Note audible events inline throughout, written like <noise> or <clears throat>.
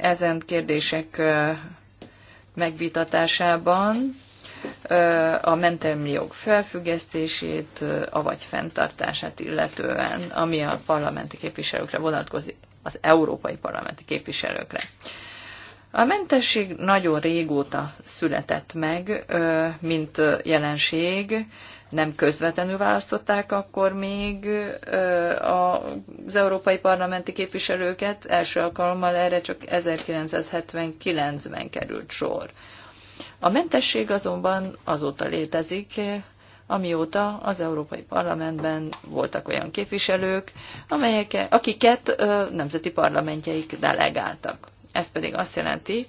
ezen kérdések megvitatásában a mentelmi jog felfüggesztését, avagy fenntartását illetően, ami a parlamenti képviselőkre vonatkozik, az európai parlamenti képviselőkre. A mentesség nagyon régóta született meg, mint jelenség, nem közvetlenül választották akkor még az európai parlamenti képviselőket, első alkalommal erre csak 1979-ben került sor. A mentesség azonban azóta létezik, amióta az Európai Parlamentben voltak olyan képviselők, amelyek, akiket ö, nemzeti parlamentjeik delegáltak. Ez pedig azt jelenti,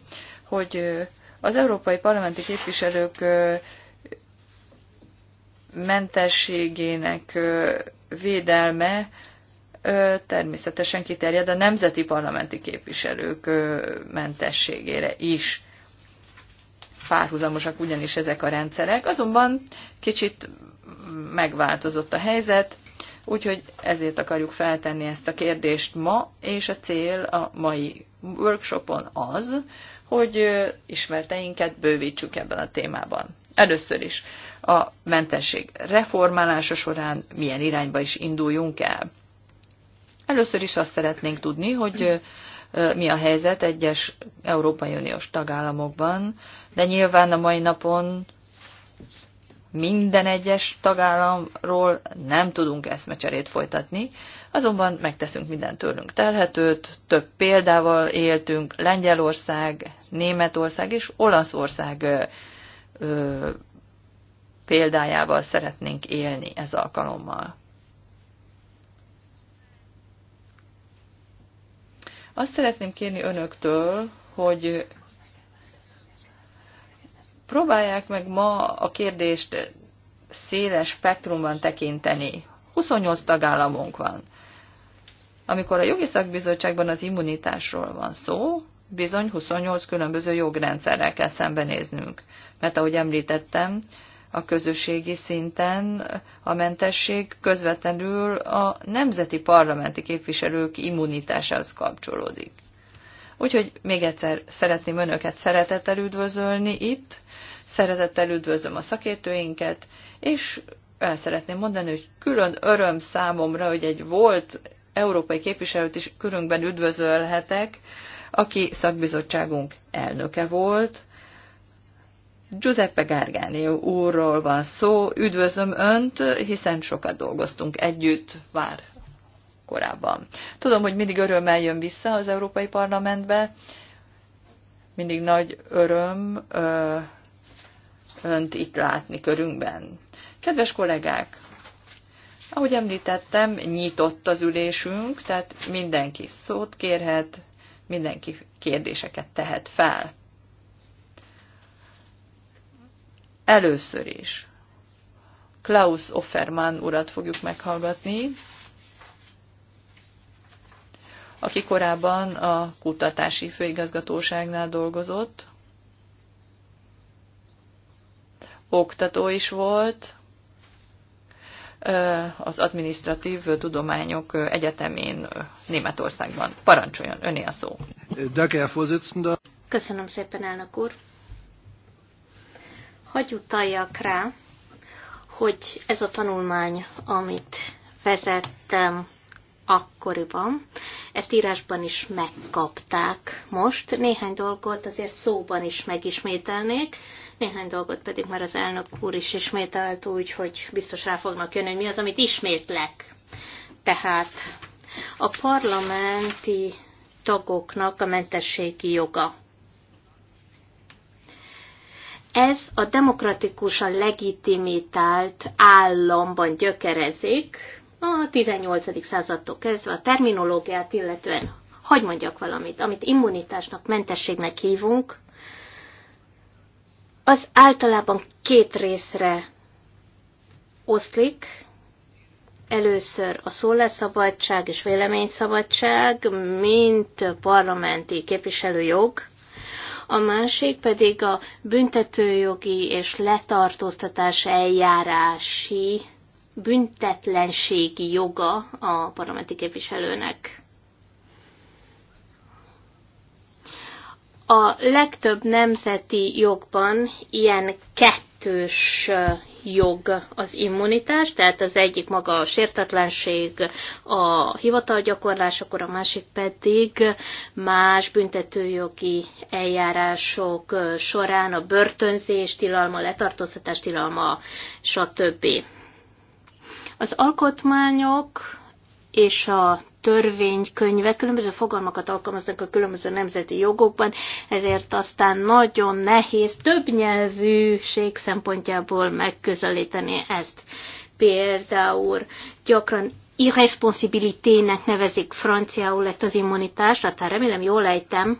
hogy az európai parlamenti képviselők mentességének védelme természetesen kiterjed a nemzeti parlamenti képviselők mentességére is. Párhuzamosak ugyanis ezek a rendszerek, azonban kicsit megváltozott a helyzet, úgyhogy ezért akarjuk feltenni ezt a kérdést ma, és a cél a mai workshopon az, hogy ismerteinket bővítsük ebben a témában. Először is a mentesség reformálása során milyen irányba is induljunk el. Először is azt szeretnénk tudni, hogy mi a helyzet egyes Európai Uniós tagállamokban, de nyilván a mai napon minden egyes tagállamról nem tudunk eszmecserét folytatni, azonban megteszünk minden tőlünk telhetőt, több példával éltünk Lengyelország, Németország és Olaszország példájával szeretnénk élni ez alkalommal. Azt szeretném kérni önöktől, hogy próbálják meg ma a kérdést széles spektrumban tekinteni. 28 tagállamunk van. Amikor a jogi szakbizottságban az immunitásról van szó, bizony 28 különböző jogrendszerrel kell szembenéznünk. Mert ahogy említettem, a közösségi szinten a mentesség közvetlenül a nemzeti parlamenti képviselők immunitásához kapcsolódik. Úgyhogy még egyszer szeretném Önöket szeretettel üdvözölni itt, szeretettel üdvözlöm a szakértőinket, és el szeretném mondani, hogy külön öröm számomra, hogy egy volt európai képviselőt is körünkben üdvözölhetek, aki szakbizottságunk elnöke volt, Giuseppe Gargánio úrról van szó, üdvözlöm Önt, hiszen sokat dolgoztunk együtt már korábban. Tudom, hogy mindig örömmel jön vissza az Európai Parlamentbe, mindig nagy öröm ö, Önt itt látni körünkben. Kedves kollégák, ahogy említettem, nyitott az ülésünk, tehát mindenki szót kérhet, mindenki kérdéseket tehet fel. Először is Klaus Offermann urat fogjuk meghallgatni, aki korábban a kutatási főigazgatóságnál dolgozott, oktató is volt, az Administratív Tudományok Egyetemén Németországban. Parancsoljon, öné a szó. Köszönöm szépen, elnök úr. Hagy utaljak rá, hogy ez a tanulmány, amit vezettem akkoriban, ezt írásban is megkapták most. Néhány dolgot azért szóban is megismételnék, néhány dolgot pedig már az elnök úr is ismételt, úgyhogy biztos rá fognak jönni, hogy mi az, amit ismétlek. Tehát a parlamenti tagoknak a mentességi joga. Ez a demokratikusan legitimitált államban gyökerezik a 18. századtól kezdve a terminológiát illetően. Hagy mondjak valamit, amit immunitásnak, mentességnek hívunk, az általában két részre oszlik. Először a szólásszabadság és véleményszabadság, mint parlamenti képviselőjog, a másik pedig a büntetőjogi és letartóztatás eljárási büntetlenségi joga a parlamenti képviselőnek. A legtöbb nemzeti jogban ilyen kettős jog az immunitás, tehát az egyik maga a sértetlenség a hivatalgyakorlás, akkor a másik pedig más büntetőjogi eljárások során a börtönzés tilalma, letartóztatás tilalma, stb. Az alkotmányok és a törvénykönyvek különböző fogalmakat alkalmaznak a különböző nemzeti jogokban, ezért aztán nagyon nehéz több nyelvűség szempontjából megközelíteni ezt. Például gyakran irresponsibilitének nevezik franciául ezt az immunitást, aztán remélem jól ejtem,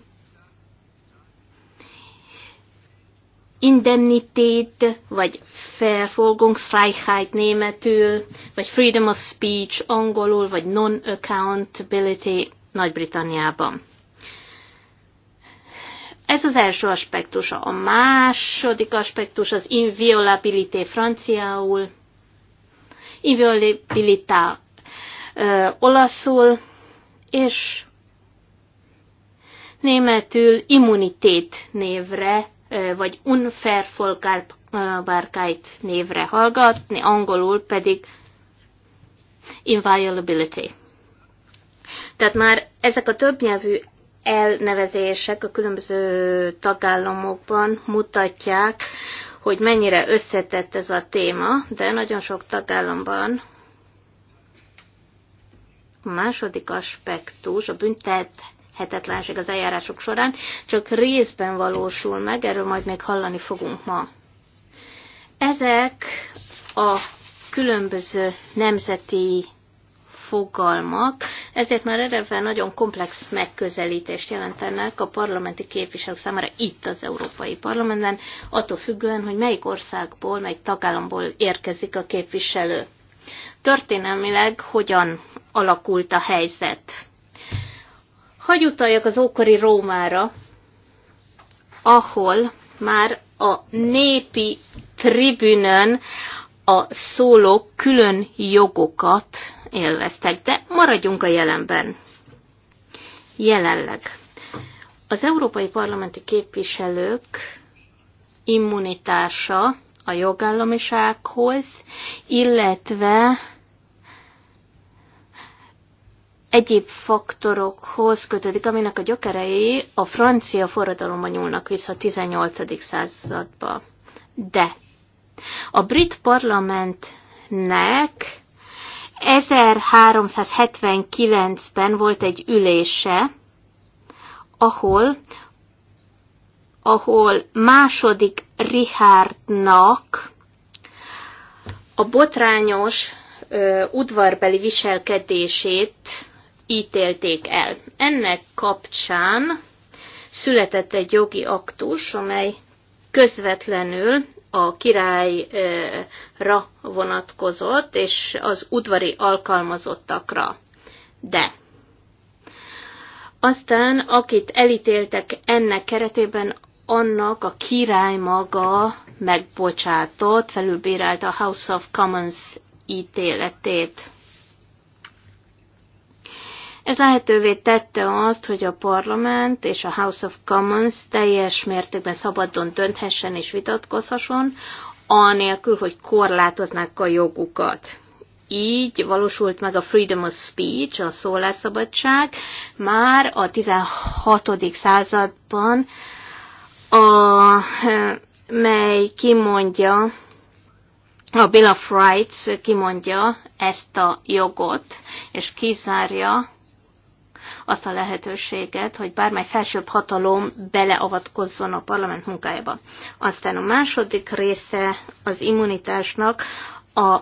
indemnitét, vagy Verfolgungsfreiheit németül, vagy freedom of speech angolul, vagy non-accountability Nagy-Britanniában. Ez az első aspektus, A második aspektus az inviolabilité franciául, inviolabilitá ö, olaszul, és németül immunitét névre vagy unfair Folkárbárkájt névre hallgatni, angolul pedig inviolability. Tehát már ezek a többnyelvű elnevezések a különböző tagállamokban mutatják, hogy mennyire összetett ez a téma, de nagyon sok tagállamban a második aspektus, a büntet hetetlenség az eljárások során, csak részben valósul meg, erről majd még hallani fogunk ma. Ezek a különböző nemzeti fogalmak, ezért már eleve nagyon komplex megközelítést jelentenek a parlamenti képviselők számára itt az Európai Parlamentben, attól függően, hogy melyik országból, melyik tagállamból érkezik a képviselő. Történelmileg hogyan alakult a helyzet? Hagy utaljak az ókori Rómára, ahol már a népi tribünön a szólók külön jogokat élveztek, de maradjunk a jelenben. Jelenleg az európai parlamenti képviselők immunitása a jogállamisághoz, illetve egyéb faktorokhoz kötődik, aminek a gyökerei a francia forradalomban nyúlnak vissza a 18. századba. De a brit parlamentnek 1379-ben volt egy ülése, ahol ahol második Richardnak a botrányos ö, udvarbeli viselkedését ítélték el. Ennek kapcsán született egy jogi aktus, amely közvetlenül a királyra vonatkozott, és az udvari alkalmazottakra. De aztán, akit elítéltek ennek keretében, annak a király maga megbocsátott, felülbírálta a House of Commons ítéletét. Ez lehetővé tette azt, hogy a parlament és a House of Commons teljes mértékben szabadon dönthessen és vitatkozhasson, anélkül, hogy korlátoznák a jogukat. Így valósult meg a freedom of speech, a szólásszabadság, már a 16. században, a, mely kimondja, a Bill of Rights kimondja ezt a jogot, és kizárja azt a lehetőséget, hogy bármely felsőbb hatalom beleavatkozzon a parlament munkájába. Aztán a második része az immunitásnak a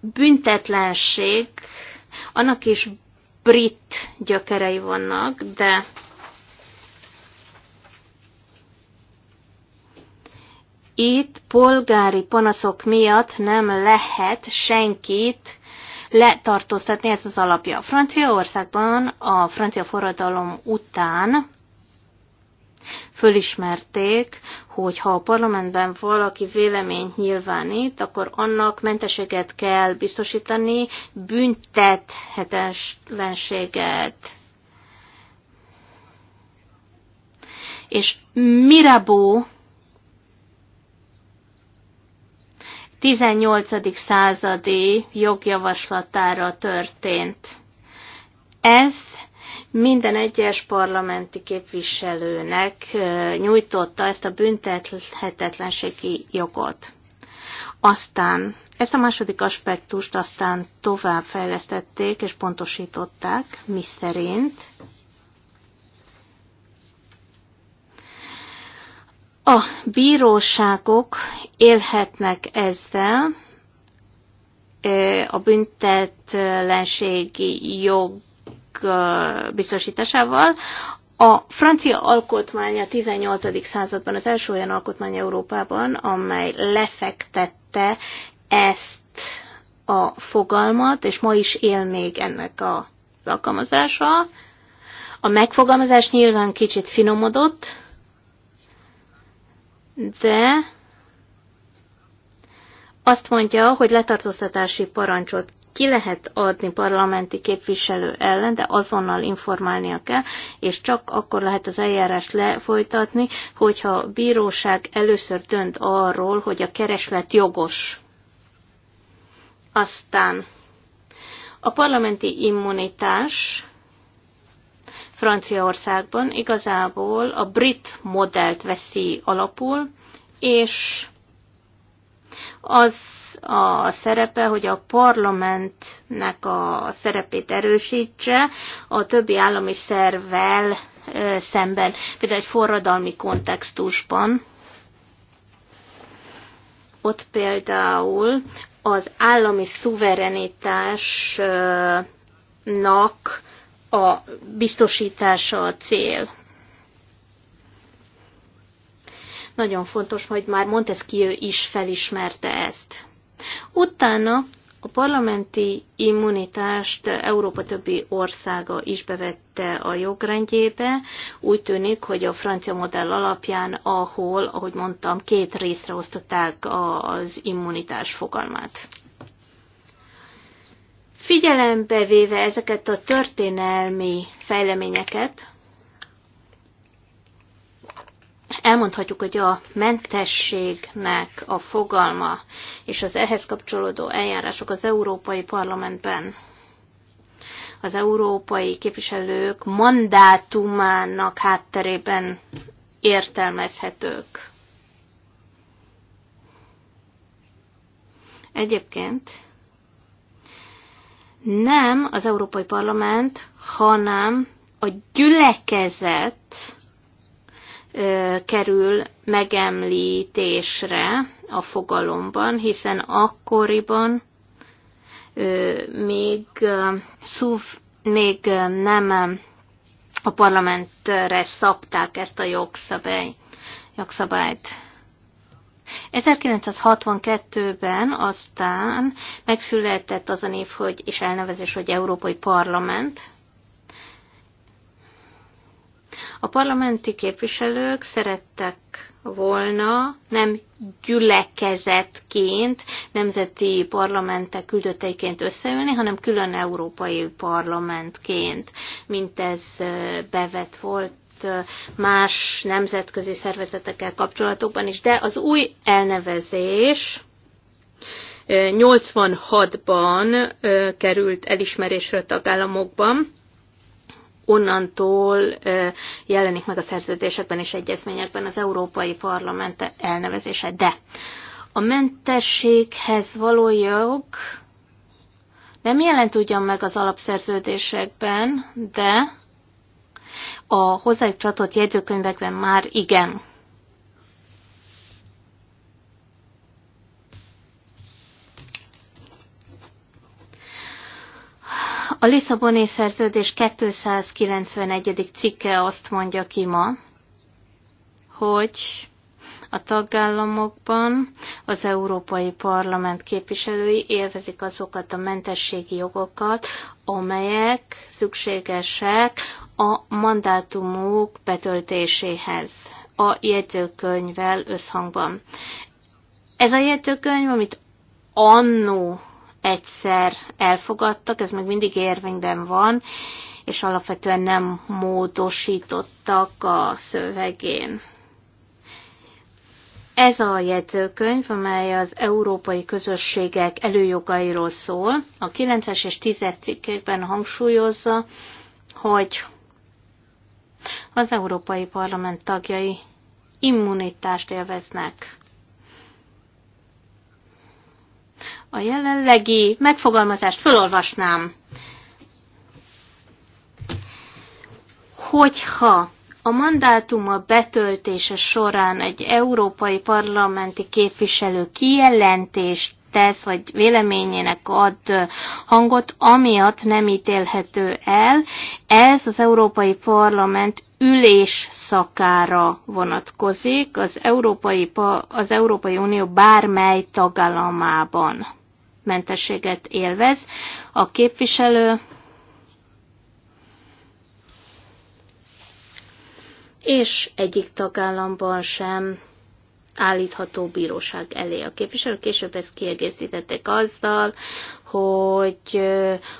büntetlenség, annak is brit gyökerei vannak, de itt polgári panaszok miatt nem lehet senkit letartóztatni, ez az alapja. Franciaországban a francia forradalom után fölismerték, hogy ha a parlamentben valaki véleményt nyilvánít, akkor annak menteséget kell biztosítani, büntethetetlenséget. És Mirabeau 18. századi jogjavaslatára történt. Ez minden egyes parlamenti képviselőnek nyújtotta ezt a büntethetetlenségi jogot. Aztán ezt a második aspektust aztán továbbfejlesztették és pontosították, mi szerint A bíróságok élhetnek ezzel, a büntetlenségi jog biztosításával. A francia alkotmánya 18. században az első olyan alkotmány Európában, amely lefektette ezt a fogalmat, és ma is él még ennek a alkalmazása. A megfogalmazás nyilván kicsit finomodott, de azt mondja, hogy letartóztatási parancsot ki lehet adni parlamenti képviselő ellen, de azonnal informálnia kell, és csak akkor lehet az eljárást lefolytatni, hogyha a bíróság először dönt arról, hogy a kereslet jogos. Aztán a parlamenti immunitás Franciaországban igazából a brit modellt veszi alapul, és az a szerepe, hogy a parlamentnek a szerepét erősítse a többi állami szervvel szemben, például egy forradalmi kontextusban. Ott például az állami szuverenitásnak a biztosítása a cél. Nagyon fontos, hogy már Montesquieu is felismerte ezt. Utána a parlamenti immunitást Európa többi országa is bevette a jogrendjébe. Úgy tűnik, hogy a francia modell alapján, ahol, ahogy mondtam, két részre osztották az immunitás fogalmát. Figyelembe véve ezeket a történelmi fejleményeket, elmondhatjuk, hogy a mentességnek a fogalma és az ehhez kapcsolódó eljárások az Európai Parlamentben az európai képviselők mandátumának hátterében értelmezhetők. Egyébként nem az Európai Parlament, hanem a gyülekezet ö, kerül megemlítésre a fogalomban, hiszen akkoriban ö, még, ö, szuv, még nem a parlamentre szabták ezt a jogszabály, jogszabályt. 1962-ben aztán megszületett az a név, hogy, és elnevezés, hogy Európai Parlament. A parlamenti képviselők szerettek volna nem gyülekezetként, nemzeti parlamentek küldötteiként összeülni, hanem külön európai parlamentként, mint ez bevet volt más nemzetközi szervezetekkel kapcsolatokban is, de az új elnevezés 86-ban került elismerésre a tagállamokban, onnantól jelenik meg a szerződésekben és egyezményekben az Európai Parlament elnevezése. De a mentességhez való jog nem jelent ugyan meg az alapszerződésekben, de a hozzájuk csatott jegyzőkönyvekben már igen. A Lisszaboni szerződés 291. cikke azt mondja ki ma, hogy a tagállamokban az Európai Parlament képviselői élvezik azokat a mentességi jogokat, amelyek szükségesek a mandátumok betöltéséhez a jegyzőkönyvvel összhangban. Ez a jegyzőkönyv, amit annó egyszer elfogadtak, ez még mindig érvényben van, és alapvetően nem módosítottak a szövegén. Ez a jegyzőkönyv, amely az európai közösségek előjogairól szól, a 9-es és 10-es cikkekben hangsúlyozza, hogy az Európai Parlament tagjai immunitást élveznek. A jelenlegi megfogalmazást felolvasnám. Hogyha a mandátuma betöltése során egy európai parlamenti képviselő kijelentést tesz, vagy véleményének ad hangot, amiatt nem ítélhető el. Ez az Európai Parlament ülés szakára vonatkozik az Európai, az Európai Unió bármely tagállamában mentességet élvez. A képviselő és egyik tagállamban sem állítható bíróság elé. A képviselők később ezt kiegészítettek azzal, hogy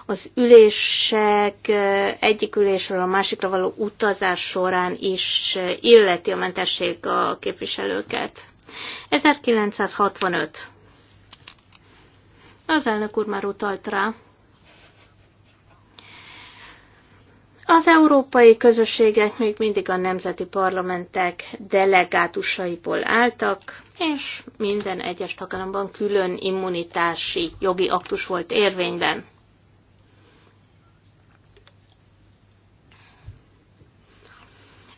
az ülések egyik ülésről a másikra való utazás során is illeti a mentesség a képviselőket. 1965. Az elnök úr már utalt rá, Az európai közösségek még mindig a nemzeti parlamentek delegátusaiból álltak, és minden egyes tagállamban külön immunitási jogi aktus volt érvényben.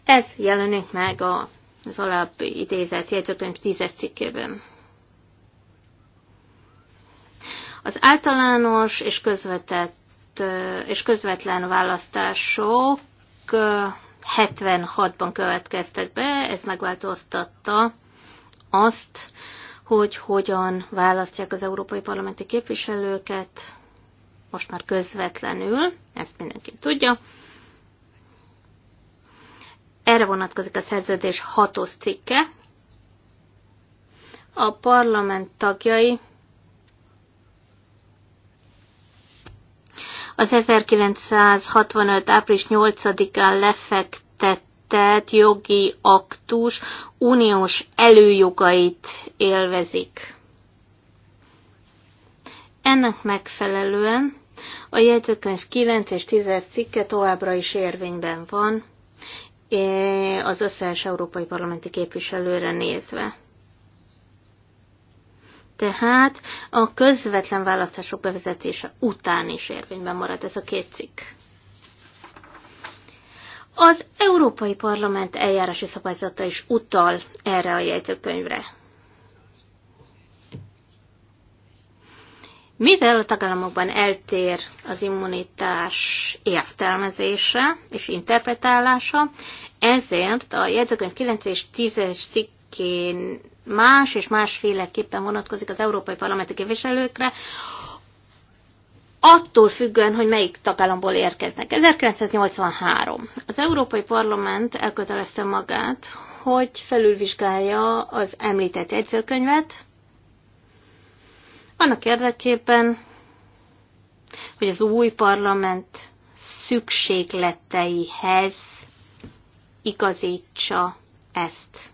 Ez jelenik meg a, az alábbi idézett jegyzőkönyv tízes cikkében. Az általános és közvetett és közvetlen választások 76-ban következtek be, ez megváltoztatta azt, hogy hogyan választják az európai parlamenti képviselőket, most már közvetlenül, ezt mindenki tudja. Erre vonatkozik a szerződés hatos cikke. A parlament tagjai az 1965. április 8-án lefektetett jogi aktus uniós előjogait élvezik. Ennek megfelelően a jegyzőkönyv 9 és 10 cikke továbbra is érvényben van, eh, az összes európai parlamenti képviselőre nézve. Tehát a közvetlen választások bevezetése után is érvényben marad ez a két cikk. Az Európai Parlament eljárási szabályzata is utal erre a jegyzőkönyvre. Mivel a tagállamokban eltér az immunitás értelmezése és interpretálása, ezért a jegyzőkönyv 9 és 10-es cikk kén más és másféleképpen vonatkozik az európai parlamenti képviselőkre, attól függően, hogy melyik tagállamból érkeznek. 1983. Az Európai Parlament elkötelezte magát, hogy felülvizsgálja az említett jegyzőkönyvet, annak érdekében, hogy az új parlament szükségleteihez igazítsa ezt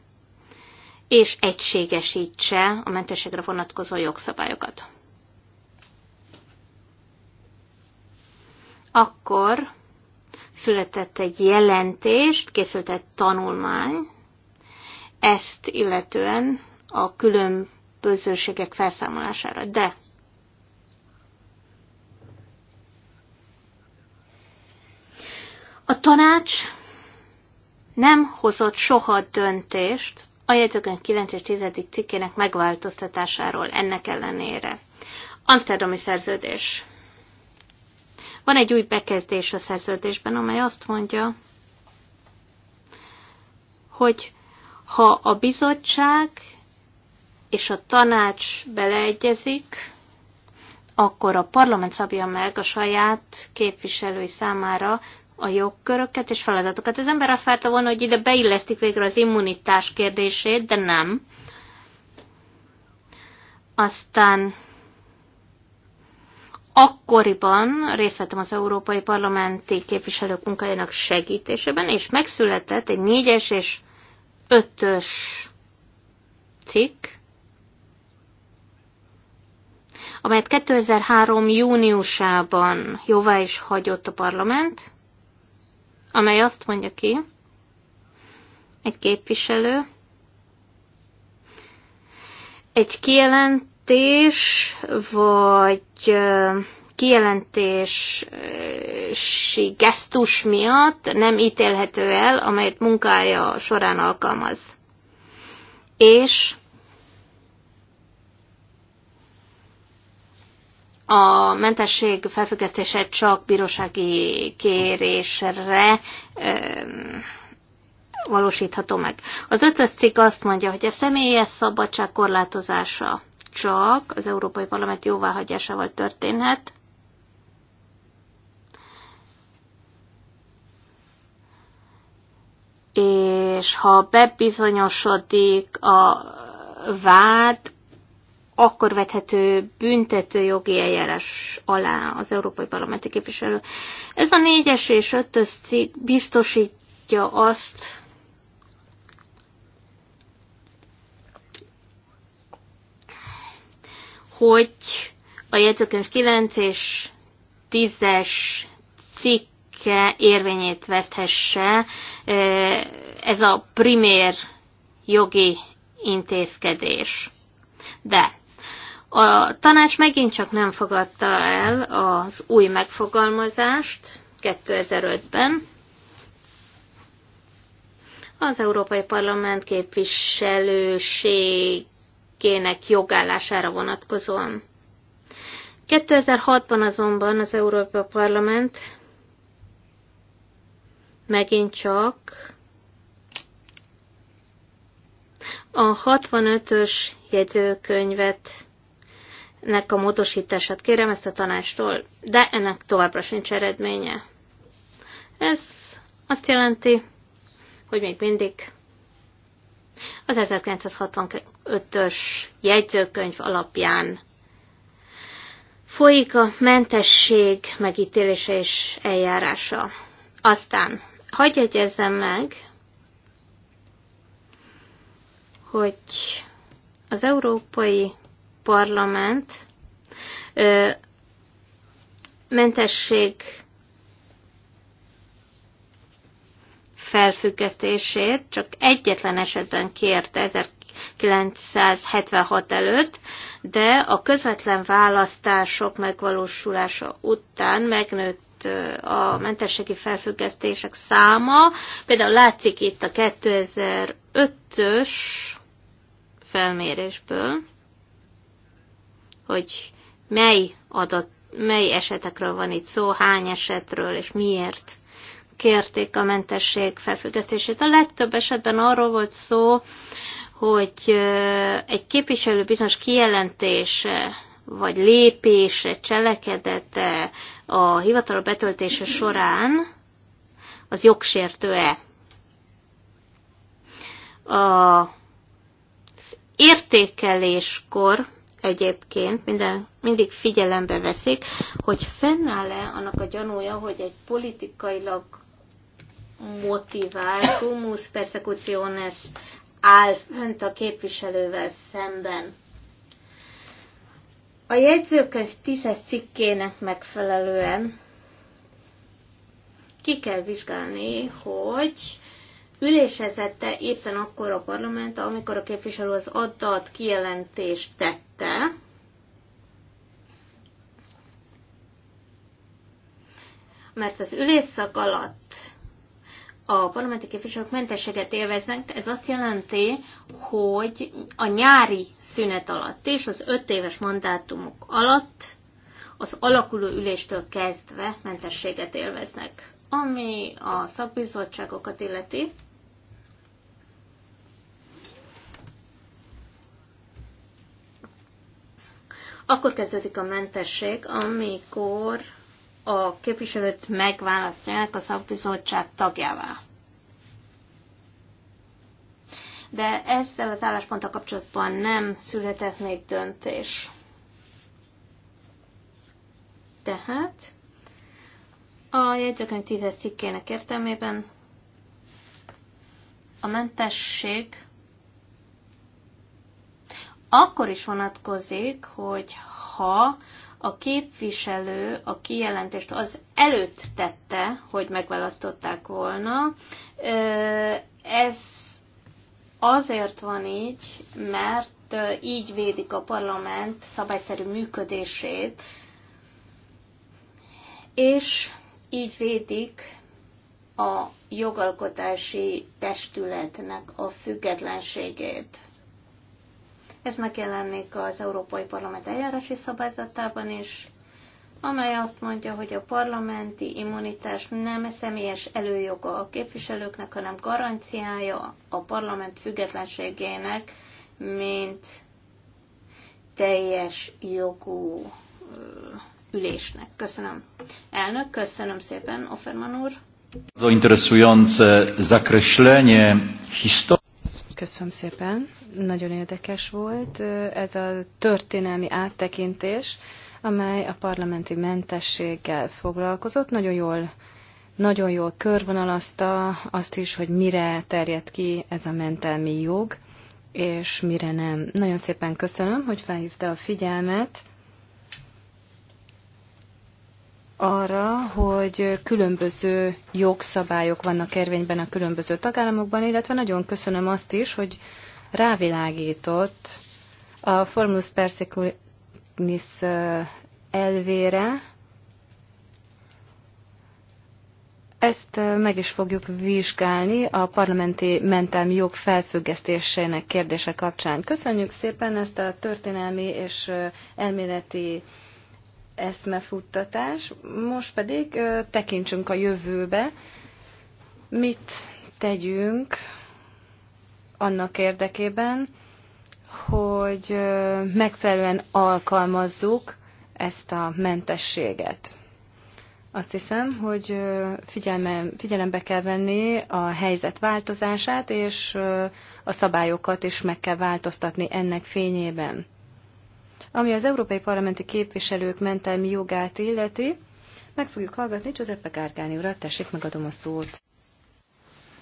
és egységesítse a mentességre vonatkozó jogszabályokat. Akkor született egy jelentést, készült egy tanulmány, ezt illetően a különbözőségek felszámolására. De a tanács nem hozott soha döntést a jegyzőkönyv 9 és 10. cikkének megváltoztatásáról ennek ellenére. Amsterdami szerződés. Van egy új bekezdés a szerződésben, amely azt mondja, hogy ha a bizottság és a tanács beleegyezik, akkor a parlament szabja meg a saját képviselői számára a jogköröket és feladatokat. Az ember azt várta volna, hogy ide beillesztik végre az immunitás kérdését, de nem. Aztán akkoriban részt vettem az európai parlamenti képviselők munkájának segítésében, és megszületett egy négyes és ötös cikk, amelyet 2003. júniusában jóvá is hagyott a parlament, amely azt mondja ki, egy képviselő, egy kijelentés, vagy kijelentési gesztus miatt nem ítélhető el, amelyet munkája során alkalmaz. És a mentesség felfüggesztése csak bírósági kérésre ö, valósítható meg. Az ötös cikk azt mondja, hogy a személyes szabadság korlátozása csak az Európai Parlament jóváhagyásával történhet, és ha bebizonyosodik a vád, akkor vethető büntető jogi eljárás alá az Európai Parlamenti Képviselő. Ez a négyes és ötös cikk biztosítja azt, hogy a jegyzőkönyv 9 és 10-es cikke érvényét veszthesse ez a primér jogi intézkedés. De a tanács megint csak nem fogadta el az új megfogalmazást 2005-ben. Az Európai Parlament képviselőségének jogállására vonatkozóan. 2006-ban azonban az Európai Parlament megint csak a 65-ös jegyzőkönyvet nek a módosítását kérem ezt a tanástól, de ennek továbbra sincs eredménye. Ez azt jelenti, hogy még mindig az 1965-ös jegyzőkönyv alapján folyik a mentesség megítélése és eljárása. Aztán hagyj egyezzem meg, hogy az Európai parlament mentesség felfüggesztését csak egyetlen esetben kérte 1976 előtt, de a közvetlen választások megvalósulása után megnőtt a mentességi felfüggesztések száma. Például látszik itt a 2005-ös felmérésből, hogy mely adat, mely esetekről van itt szó, hány esetről, és miért kérték a mentesség felfüggesztését. A legtöbb esetben arról volt szó, hogy egy képviselő bizonyos kijelentése, vagy lépése, cselekedete a hivatal betöltése során az jogsértő-e. A értékeléskor egyébként minden, mindig figyelembe veszik, hogy fennáll-e annak a gyanúja, hogy egy politikailag motivált humus persecutiones áll fönt a képviselővel szemben. A jegyzőkönyv 10 cikkének megfelelően ki kell vizsgálni, hogy ülésezette éppen akkor a parlament, amikor a képviselő az adat kijelentést tett te, mert az ülésszak alatt a parlamenti képviselők mentességet élveznek, ez azt jelenti, hogy a nyári szünet alatt és az öt éves mandátumok alatt az alakuló üléstől kezdve mentességet élveznek. Ami a szakbizottságokat illeti, Akkor kezdődik a mentesség, amikor a képviselőt megválasztják a szakbizottság tagjává. De ezzel az állásponttal kapcsolatban nem született még döntés. Tehát a jegyzőkönyv 10 cikkének értelmében a mentesség akkor is vonatkozik, hogy ha a képviselő a kijelentést az előtt tette, hogy megválasztották volna, ez azért van így, mert így védik a parlament szabályszerű működését, és így védik a jogalkotási testületnek a függetlenségét. Ez megjelenik az Európai Parlament eljárási szabályzatában is, amely azt mondja, hogy a parlamenti immunitás nem személyes előjoga a képviselőknek, hanem garanciája a parlament függetlenségének, mint teljes jogú ülésnek. Köszönöm. Elnök, köszönöm szépen, Offerman úr. Bardzo interesujące zakreślenie historii. Köszönöm szépen. Nagyon érdekes volt ez a történelmi áttekintés, amely a parlamenti mentességgel foglalkozott. Nagyon jól, nagyon jól körvonalazta azt is, hogy mire terjed ki ez a mentelmi jog, és mire nem. Nagyon szépen köszönöm, hogy felhívta a figyelmet arra, hogy különböző jogszabályok vannak érvényben a különböző tagállamokban, illetve nagyon köszönöm azt is, hogy rávilágított a Formulus Perseculis elvére. Ezt meg is fogjuk vizsgálni a parlamenti mentelmi jog felfüggesztésének kérdése kapcsán. Köszönjük szépen ezt a történelmi és elméleti eszmefuttatás. Most pedig tekintsünk a jövőbe, mit tegyünk annak érdekében, hogy megfelelően alkalmazzuk ezt a mentességet. Azt hiszem, hogy figyelme, figyelembe kell venni a helyzet változását, és a szabályokat is meg kell változtatni ennek fényében. Ami az európai parlamenti képviselők mentelmi jogát illeti, meg fogjuk hallgatni Giuseppe Kárkáni urat, tessék, megadom a szót.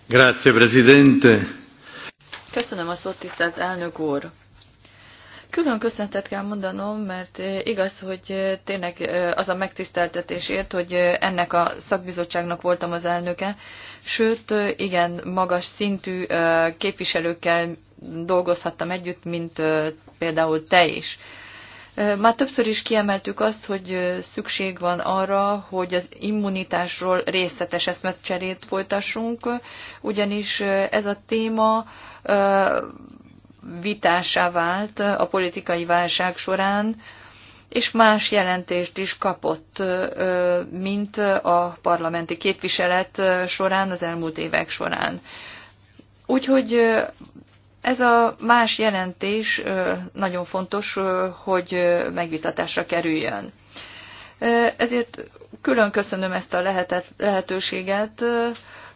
Grazie, Presidente. Köszönöm a szót, tisztelt elnök úr. Külön köszöntet kell mondanom, mert igaz, hogy tényleg az a megtiszteltetésért, hogy ennek a szakbizottságnak voltam az elnöke, sőt, igen, magas szintű képviselőkkel dolgozhattam együtt, mint például te is. Már többször is kiemeltük azt, hogy szükség van arra, hogy az immunitásról részletes eszmecserét folytassunk, ugyanis ez a téma vitásá vált a politikai válság során, és más jelentést is kapott, mint a parlamenti képviselet során, az elmúlt évek során. Úgyhogy ez a más jelentés nagyon fontos, hogy megvitatásra kerüljön. Ezért külön köszönöm ezt a lehetet, lehetőséget,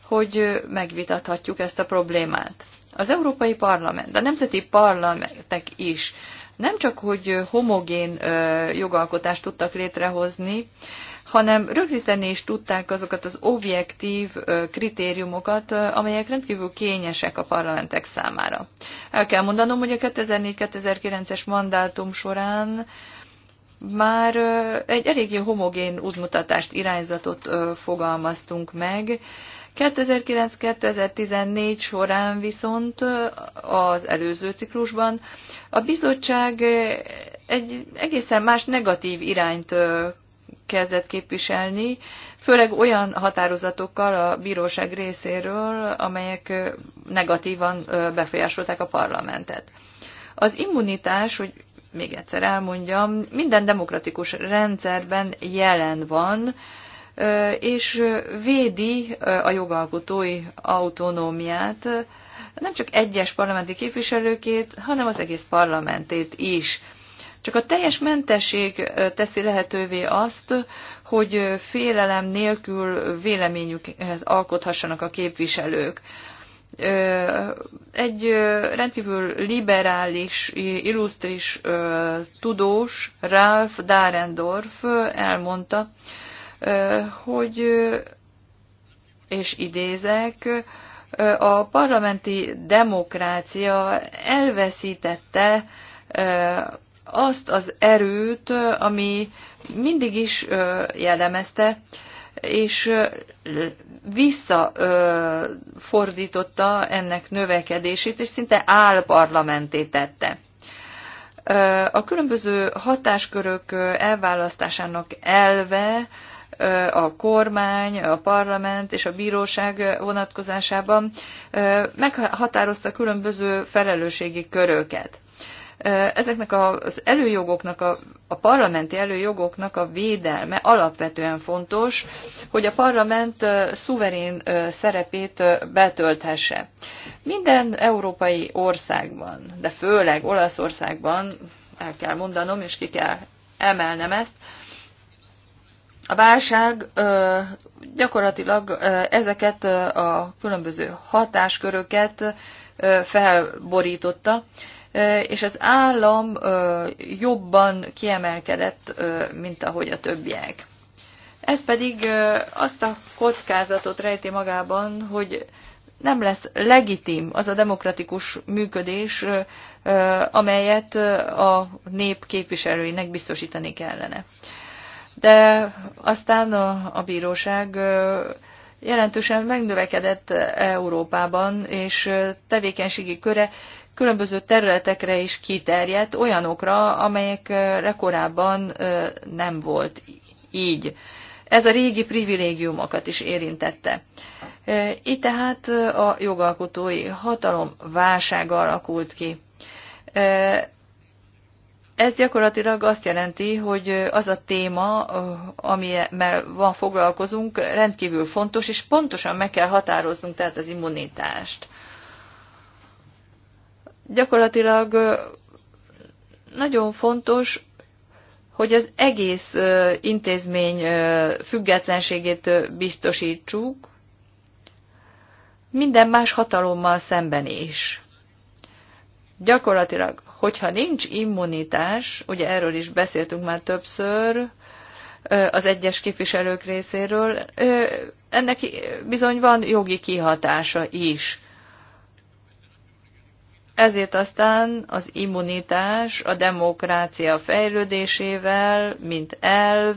hogy megvitathatjuk ezt a problémát. Az Európai Parlament, a nemzeti parlamentek is nem csak, hogy homogén jogalkotást tudtak létrehozni, hanem rögzíteni is tudták azokat az objektív kritériumokat, amelyek rendkívül kényesek a parlamentek számára. El kell mondanom, hogy a 2004-2009-es mandátum során már egy eléggé homogén útmutatást, irányzatot fogalmaztunk meg. 2009-2014 során viszont az előző ciklusban a bizottság egy egészen más negatív irányt kezdett képviselni, főleg olyan határozatokkal a bíróság részéről, amelyek negatívan befolyásolták a parlamentet. Az immunitás, hogy még egyszer elmondjam, minden demokratikus rendszerben jelen van, és védi a jogalkotói autonómiát, nem csak egyes parlamenti képviselőkét, hanem az egész parlamentét is. Csak a teljes mentesség teszi lehetővé azt, hogy félelem nélkül véleményüket alkothassanak a képviselők. Egy rendkívül liberális, illusztris tudós, Ralph Darendorf elmondta, hogy, és idézek, a parlamenti demokrácia elveszítette azt az erőt, ami mindig is jellemezte, és visszafordította ennek növekedését, és szinte álparlamenté tette. A különböző hatáskörök elválasztásának elve a kormány, a parlament és a bíróság vonatkozásában meghatározta különböző felelősségi köröket ezeknek az előjogoknak, a, a parlamenti előjogoknak a védelme alapvetően fontos, hogy a parlament szuverén szerepét betölthesse. Minden európai országban, de főleg Olaszországban, el kell mondanom, és ki kell emelnem ezt, a válság gyakorlatilag ezeket a különböző hatásköröket felborította, és az állam jobban kiemelkedett, mint ahogy a többiek. Ez pedig azt a kockázatot rejti magában, hogy nem lesz legitim az a demokratikus működés, amelyet a nép képviselőinek biztosítani kellene. De aztán a, a bíróság jelentősen megnövekedett Európában, és tevékenységi köre különböző területekre is kiterjedt, olyanokra, amelyekre korábban nem volt így. Ez a régi privilégiumokat is érintette. Itt tehát a jogalkotói hatalom válsága alakult ki. Ez gyakorlatilag azt jelenti, hogy az a téma, amivel van foglalkozunk, rendkívül fontos, és pontosan meg kell határoznunk tehát az immunitást gyakorlatilag nagyon fontos, hogy az egész intézmény függetlenségét biztosítsuk, minden más hatalommal szemben is. Gyakorlatilag, hogyha nincs immunitás, ugye erről is beszéltünk már többször az egyes képviselők részéről, ennek bizony van jogi kihatása is. Ezért aztán az immunitás a demokrácia fejlődésével, mint elv,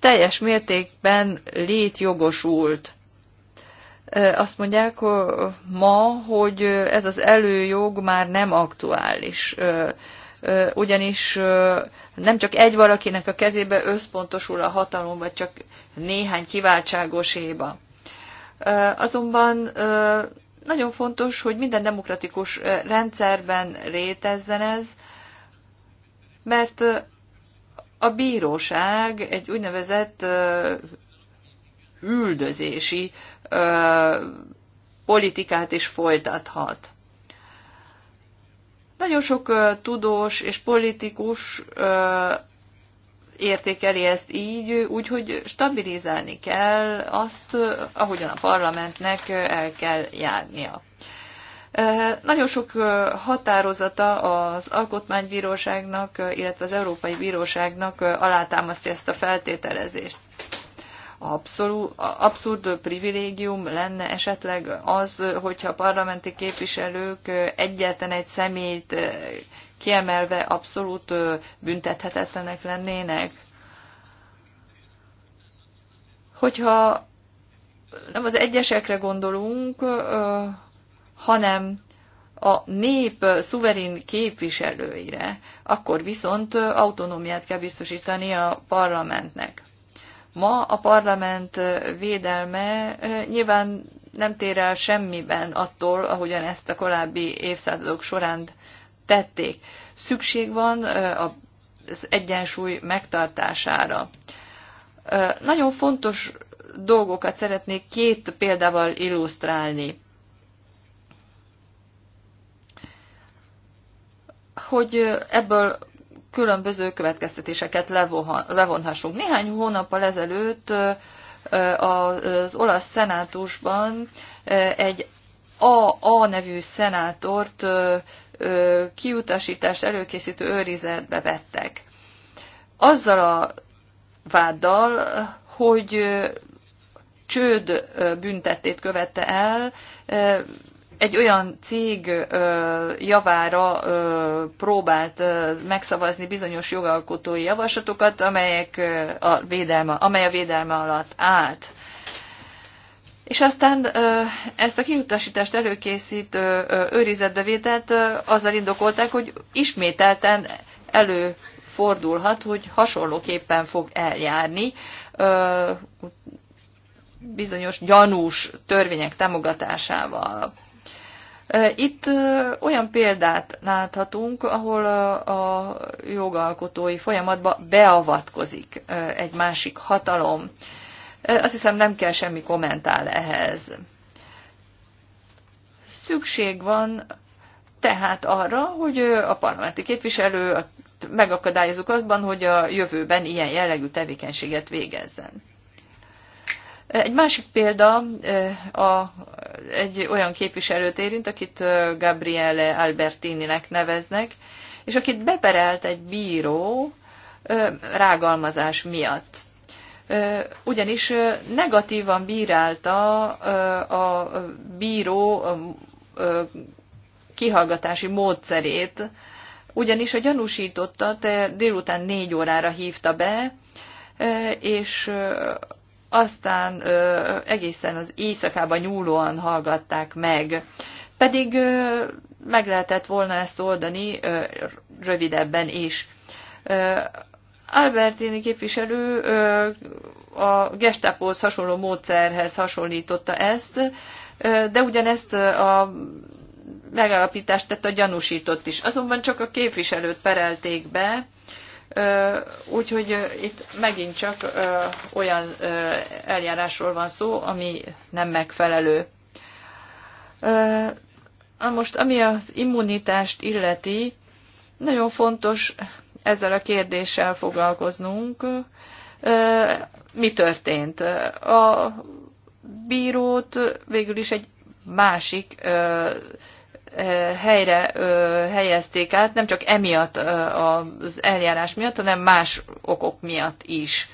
teljes mértékben létjogosult. Azt mondják ma, hogy ez az előjog már nem aktuális, ugyanis nem csak egy valakinek a kezébe összpontosul a hatalom, vagy csak néhány kiváltságoséba. Azonban nagyon fontos, hogy minden demokratikus rendszerben létezzen ez, mert a bíróság egy úgynevezett üldözési politikát is folytathat. Nagyon sok tudós és politikus értékeli ezt így, úgyhogy stabilizálni kell azt, ahogyan a parlamentnek el kell járnia. Nagyon sok határozata az Alkotmánybíróságnak, illetve az Európai Bíróságnak alátámasztja ezt a feltételezést. abszurd privilégium lenne esetleg az, hogyha parlamenti képviselők egyetlen egy személyt kiemelve abszolút büntethetetlenek lennének. Hogyha nem az egyesekre gondolunk, hanem a nép szuverén képviselőire, akkor viszont autonómiát kell biztosítani a parlamentnek. Ma a parlament védelme nyilván nem tér el semmiben attól, ahogyan ezt a korábbi évszázadok során tették. Szükség van az egyensúly megtartására. Nagyon fontos dolgokat szeretnék két példával illusztrálni. Hogy ebből különböző következtetéseket levonhassunk. Néhány hónappal ezelőtt az olasz szenátusban egy AA nevű szenátort kiutasítást előkészítő őrizetbe vettek. Azzal a váddal, hogy csőd büntetét követte el, egy olyan cég javára próbált megszavazni bizonyos jogalkotói javaslatokat, amelyek a védelme, amely a védelme alatt állt. És aztán ezt a kiutasítást előkészítő őrizetbevételt azzal indokolták, hogy ismételten előfordulhat, hogy hasonlóképpen fog eljárni bizonyos gyanús törvények támogatásával. Itt olyan példát láthatunk, ahol a jogalkotói folyamatba beavatkozik egy másik hatalom. Azt hiszem nem kell semmi kommentál ehhez. Szükség van tehát arra, hogy a parlamenti képviselő megakadályozunk azban, hogy a jövőben ilyen jellegű tevékenységet végezzen. Egy másik példa a, egy olyan képviselőt érint, akit Gabriele Albertininek neveznek, és akit beperelt egy bíró rágalmazás miatt ugyanis negatívan bírálta a bíró kihallgatási módszerét, ugyanis a gyanúsítottat délután négy órára hívta be, és aztán egészen az éjszakában nyúlóan hallgatták meg. Pedig meg lehetett volna ezt oldani rövidebben is. Albertini képviselő a gestápóhoz hasonló módszerhez hasonlította ezt, de ugyanezt a megállapítást tett a gyanúsított is. Azonban csak a képviselőt perelték be, úgyhogy itt megint csak olyan eljárásról van szó, ami nem megfelelő. Most ami az immunitást illeti, nagyon fontos ezzel a kérdéssel foglalkoznunk. Mi történt? A bírót végül is egy másik helyre helyezték át, nem csak emiatt az eljárás miatt, hanem más okok miatt is.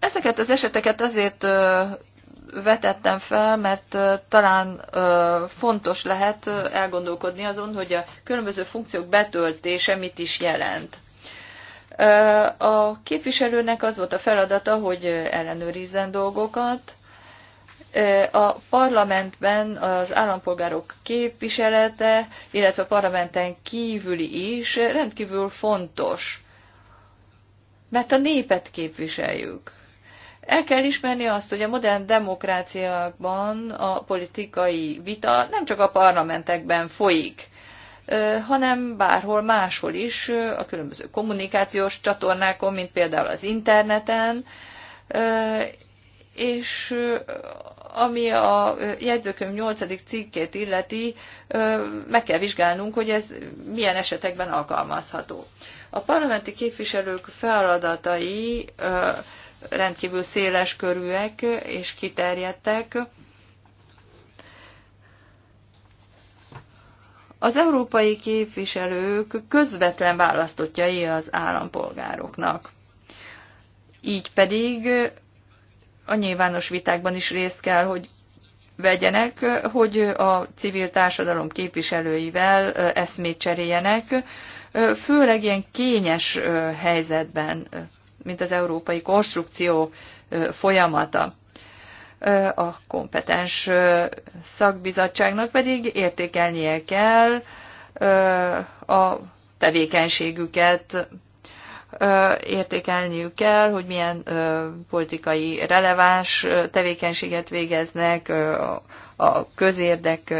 Ezeket az eseteket azért vetettem fel, mert talán fontos lehet elgondolkodni azon, hogy a különböző funkciók betöltése mit is jelent. A képviselőnek az volt a feladata, hogy ellenőrizzen dolgokat. A parlamentben az állampolgárok képviselete, illetve a parlamenten kívüli is rendkívül fontos, mert a népet képviseljük el kell ismerni azt, hogy a modern demokráciákban a politikai vita nem csak a parlamentekben folyik, hanem bárhol máshol is, a különböző kommunikációs csatornákon, mint például az interneten, és ami a jegyzőkönyv 8. cikkét illeti, meg kell vizsgálnunk, hogy ez milyen esetekben alkalmazható. A parlamenti képviselők feladatai rendkívül széles körűek és kiterjedtek. Az európai képviselők közvetlen választottjai az állampolgároknak. Így pedig a nyilvános vitákban is részt kell, hogy vegyenek, hogy a civil társadalom képviselőivel eszmét cseréljenek, főleg ilyen kényes helyzetben mint az európai konstrukció folyamata. A kompetens szakbizottságnak pedig értékelnie kell a tevékenységüket, értékelniük kell, hogy milyen politikai releváns tevékenységet végeznek a közérdek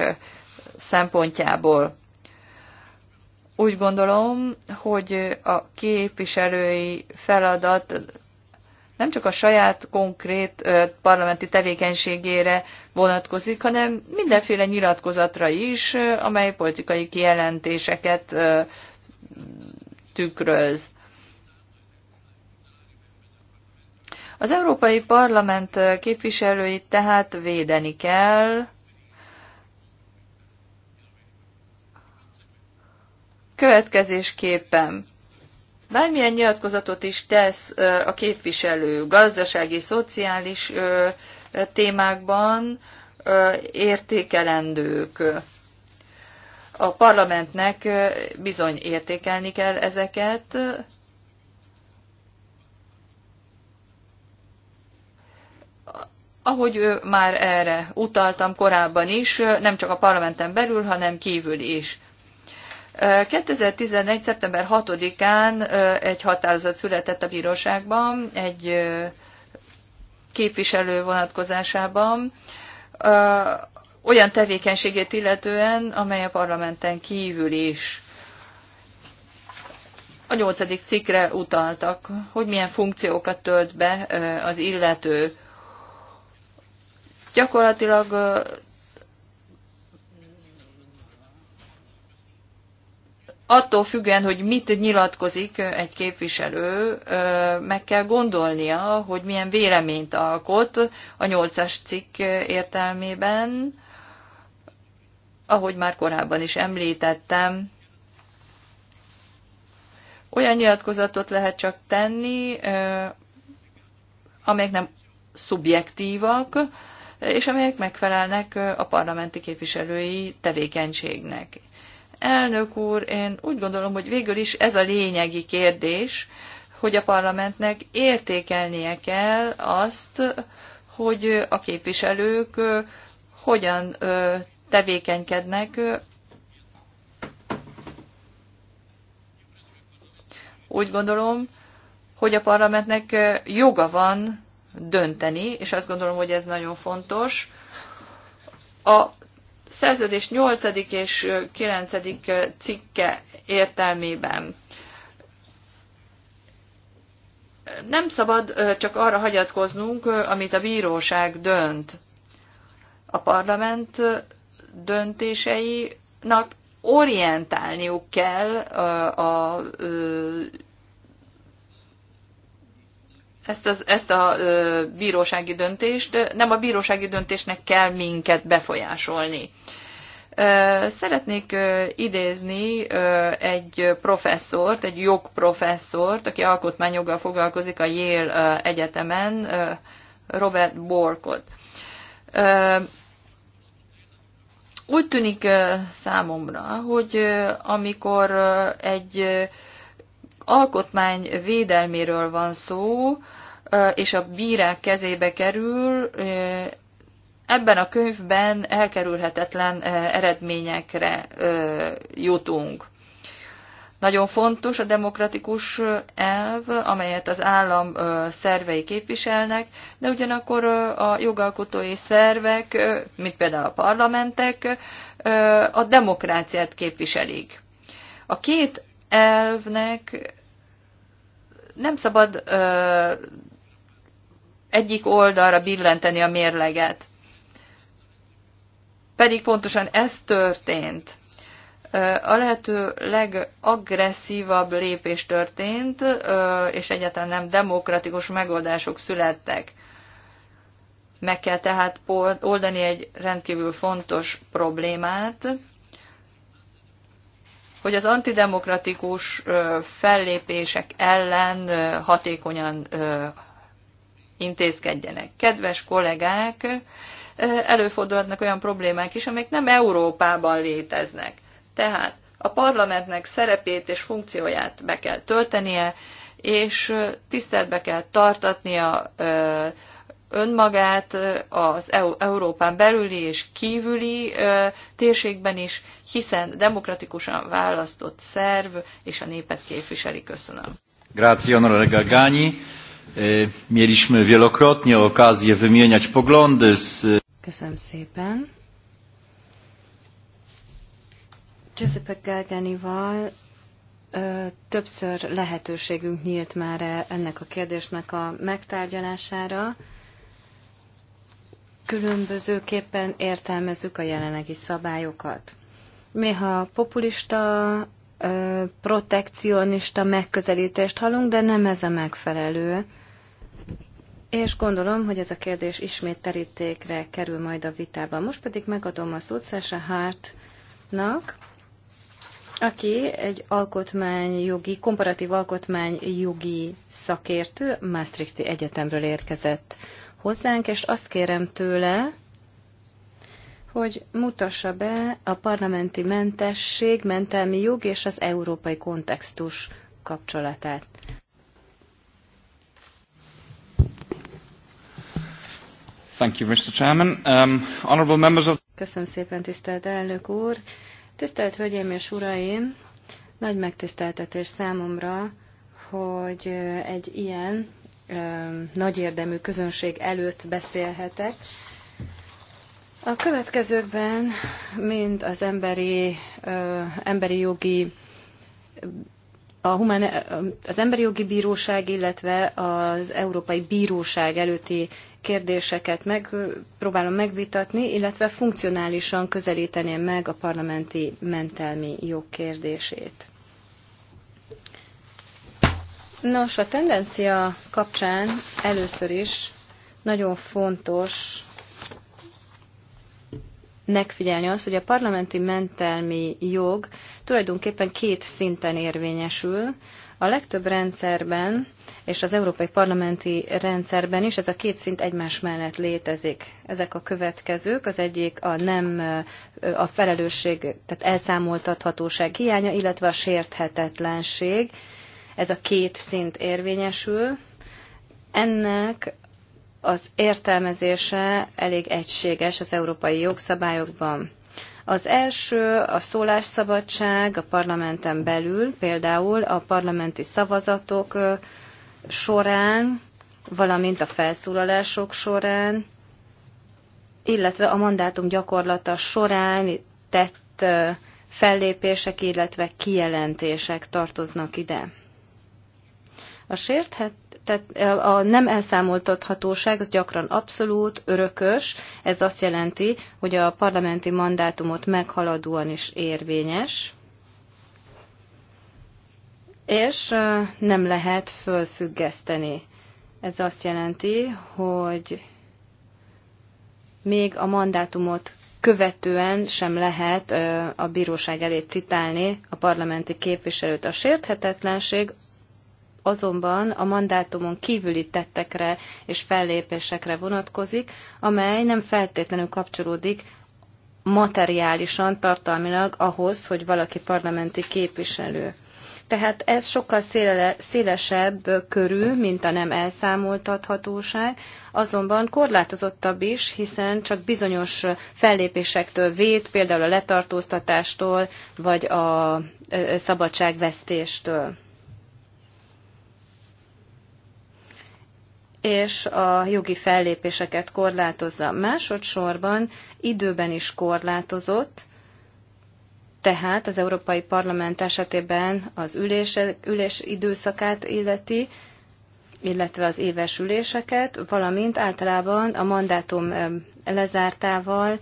szempontjából. Úgy gondolom, hogy a képviselői feladat nem csak a saját konkrét parlamenti tevékenységére vonatkozik, hanem mindenféle nyilatkozatra is, amely politikai kijelentéseket tükröz. Az Európai Parlament képviselőit tehát védeni kell, következésképpen bármilyen nyilatkozatot is tesz a képviselő gazdasági, szociális témákban, értékelendők. A parlamentnek bizony értékelni kell ezeket, ahogy már erre utaltam korábban is, nem csak a parlamenten belül, hanem kívül is. 2011. szeptember 6-án egy határozat született a bíróságban, egy képviselő vonatkozásában, olyan tevékenységét illetően, amely a parlamenten kívül is a nyolcadik cikkre utaltak, hogy milyen funkciókat tölt be az illető. Gyakorlatilag attól függően, hogy mit nyilatkozik egy képviselő, meg kell gondolnia, hogy milyen véleményt alkot a nyolcas cikk értelmében, ahogy már korábban is említettem, olyan nyilatkozatot lehet csak tenni, amelyek nem szubjektívak, és amelyek megfelelnek a parlamenti képviselői tevékenységnek. Elnök úr, én úgy gondolom, hogy végül is ez a lényegi kérdés, hogy a parlamentnek értékelnie kell azt, hogy a képviselők hogyan tevékenykednek úgy gondolom, hogy a parlamentnek joga van dönteni, és azt gondolom, hogy ez nagyon fontos. A szerződés 8. és 9. cikke értelmében. Nem szabad csak arra hagyatkoznunk, amit a bíróság dönt. A parlament döntéseinek orientálniuk kell a ezt, az, ezt a ö, bírósági döntést, nem a bírósági döntésnek kell minket befolyásolni. Szeretnék idézni egy professzort, egy jogprofesszort, aki alkotmányjoggal foglalkozik a Yale Egyetemen, Robert Borkot. Úgy tűnik számomra, hogy amikor egy alkotmány védelméről van szó, és a bírák kezébe kerül, ebben a könyvben elkerülhetetlen eredményekre jutunk. Nagyon fontos a demokratikus elv, amelyet az állam szervei képviselnek, de ugyanakkor a jogalkotói szervek, mint például a parlamentek, a demokráciát képviselik. A két elvnek nem szabad ö, egyik oldalra billenteni a mérleget. Pedig pontosan ez történt. A lehető legagresszívabb lépés történt, és egyáltalán nem demokratikus megoldások születtek. Meg kell tehát oldani egy rendkívül fontos problémát, hogy az antidemokratikus fellépések ellen hatékonyan intézkedjenek. Kedves kollégák, előfordulhatnak olyan problémák is, amik nem Európában léteznek. Tehát a parlamentnek szerepét és funkcióját be kell töltenie, és tiszteltbe kell tartatnia önmagát az e Európán belüli és kívüli térségben is, hiszen demokratikusan választott szerv és a népet képviseli. Köszönöm. Grazie, onorevole Gargani. E, Mieliśmy wielokrotnie okazję wymieniać poglądy z... Köszönöm szépen. Giuseppe Garganival többször lehetőségünk nyílt már e- ennek a kérdésnek a megtárgyalására különbözőképpen értelmezzük a jelenlegi szabályokat. Néha populista, protekcionista megközelítést hallunk, de nem ez a megfelelő. És gondolom, hogy ez a kérdés ismét terítékre kerül majd a vitában. Most pedig megadom a szót Sasha Hartnak, aki egy alkotmányjogi, komparatív alkotmányjogi szakértő, Maastrichti Egyetemről érkezett hozzánk, és azt kérem tőle, hogy mutassa be a parlamenti mentesség, mentelmi jog és az európai kontextus kapcsolatát. Thank you, Mr. Chairman. Um, honorable members of... Köszönöm szépen, tisztelt elnök úr. Tisztelt Hölgyeim és Uraim, nagy megtiszteltetés számomra, hogy egy ilyen nagyérdemű közönség előtt beszélhetek. A következőkben mind az emberi, emberi jogi a humán, az Emberi Jogi Bíróság, illetve az Európai Bíróság előtti kérdéseket meg próbálom megvitatni, illetve funkcionálisan közelíteni meg a parlamenti mentelmi jog kérdését. Nos, a tendencia kapcsán először is nagyon fontos megfigyelni az, hogy a parlamenti mentelmi jog tulajdonképpen két szinten érvényesül. A legtöbb rendszerben és az európai parlamenti rendszerben is ez a két szint egymás mellett létezik. Ezek a következők, az egyik a nem a felelősség, tehát elszámoltathatóság hiánya, illetve a sérthetetlenség, ez a két szint érvényesül. Ennek az értelmezése elég egységes az európai jogszabályokban. Az első a szólásszabadság a parlamenten belül, például a parlamenti szavazatok során, valamint a felszólalások során, illetve a mandátum gyakorlata során tett fellépések, illetve kijelentések tartoznak ide. A sérthet tehát e, a nem elszámoltathatóság az gyakran abszolút, örökös, ez azt jelenti, hogy a parlamenti mandátumot meghaladóan is érvényes, és e, nem lehet fölfüggeszteni. Ez azt jelenti, hogy még a mandátumot követően sem lehet e, a bíróság elé citálni a parlamenti képviselőt. A sérthetetlenség azonban a mandátumon kívüli tettekre és fellépésekre vonatkozik, amely nem feltétlenül kapcsolódik materiálisan, tartalmilag ahhoz, hogy valaki parlamenti képviselő. Tehát ez sokkal szélesebb körül, mint a nem elszámoltathatóság, azonban korlátozottabb is, hiszen csak bizonyos fellépésektől véd, például a letartóztatástól, vagy a szabadságvesztéstől. és a jogi fellépéseket korlátozza. Másodszorban időben is korlátozott, tehát az Európai Parlament esetében az ülés, ülés időszakát illeti, illetve az éves üléseket, valamint általában a mandátum lezártával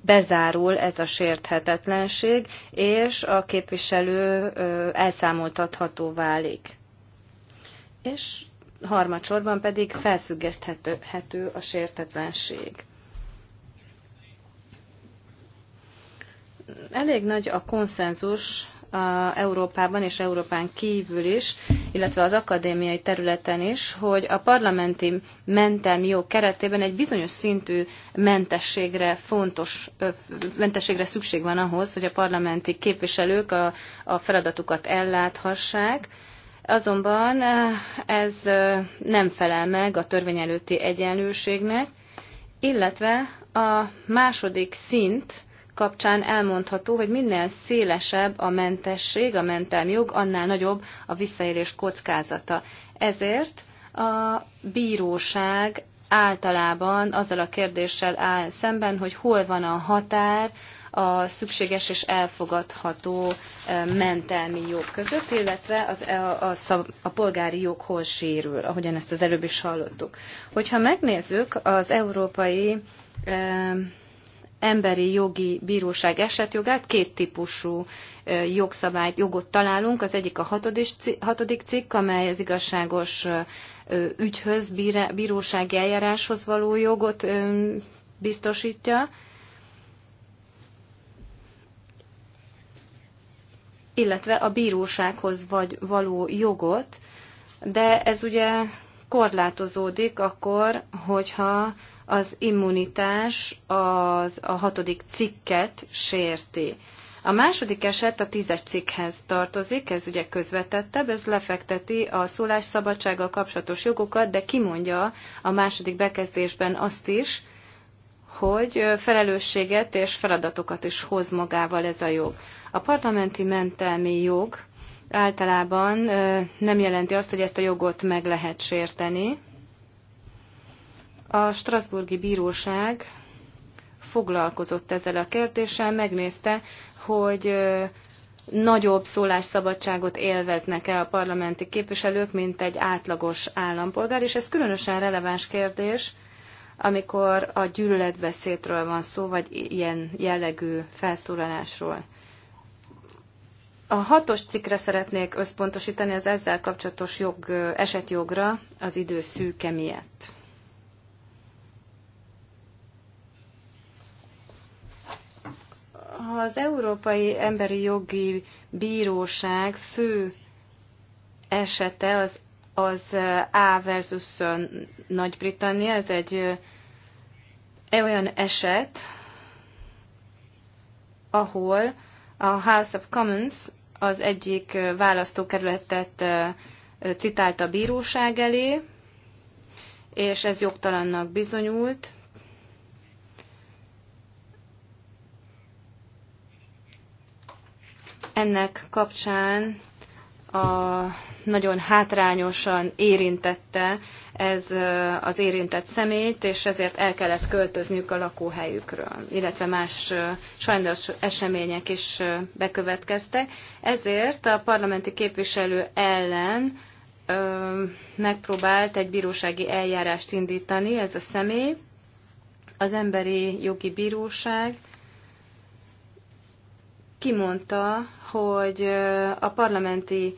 bezárul ez a sérthetetlenség, és a képviselő elszámoltatható válik. És harmadsorban pedig felfüggeszthető a sértetlenség. Elég nagy a konszenzus a Európában és Európán kívül is, illetve az akadémiai területen is, hogy a parlamenti mentelmi jog keretében egy bizonyos szintű mentességre fontos, mentességre szükség van ahhoz, hogy a parlamenti képviselők a, a feladatukat elláthassák, Azonban eh, ez eh, nem felel meg a törvény előtti egyenlőségnek, illetve a második szint kapcsán elmondható, hogy minél szélesebb a mentesség, a jog, annál nagyobb a visszaélés kockázata. Ezért a bíróság általában azzal a kérdéssel áll szemben, hogy hol van a határ a szükséges és elfogadható mentelmi jog között, illetve az, e, a, a, a polgári jog hol sérül, ahogyan ezt az előbb is hallottuk. Hogyha megnézzük az európai e, emberi jogi bíróság esetjogát, két típusú jogszabályt, jogot találunk. Az egyik a hatodik cikk, amely az igazságos ügyhöz, bírósági eljáráshoz való jogot biztosítja. illetve a bírósághoz vagy való jogot, de ez ugye korlátozódik akkor, hogyha az immunitás az a hatodik cikket sérti. A második eset a tízes cikkhez tartozik, ez ugye közvetettebb, ez lefekteti a szólásszabadsággal kapcsolatos jogokat, de kimondja a második bekezdésben azt is, hogy felelősséget és feladatokat is hoz magával ez a jog. A parlamenti mentelmi jog általában nem jelenti azt, hogy ezt a jogot meg lehet sérteni. A Strasburgi Bíróság foglalkozott ezzel a kérdéssel, megnézte, hogy nagyobb szólásszabadságot élveznek-e a parlamenti képviselők, mint egy átlagos állampolgár, és ez különösen releváns kérdés, amikor a gyűlöletbeszédről van szó, vagy ilyen jellegű felszólalásról. A hatos cikkre szeretnék összpontosítani az ezzel kapcsolatos jog, esetjogra az idő szűke miatt. Ha az Európai Emberi Jogi Bíróság fő esete az, az A versus Nagy-Britannia, ez egy olyan eset, ahol a House of Commons az egyik választókerületet citált a bíróság elé, és ez jogtalannak bizonyult. Ennek kapcsán a nagyon hátrányosan érintette ez az érintett szemét, és ezért el kellett költözniük a lakóhelyükről, illetve más sajnos események is bekövetkeztek. Ezért a parlamenti képviselő ellen megpróbált egy bírósági eljárást indítani ez a személy. Az Emberi Jogi Bíróság kimondta, hogy a parlamenti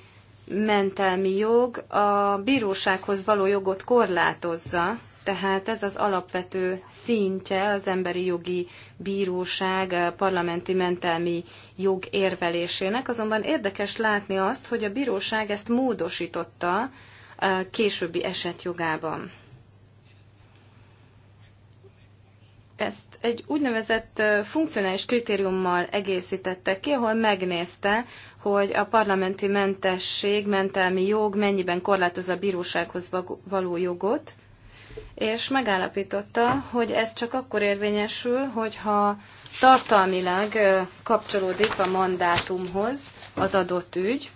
mentelmi jog a bírósághoz való jogot korlátozza, tehát ez az alapvető szintje az emberi jogi bíróság eh, parlamenti mentelmi jog érvelésének, azonban érdekes látni azt, hogy a bíróság ezt módosította eh, későbbi esetjogában. ezt egy úgynevezett funkcionális kritériummal egészítette ki, ahol megnézte, hogy a parlamenti mentesség, mentelmi jog mennyiben korlátoz a bírósághoz való jogot, és megállapította, hogy ez csak akkor érvényesül, hogyha tartalmilag kapcsolódik a mandátumhoz az adott ügy.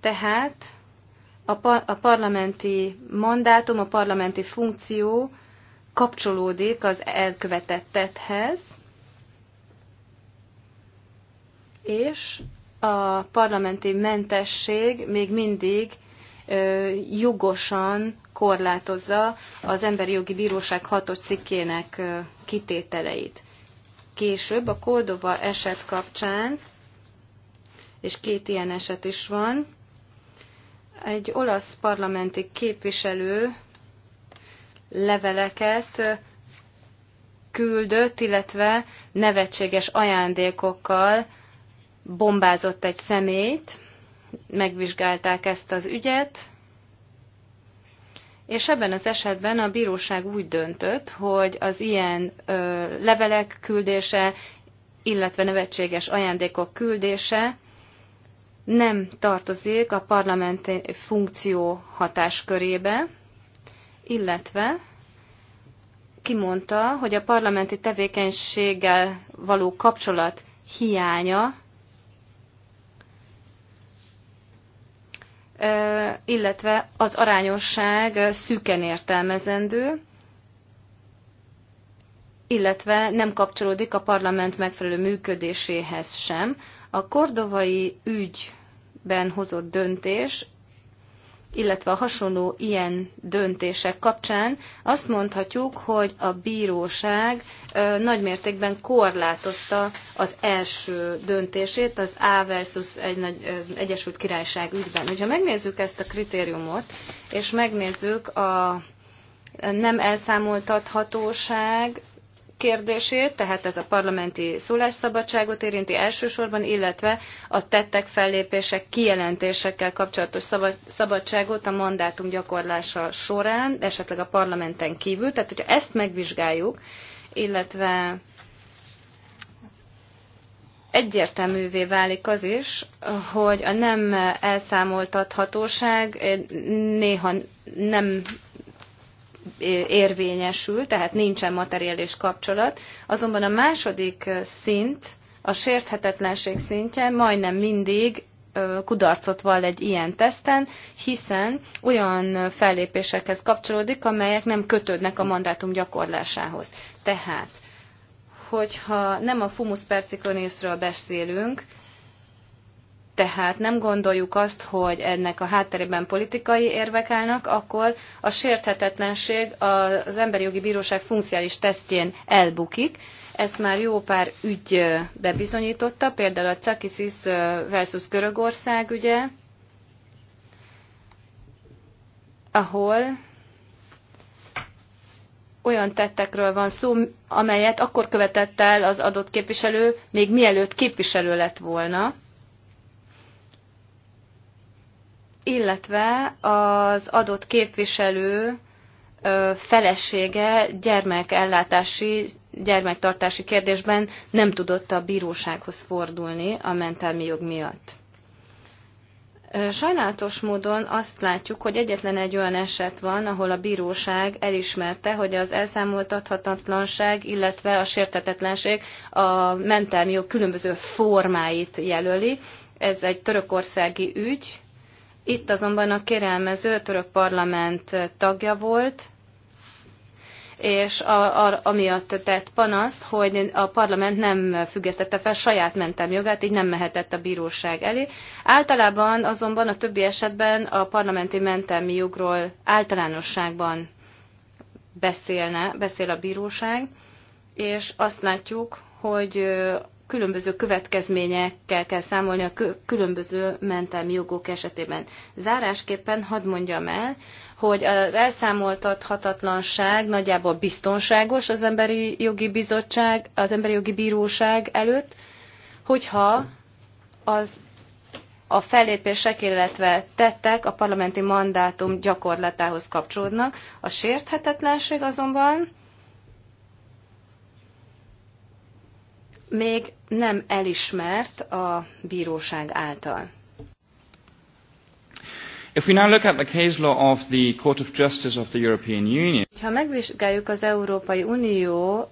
Tehát a, par- a parlamenti mandátum, a parlamenti funkció, kapcsolódik az tetthez, és a parlamenti mentesség még mindig jogosan korlátozza az Emberi Jogi Bíróság hatos cikkének kitételeit. Később a Koldova eset kapcsán, és két ilyen eset is van, egy olasz parlamenti képviselő leveleket küldött, illetve nevetséges ajándékokkal bombázott egy szemét, megvizsgálták ezt az ügyet, és ebben az esetben a bíróság úgy döntött, hogy az ilyen ö, levelek küldése, illetve nevetséges ajándékok küldése nem tartozik a parlamenti funkció hatáskörébe, illetve kimondta, hogy a parlamenti tevékenységgel való kapcsolat hiánya, illetve az arányosság szűken értelmezendő, illetve nem kapcsolódik a parlament megfelelő működéséhez sem. A kordovai ügyben hozott döntés illetve a hasonló ilyen döntések kapcsán azt mondhatjuk, hogy a bíróság nagymértékben korlátozta az első döntését, az A versus egy nagy, Egyesült Királyság ügyben. Hogyha megnézzük ezt a kritériumot, és megnézzük a nem elszámoltathatóság kérdését, tehát ez a parlamenti szólásszabadságot érinti elsősorban, illetve a tettek, fellépések, kijelentésekkel kapcsolatos szabadságot a mandátum gyakorlása során, esetleg a parlamenten kívül. Tehát, hogyha ezt megvizsgáljuk, illetve egyértelművé válik az is, hogy a nem elszámoltathatóság eh, néha nem érvényesül, tehát nincsen materiális kapcsolat. Azonban a második szint, a sérthetetlenség szintje majdnem mindig kudarcot vall egy ilyen teszten, hiszen olyan fellépésekhez kapcsolódik, amelyek nem kötődnek a mandátum gyakorlásához. Tehát, hogyha nem a fumus persiconisről beszélünk, tehát nem gondoljuk azt, hogy ennek a hátterében politikai érvek állnak, akkor a sérthetetlenség az Emberi Jogi Bíróság funkciális tesztjén elbukik. Ezt már jó pár ügy bebizonyította, például a Cakisis versus Görögország ügye, ahol olyan tettekről van szó, amelyet akkor követett el az adott képviselő, még mielőtt képviselő lett volna illetve az adott képviselő felesége gyermekellátási, gyermektartási kérdésben nem tudott a bírósághoz fordulni a mentelmi jog miatt. Sajnálatos módon azt látjuk, hogy egyetlen egy olyan eset van, ahol a bíróság elismerte, hogy az elszámoltathatatlanság, illetve a sértetetlenség a mentelmi jog különböző formáit jelöli. Ez egy törökországi ügy, itt azonban a kérelmező török parlament tagja volt, és a, a, amiatt tett panaszt, hogy a parlament nem függesztette fel saját mentem jogát, így nem mehetett a bíróság elé. Általában azonban a többi esetben a parlamenti mentelmi jogról általánosságban beszélne, beszél a bíróság, és azt látjuk, hogy különböző következményekkel kell számolni a különböző mentelmi jogok esetében. Zárásképpen hadd mondjam el, hogy az elszámoltathatatlanság nagyjából biztonságos az Emberi Jogi Bizottság, az Emberi Jogi Bíróság előtt, hogyha az a fellépések, illetve tettek a parlamenti mandátum gyakorlatához kapcsolódnak. A sérthetetlenség azonban még nem elismert a bíróság által. If we now look at the case law of the Court of Justice of the European Union, ha megvizsgáljuk az Európai Unió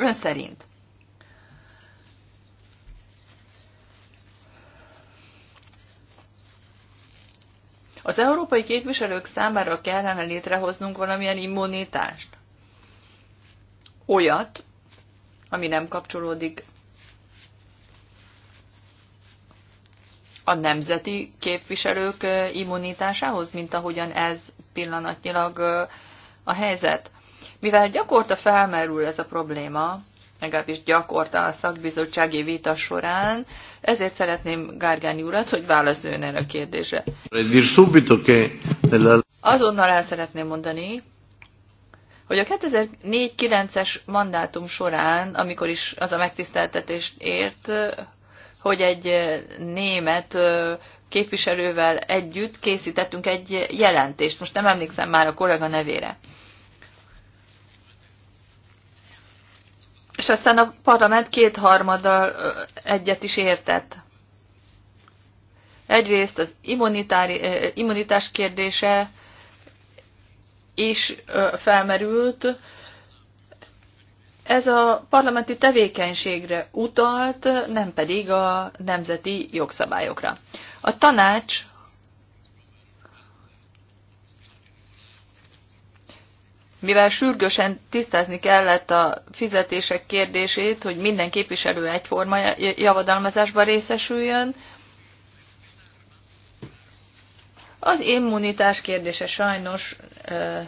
Ön szerint. Az európai képviselők számára kellene létrehoznunk valamilyen immunitást. Olyat, ami nem kapcsolódik a nemzeti képviselők eh, immunitásához, mint ahogyan ez pillanatnyilag eh, a helyzet. Mivel gyakorta felmerül ez a probléma, legalábbis gyakorta a szakbizottsági vita során, ezért szeretném Gárgány urat, hogy válaszoljon erre a kérdésre. Azonnal el szeretném mondani, hogy a 2004-9-es mandátum során, amikor is az a megtiszteltetést ért, hogy egy német képviselővel együtt készítettünk egy jelentést. Most nem emlékszem már a kollega nevére. és aztán a parlament kétharmaddal egyet is értett. Egyrészt az immunitás kérdése is felmerült. Ez a parlamenti tevékenységre utalt, nem pedig a nemzeti jogszabályokra. A tanács mivel sürgősen tisztázni kellett a fizetések kérdését, hogy minden képviselő egyforma javadalmazásba részesüljön, az immunitás kérdése sajnos ö,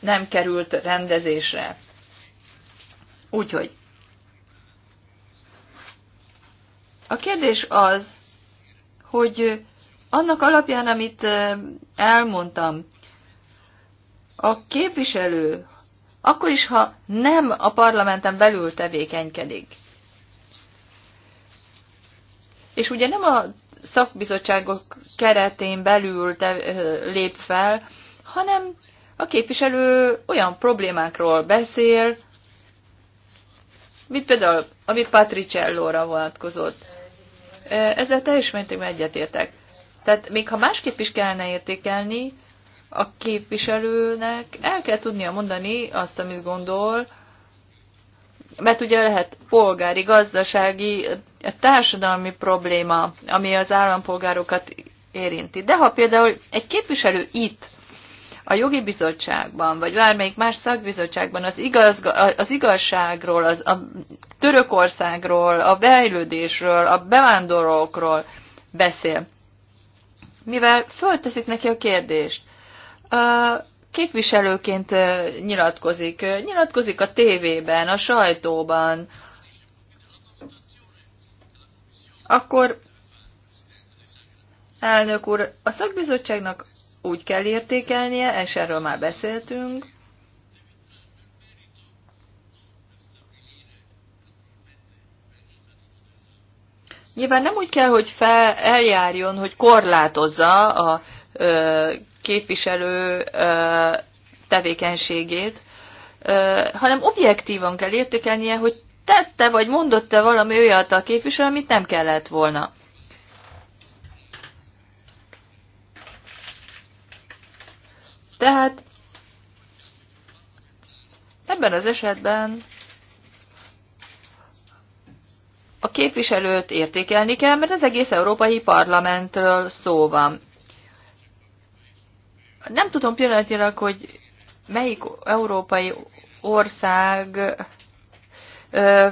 nem került rendezésre. Úgyhogy a kérdés az, hogy annak alapján, amit elmondtam, a képviselő, akkor is, ha nem a parlamenten belül tevékenykedik. És ugye nem a szakbizottságok keretén belül te, lép fel, hanem a képviselő olyan problémákról beszél, mint például, ami Patricellóra vonatkozott. Ezzel teljes mértékben egyetértek. Tehát még ha másképp is kellene értékelni, a képviselőnek el kell tudnia mondani azt, amit gondol, mert ugye lehet polgári, gazdasági, társadalmi probléma, ami az állampolgárokat érinti. De ha például egy képviselő itt, a jogi bizottságban, vagy bármelyik más szakbizottságban az, igaz, az igazságról, az, a Törökországról, a fejlődésről, a bevándorlókról beszél, mivel fölteszik neki a kérdést, képviselőként nyilatkozik. Nyilatkozik a tévében, a sajtóban. Akkor, elnök úr, a szakbizottságnak úgy kell értékelnie, és erről már beszéltünk, Nyilván nem úgy kell, hogy fel, eljárjon, hogy korlátozza a ö, képviselő tevékenységét, hanem objektívan kell értékelnie, hogy tette vagy mondott valami olyat a képviselő, amit nem kellett volna. Tehát ebben az esetben a képviselőt értékelni kell, mert az egész Európai Parlamentről szó van. Nem tudom pillanatilag, hogy melyik európai ország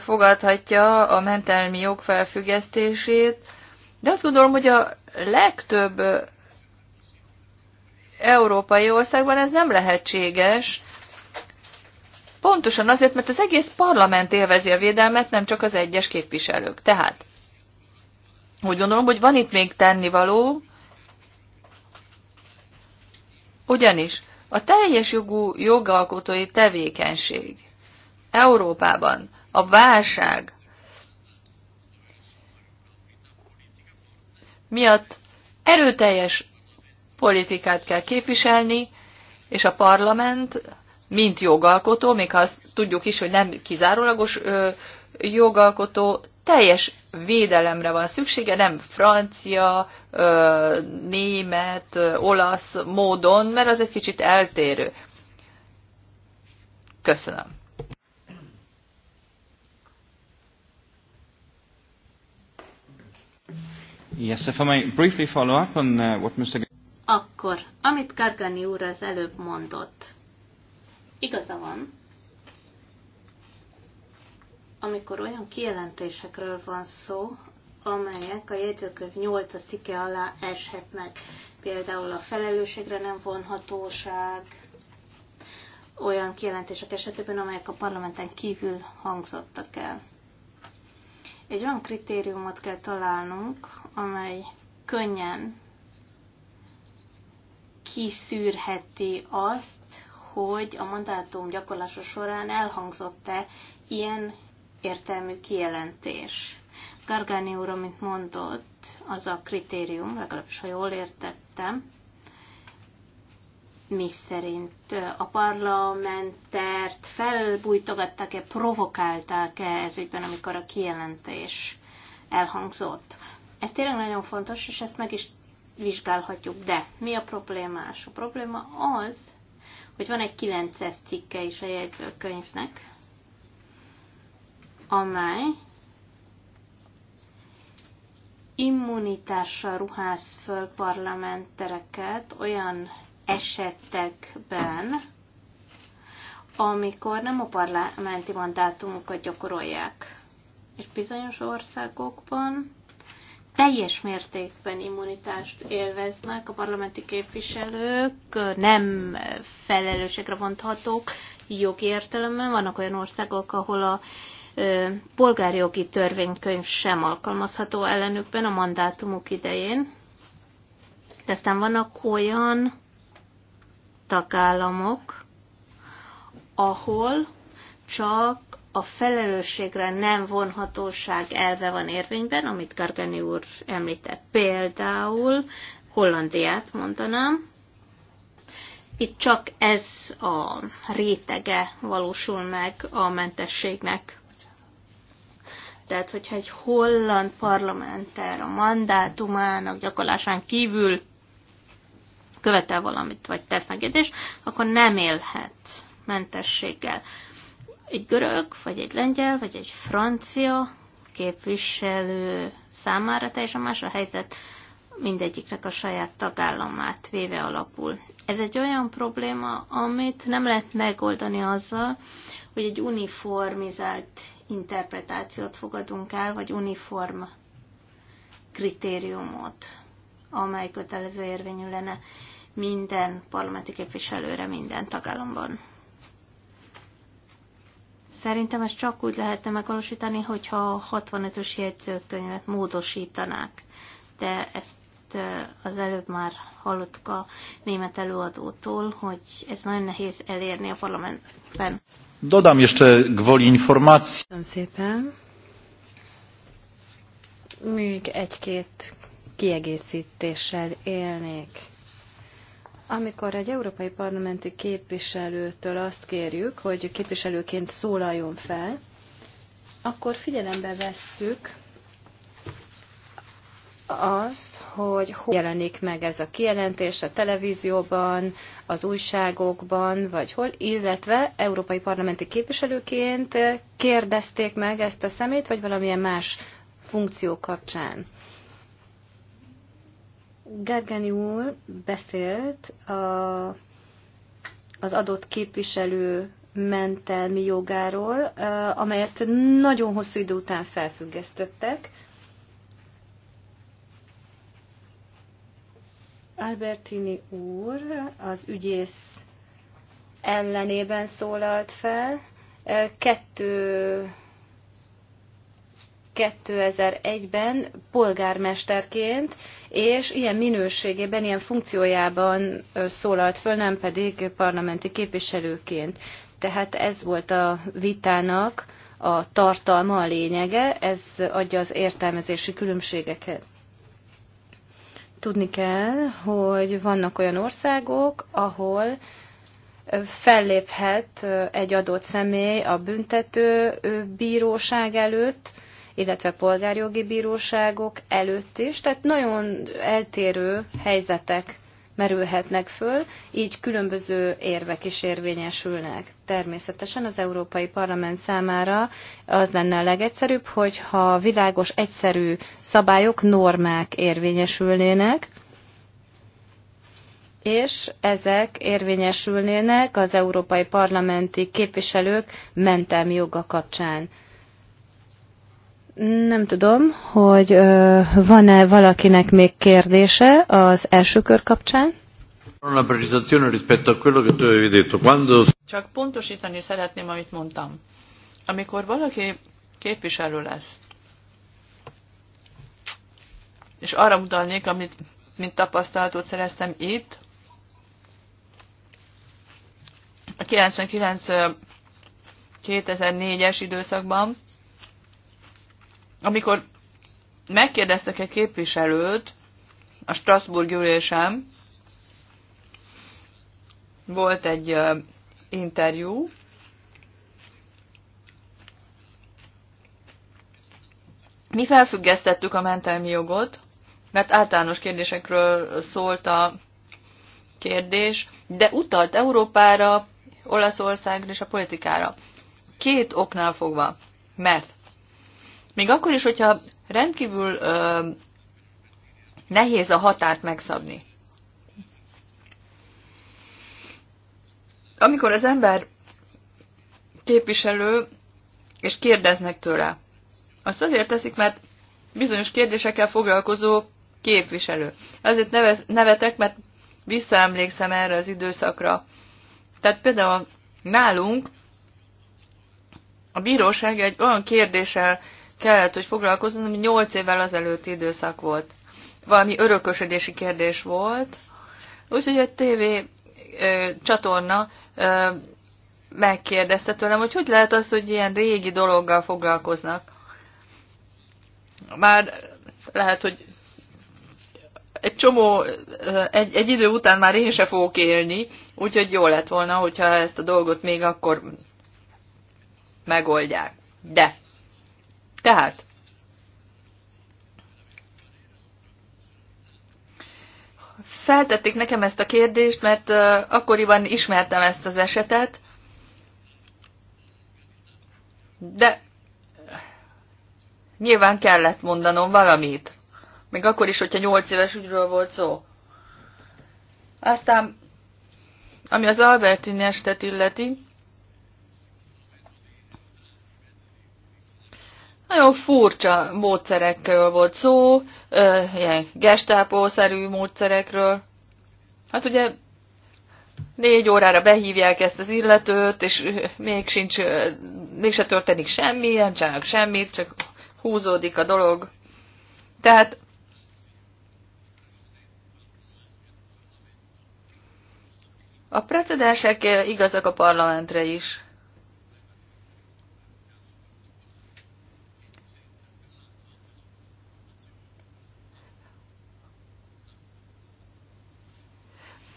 fogadhatja a mentelmi jog felfüggesztését, de azt gondolom, hogy a legtöbb európai országban ez nem lehetséges, pontosan azért, mert az egész parlament élvezi a védelmet, nem csak az egyes képviselők. Tehát úgy gondolom, hogy van itt még tennivaló, ugyanis a teljes jogú jogalkotói tevékenység Európában a válság miatt erőteljes politikát kell képviselni, és a parlament, mint jogalkotó, még ha azt tudjuk is, hogy nem kizárólagos jogalkotó, teljes védelemre van szüksége, nem francia, német, olasz módon, mert az egy kicsit eltérő. Köszönöm. Yes, if I may briefly follow up on uh, what Mr. Akkor, amit Gargani úr az előbb mondott, igaza van, amikor olyan kijelentésekről van szó, amelyek a jegyzőkönyv 8 a szike alá eshetnek. Például a felelősségre nem vonhatóság, olyan kijelentések esetében, amelyek a parlamenten kívül hangzottak el. Egy olyan kritériumot kell találnunk, amely könnyen kiszűrheti azt, hogy a mandátum gyakorlása során elhangzott-e ilyen egyértelmű kijelentés. Gargani úr, amit mondott, az a kritérium, legalábbis ha jól értettem, mi szerint a parlamentert felbújtogatták-e, provokálták-e ez ügyben, amikor a kijelentés elhangzott. Ez tényleg nagyon fontos, és ezt meg is vizsgálhatjuk. De mi a problémás? A probléma az, hogy van egy 9-es cikke is a jegyzőkönyvnek, amely immunitással ruház föl parlamentereket olyan esetekben, amikor nem a parlamenti mandátumokat gyakorolják. És bizonyos országokban teljes mértékben immunitást élveznek a parlamenti képviselők, nem felelősségre vonthatók jogi értelemben. Vannak olyan országok, ahol a polgárjogi törvénykönyv sem alkalmazható ellenükben a mandátumuk idején. De aztán vannak olyan tagállamok, ahol csak a felelősségre nem vonhatóság elve van érvényben, amit Gargani úr említett. Például Hollandiát mondanám. Itt csak ez a rétege valósul meg a mentességnek. Tehát, hogyha egy holland parlamenter a mandátumának gyakorlásán kívül követel valamit, vagy tesz megjegyzést, akkor nem élhet mentességgel. Egy görög, vagy egy lengyel, vagy egy francia képviselő számára teljesen más a helyzet, mindegyiknek a saját tagállamát véve alapul. Ez egy olyan probléma, amit nem lehet megoldani azzal, hogy egy uniformizált interpretációt fogadunk el, vagy uniform kritériumot, amely kötelező érvényű lenne minden parlamenti képviselőre minden tagállamban. Szerintem ezt csak úgy lehetne megvalósítani, hogyha a 65-ös jegyzőkönyvet módosítanák. De ezt az előbb már hallottuk a német előadótól, hogy ez nagyon nehéz elérni a parlamentben. Dodam jeszcze gwoli informacji. Még egy-két kiegészítéssel élnék. Amikor egy európai parlamenti képviselőtől azt kérjük, hogy képviselőként szólaljon fel, akkor figyelembe vesszük azt, hogy hogy jelenik meg ez a kijelentés a televízióban, az újságokban, vagy hol, illetve európai parlamenti képviselőként kérdezték meg ezt a szemét, vagy valamilyen más funkció kapcsán. Gergeni úr beszélt a, az adott képviselő mentelmi jogáról, amelyet nagyon hosszú idő után felfüggesztettek, Albertini úr az ügyész ellenében szólalt fel. Kettő 2001-ben polgármesterként, és ilyen minőségében, ilyen funkciójában szólalt föl, nem pedig parlamenti képviselőként. Tehát ez volt a vitának a tartalma, a lényege, ez adja az értelmezési különbségeket. Tudni kell, hogy vannak olyan országok, ahol felléphet egy adott személy a büntető bíróság előtt, illetve polgárjogi bíróságok előtt is. Tehát nagyon eltérő helyzetek merülhetnek föl, így különböző érvek is érvényesülnek. Természetesen az Európai Parlament számára az lenne a legegyszerűbb, hogyha világos, egyszerű szabályok, normák érvényesülnének, és ezek érvényesülnének az európai parlamenti képviselők mentelmi joga kapcsán. Nem tudom, hogy van-e valakinek még kérdése az első kör kapcsán? Csak pontosítani szeretném, amit mondtam. Amikor valaki képviselő lesz, és arra mutalnék, amit mint tapasztalatot szereztem itt, a 99-2004-es időszakban, amikor megkérdeztek egy képviselőt a Strasbourg ülésem, volt egy uh, interjú, Mi felfüggesztettük a mentelmi jogot, mert általános kérdésekről szólt a kérdés, de utalt Európára, Olaszországra és a politikára. Két oknál fogva. Mert még akkor is, hogyha rendkívül ö, nehéz a határt megszabni. Amikor az ember képviselő, és kérdeznek tőle, azt azért teszik, mert bizonyos kérdésekkel foglalkozó képviselő. Azért nevez, nevetek, mert visszaemlékszem erre az időszakra. Tehát például nálunk a bíróság egy olyan kérdéssel kellett, hogy foglalkozzon, ami 8 évvel azelőtti időszak volt. Valami örökösödési kérdés volt, úgyhogy a TV ö, csatorna ö, megkérdezte tőlem, hogy hogy lehet az, hogy ilyen régi dologgal foglalkoznak. Már lehet, hogy egy csomó, egy, egy idő után már én se fogok élni, úgyhogy jó lett volna, hogyha ezt a dolgot még akkor megoldják. De tehát feltették nekem ezt a kérdést, mert akkoriban ismertem ezt az esetet, de nyilván kellett mondanom valamit. Még akkor is, hogyha nyolc éves ügyről volt szó. Aztán, ami az Albertini estet illeti, Nagyon furcsa módszerekről volt szó, ö, ilyen gestápószerű módszerekről. Hát ugye négy órára behívják ezt az illetőt, és még sincs, még se történik semmi, nem csinálnak semmit, csak húzódik a dolog. Tehát a precedensek igazak a parlamentre is.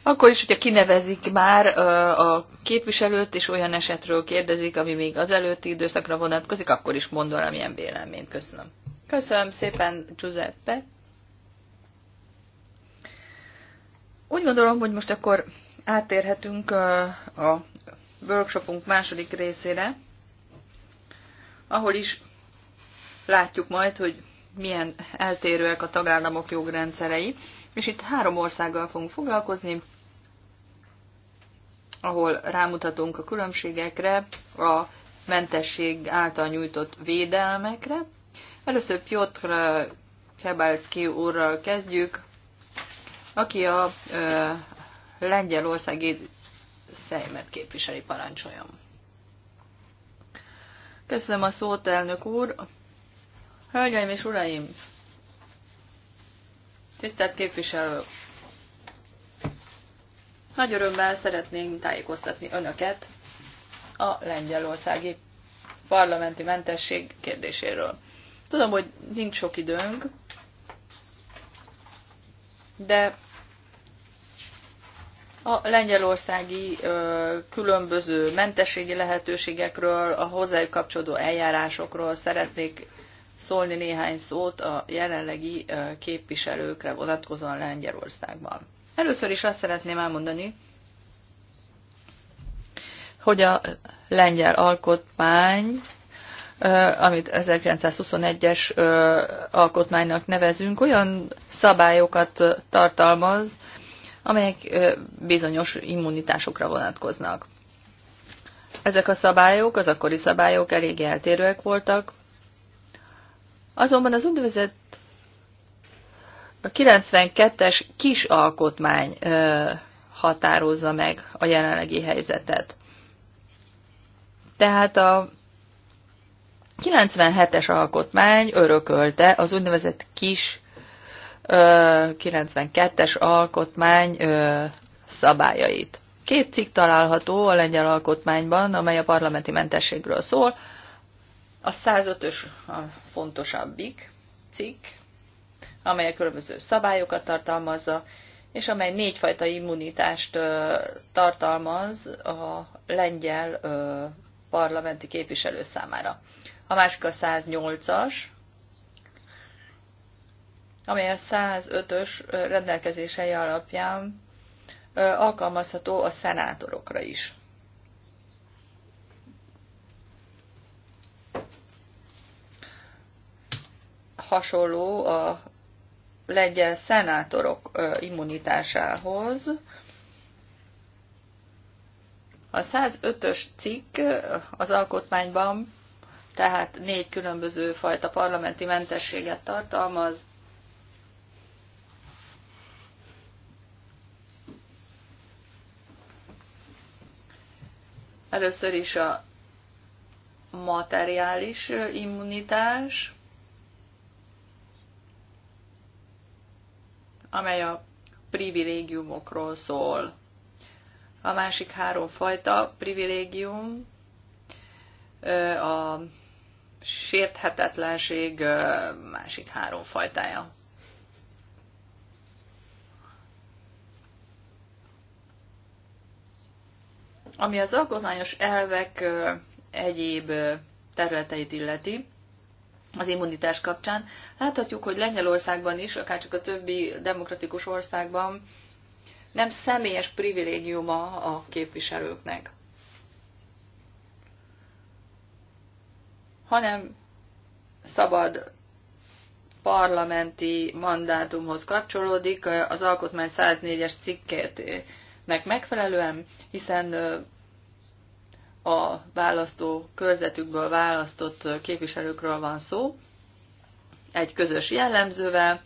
Akkor is, hogyha kinevezik már a képviselőt, és olyan esetről kérdezik, ami még az előtti időszakra vonatkozik, akkor is mond valamilyen véleményt. Köszönöm. Köszönöm szépen, Giuseppe. Úgy gondolom, hogy most akkor átérhetünk a workshopunk második részére, ahol is látjuk majd, hogy milyen eltérőek a tagállamok jogrendszerei és itt három országgal fogunk foglalkozni, ahol rámutatunk a különbségekre, a mentesség által nyújtott védelmekre. Először Piotr Kebalski úrral kezdjük, aki a ö, lengyelországi szejmet képviseli, parancsoljon. Köszönöm a szót, elnök úr! Hölgyeim és uraim! Tisztelt képviselő Nagy örömmel szeretnénk tájékoztatni Önöket a lengyelországi parlamenti mentesség kérdéséről. Tudom, hogy nincs sok időnk, de a lengyelországi ö, különböző mentességi lehetőségekről, a hozzájuk kapcsolódó eljárásokról szeretnék szólni néhány szót a jelenlegi képviselőkre vonatkozóan Lengyelországban. Először is azt szeretném elmondani, hogy a lengyel alkotmány, amit 1921-es alkotmánynak nevezünk, olyan szabályokat tartalmaz, amelyek bizonyos immunitásokra vonatkoznak. Ezek a szabályok, az akkori szabályok elég eltérőek voltak, Azonban az úgynevezett a 92-es kis alkotmány ö, határozza meg a jelenlegi helyzetet. Tehát a 97-es alkotmány örökölte az úgynevezett kis 92-es alkotmány szabályait. Két cikk található a lengyel alkotmányban, amely a parlamenti mentességről szól, a 105-ös a fontosabbik cikk, amely a különböző szabályokat tartalmazza, és amely négyfajta immunitást tartalmaz a lengyel parlamenti képviselő számára. A másik a 108-as, amely a 105-ös rendelkezései alapján alkalmazható a szenátorokra is. hasonló a lengyel szenátorok immunitásához. A 105-ös cikk az alkotmányban tehát négy különböző fajta parlamenti mentességet tartalmaz. Először is a materiális immunitás, amely a privilégiumokról szól. A másik három fajta privilégium a sérthetetlenség másik három fajtája. Ami az alkotmányos elvek egyéb területeit illeti, az immunitás kapcsán. Láthatjuk, hogy Lengyelországban is, akárcsak a többi demokratikus országban nem személyes privilégiuma a képviselőknek, hanem szabad parlamenti mandátumhoz kapcsolódik az alkotmány 104-es cikkének megfelelően, hiszen a választó körzetükből választott képviselőkről van szó, egy közös jellemzővel,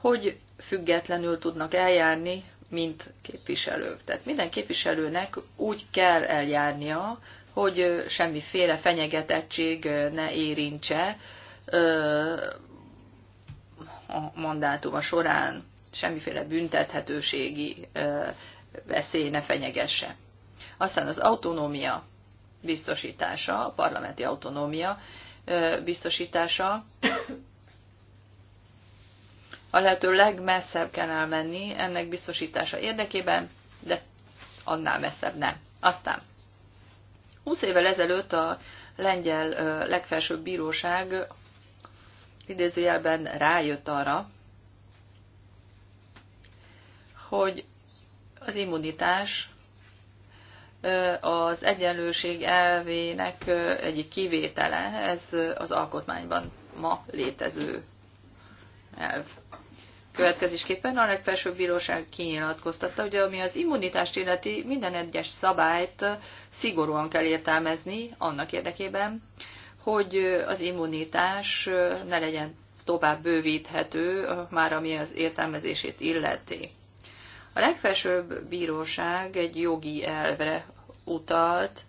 hogy függetlenül tudnak eljárni, mint képviselők. Tehát minden képviselőnek úgy kell eljárnia, hogy semmiféle fenyegetettség ne érintse a mandátuma során, semmiféle büntethetőségi veszély ne fenyegesse. Aztán az autonómia biztosítása, a parlamenti autonómia biztosítása. A lehető legmesszebb kell elmenni ennek biztosítása érdekében, de annál messzebb nem. Aztán 20 évvel ezelőtt a lengyel legfelsőbb bíróság idézőjelben rájött arra, hogy az immunitás az egyenlőség elvének egyik kivétele, ez az alkotmányban ma létező elv. Következésképpen a legfelsőbb bíróság kinyilatkoztatta, hogy ami az immunitást illeti, minden egyes szabályt szigorúan kell értelmezni annak érdekében, hogy az immunitás ne legyen tovább bővíthető, már ami az értelmezését illeti. A legfelsőbb bíróság egy jogi elvre utalt,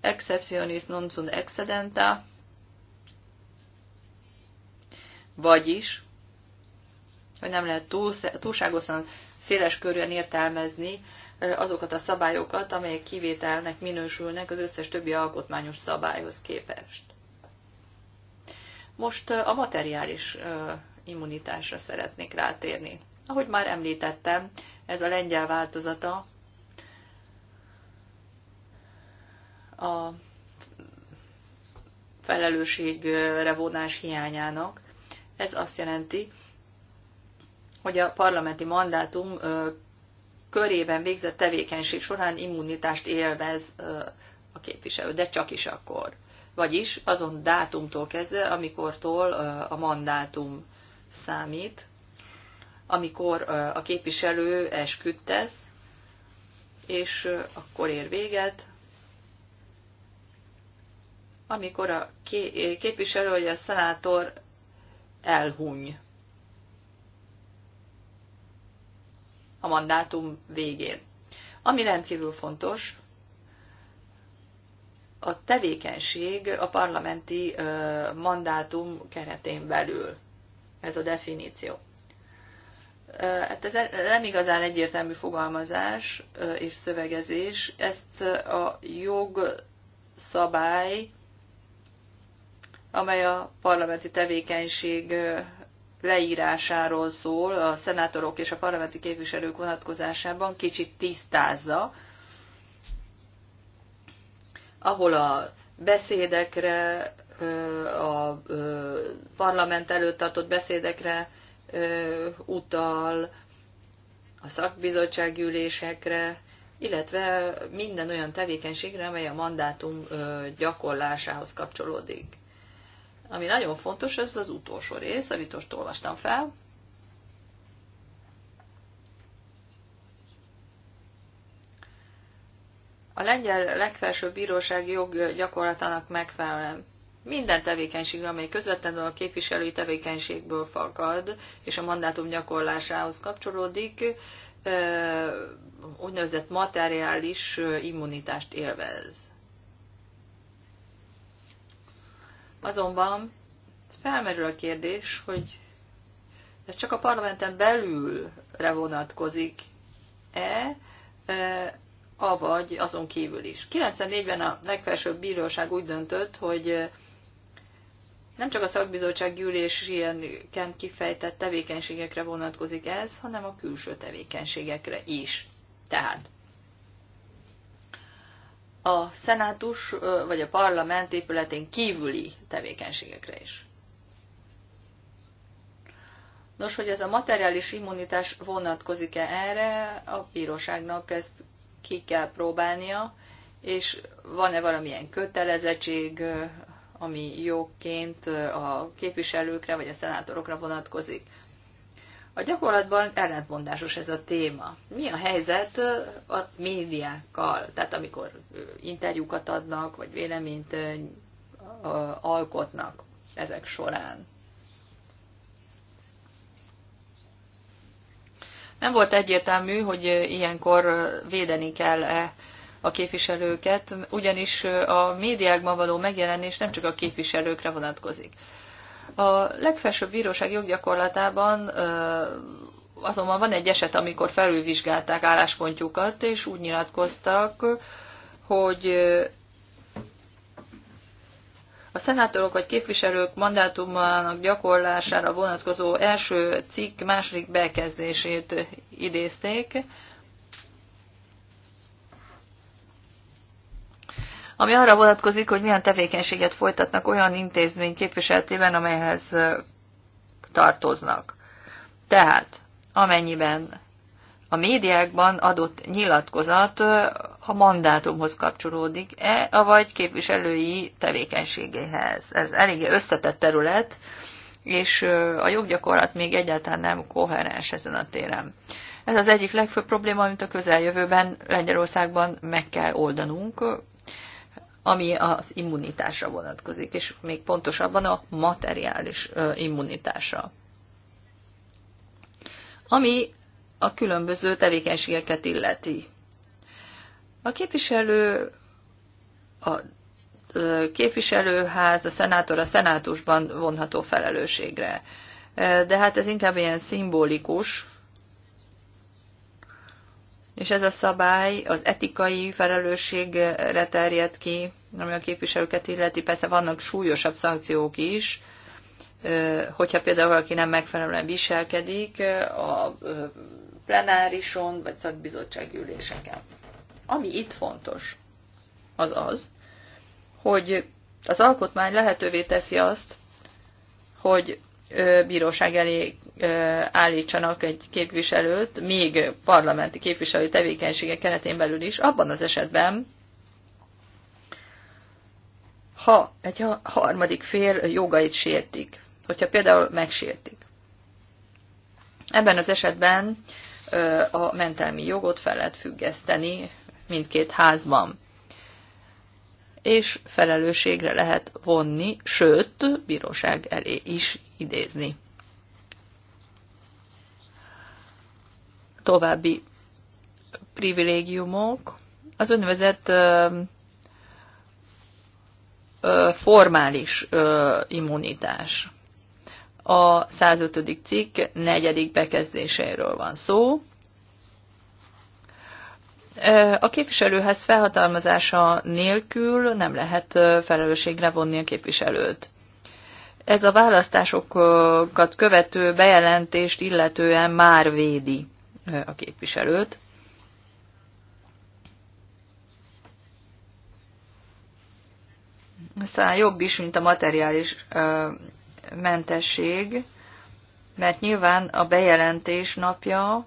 exceptionis non sunt excedenta, vagyis, hogy nem lehet túl, túlságosan széles körűen értelmezni azokat a szabályokat, amelyek kivételnek minősülnek az összes többi alkotmányos szabályhoz képest. Most a materiális immunitásra szeretnék rátérni. Ahogy már említettem, ez a lengyel változata. A felelősségre vonás hiányának. Ez azt jelenti, hogy a parlamenti mandátum körében végzett tevékenység során immunitást élvez a képviselő, de csak is akkor. Vagyis azon dátumtól kezdve, amikortól a mandátum számít, amikor a képviselő esküdtesz, és akkor ér véget, amikor a képviselő vagy a szenátor elhuny a mandátum végén. Ami rendkívül fontos, a tevékenység a parlamenti mandátum keretén belül. Ez a definíció. Hát ez nem igazán egyértelmű fogalmazás és szövegezés. Ezt a jogszabály, amely a parlamenti tevékenység leírásáról szól, a szenátorok és a parlamenti képviselők vonatkozásában kicsit tisztázza, ahol a beszédekre, a parlament előtt tartott beszédekre utal, a szakbizottsági ülésekre, illetve minden olyan tevékenységre, amely a mandátum gyakorlásához kapcsolódik. Ami nagyon fontos, ez az utolsó rész, amit most olvastam fel. A lengyel legfelsőbb bíróság jog gyakorlatának megfelelően minden tevékenység, amely közvetlenül a képviselői tevékenységből fakad, és a mandátum gyakorlásához kapcsolódik, úgynevezett materiális immunitást élvez. Azonban felmerül a kérdés, hogy ez csak a parlamenten belülre vonatkozik-e, avagy azon kívül is. 94-ben a legfelsőbb bíróság úgy döntött, hogy nem csak a szakbizottság gyűlés ilyenként kifejtett tevékenységekre vonatkozik ez, hanem a külső tevékenységekre is. Tehát a szenátus vagy a parlament épületén kívüli tevékenységekre is. Nos, hogy ez a materiális immunitás vonatkozik-e erre, a bíróságnak ezt ki kell próbálnia, és van-e valamilyen kötelezettség ami jogként a képviselőkre vagy a szenátorokra vonatkozik. A gyakorlatban ellentmondásos ez a téma. Mi a helyzet a médiákkal? Tehát amikor interjúkat adnak, vagy véleményt alkotnak ezek során. Nem volt egyértelmű, hogy ilyenkor védeni kell-e a képviselőket, ugyanis a médiákban való megjelenés nem csak a képviselőkre vonatkozik. A legfelsőbb bíróság joggyakorlatában azonban van egy eset, amikor felülvizsgálták álláspontjukat, és úgy nyilatkoztak, hogy a szenátorok vagy képviselők mandátumának gyakorlására vonatkozó első cikk második bekezdését idézték, ami arra vonatkozik, hogy milyen tevékenységet folytatnak olyan intézmény képviseletében, amelyhez tartoznak. Tehát, amennyiben a médiákban adott nyilatkozat a mandátumhoz kapcsolódik-e, vagy képviselői tevékenységéhez. Ez eléggé összetett terület, és a joggyakorlat még egyáltalán nem koherens ezen a téren. Ez az egyik legfőbb probléma, amit a közeljövőben Lengyelországban meg kell oldanunk, ami az immunitásra vonatkozik, és még pontosabban a materiális immunitásra. Ami a különböző tevékenységeket illeti. A képviselő, a képviselőház, a szenátor a szenátusban vonható felelősségre. De hát ez inkább ilyen szimbolikus, és ez a szabály az etikai felelősségre terjed ki, ami a képviselőket illeti. Persze vannak súlyosabb szankciók is, hogyha például valaki nem megfelelően viselkedik a plenárison vagy szakbizottsági üléseken. Ami itt fontos, az az, hogy az alkotmány lehetővé teszi azt, hogy bíróság elé állítsanak egy képviselőt, még parlamenti képviselő tevékenysége keretén belül is, abban az esetben, ha egy harmadik fél jogait sértik, hogyha például megsértik. Ebben az esetben a mentelmi jogot fel lehet függeszteni mindkét házban, és felelősségre lehet vonni, sőt, bíróság elé is idézni. további privilégiumok, az úgynevezett ö, ö, formális ö, immunitás. A 105. cikk negyedik bekezdéséről van szó. A képviselőhez felhatalmazása nélkül nem lehet felelősségre vonni a képviselőt. Ez a választásokat követő bejelentést illetően már védi a képviselőt. Aztán jobb is, mint a materiális mentesség, mert nyilván a bejelentés napja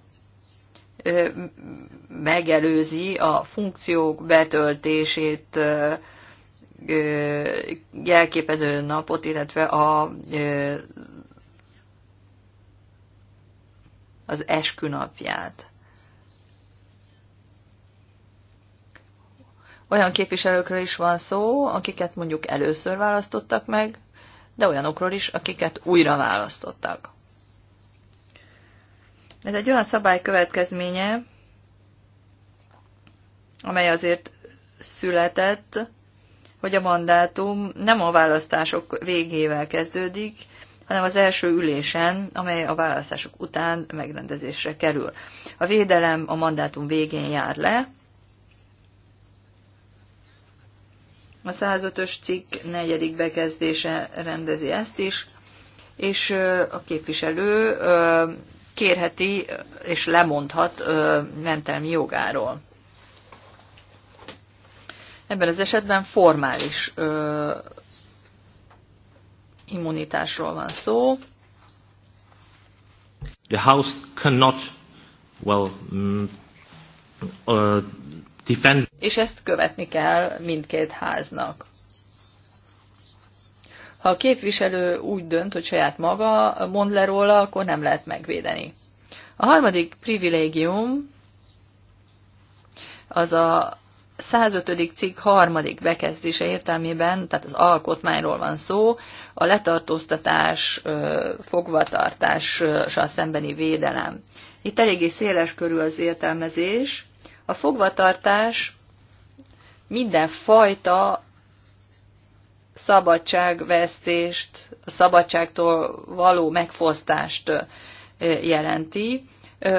megelőzi a funkciók betöltését jelképező napot, illetve a az eskünapját. Olyan képviselőkről is van szó, akiket mondjuk először választottak meg, de olyanokról is, akiket újra választottak. Ez egy olyan szabály következménye, amely azért született, hogy a mandátum nem a választások végével kezdődik, hanem az első ülésen, amely a választások után megrendezésre kerül. A védelem a mandátum végén jár le. A 105-ös cikk negyedik bekezdése rendezi ezt is, és a képviselő kérheti és lemondhat mentelmi jogáról. Ebben az esetben formális immunitásról van szó. The House cannot, well, mm, uh, defend. És ezt követni kell mindkét háznak. Ha a képviselő úgy dönt, hogy saját maga mond le róla, akkor nem lehet megvédeni. A harmadik privilégium az a 105. cikk harmadik bekezdése értelmében, tehát az alkotmányról van szó, a letartóztatás, fogvatartással szembeni védelem. Itt eléggé széles körül az értelmezés. A fogvatartás minden fajta szabadságvesztést, szabadságtól való megfosztást jelenti.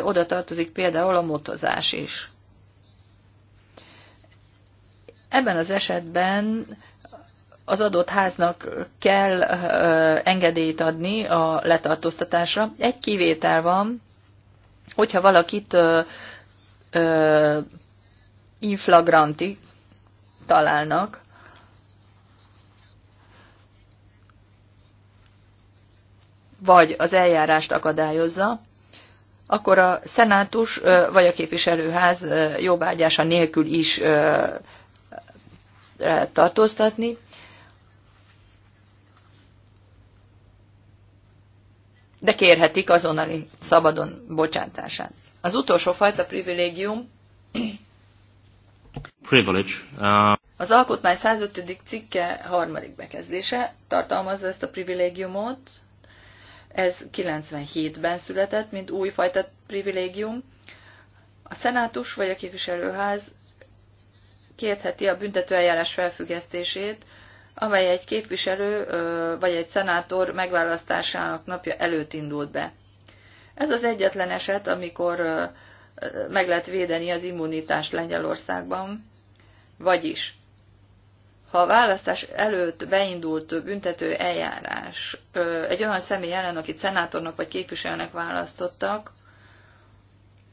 Oda tartozik például a motozás is. Ebben az esetben az adott háznak kell engedélyt adni a letartóztatásra. Egy kivétel van, hogyha valakit inflagranti találnak, vagy az eljárást akadályozza, akkor a szenátus vagy a képviselőház jóvágyása nélkül is tartóztatni. de kérhetik azonnali szabadon bocsátását. Az utolsó fajta privilégium Privilege. Uh... Az alkotmány 105. cikke harmadik bekezdése tartalmazza ezt a privilégiumot. Ez 97-ben született, mint újfajta privilégium. A szenátus vagy a képviselőház kérheti a büntetőeljárás felfüggesztését, amely egy képviselő vagy egy szenátor megválasztásának napja előtt indult be. Ez az egyetlen eset, amikor meg lehet védeni az immunitást Lengyelországban, vagyis ha a választás előtt beindult büntető eljárás egy olyan személy ellen, akit szenátornak vagy képviselőnek választottak,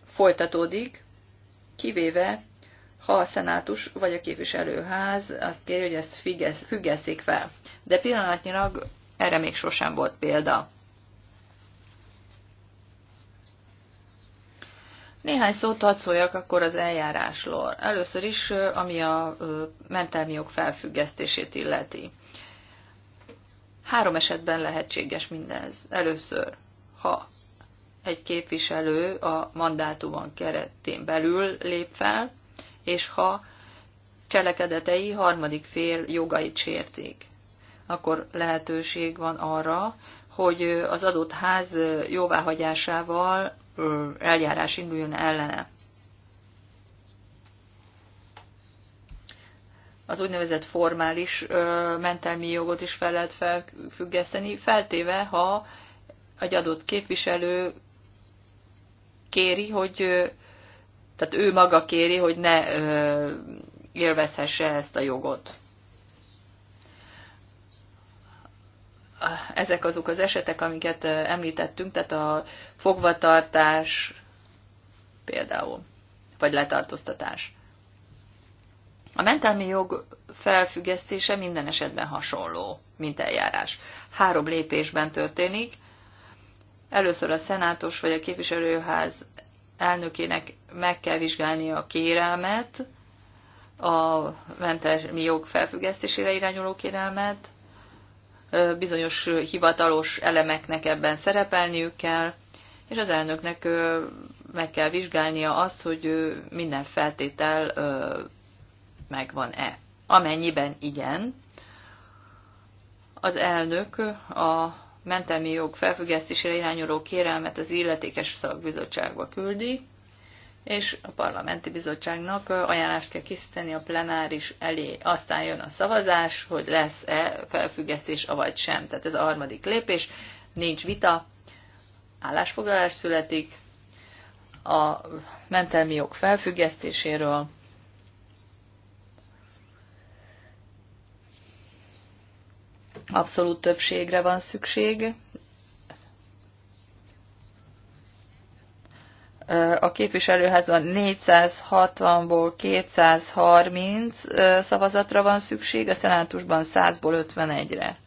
folytatódik, kivéve ha a szenátus vagy a képviselőház azt kéri, hogy ezt függesszék fel. De pillanatnyilag erre még sosem volt példa. Néhány szót hadd szóljak akkor az eljárásról. Először is, ami a mentelmi jog felfüggesztését illeti. Három esetben lehetséges mindez. Először, ha egy képviselő a mandátumon keretén belül lép fel, és ha cselekedetei harmadik fél jogait sérték. Akkor lehetőség van arra, hogy az adott ház jóváhagyásával eljárás induljon ellene. Az úgynevezett formális mentelmi jogot is fel lehet felfüggeszteni, feltéve, ha egy adott képviselő kéri, hogy tehát ő maga kéri, hogy ne ö, élvezhesse ezt a jogot. Ezek azok az esetek, amiket említettünk, tehát a fogvatartás például, vagy letartóztatás. A mentelmi jog felfüggesztése minden esetben hasonló, mint eljárás. Három lépésben történik. Először a szenátus vagy a képviselőház elnökének meg kell vizsgálnia a kérelmet, a mentelmi jog felfüggesztésére irányuló kérelmet, bizonyos hivatalos elemeknek ebben szerepelniük kell, és az elnöknek meg kell vizsgálnia azt, hogy minden feltétel megvan-e. Amennyiben igen, az elnök a mentelmi jog felfüggesztésére irányuló kérelmet az illetékes szakbizottságba küldi, és a parlamenti bizottságnak ajánlást kell készíteni a plenáris elé. Aztán jön a szavazás, hogy lesz-e felfüggesztés, avagy sem. Tehát ez a harmadik lépés, nincs vita, állásfoglalás születik a mentelmi jog felfüggesztéséről, abszolút többségre van szükség. A képviselőházban 460-ból 230 szavazatra van szükség, a szenátusban 100-ból 51-re.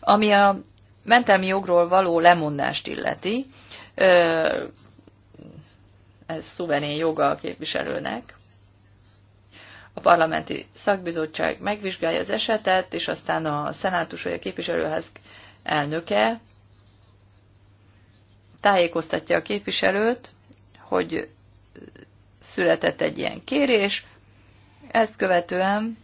Ami a mentelmi jogról való lemondást illeti, ez szuverén joga a képviselőnek, a parlamenti szakbizottság megvizsgálja az esetet, és aztán a szenátus vagy a képviselőház elnöke tájékoztatja a képviselőt, hogy született egy ilyen kérés, ezt követően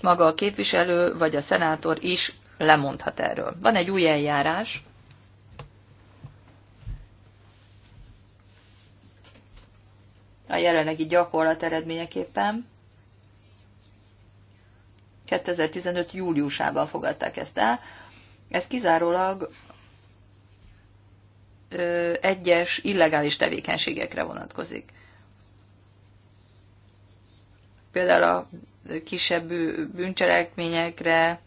maga a képviselő vagy a szenátor is lemondhat erről. Van egy új eljárás, a jelenlegi gyakorlat eredményeképpen. 2015. júliusában fogadták ezt el. Ez kizárólag ö, egyes illegális tevékenységekre vonatkozik. Például a kisebb bűncselekményekre,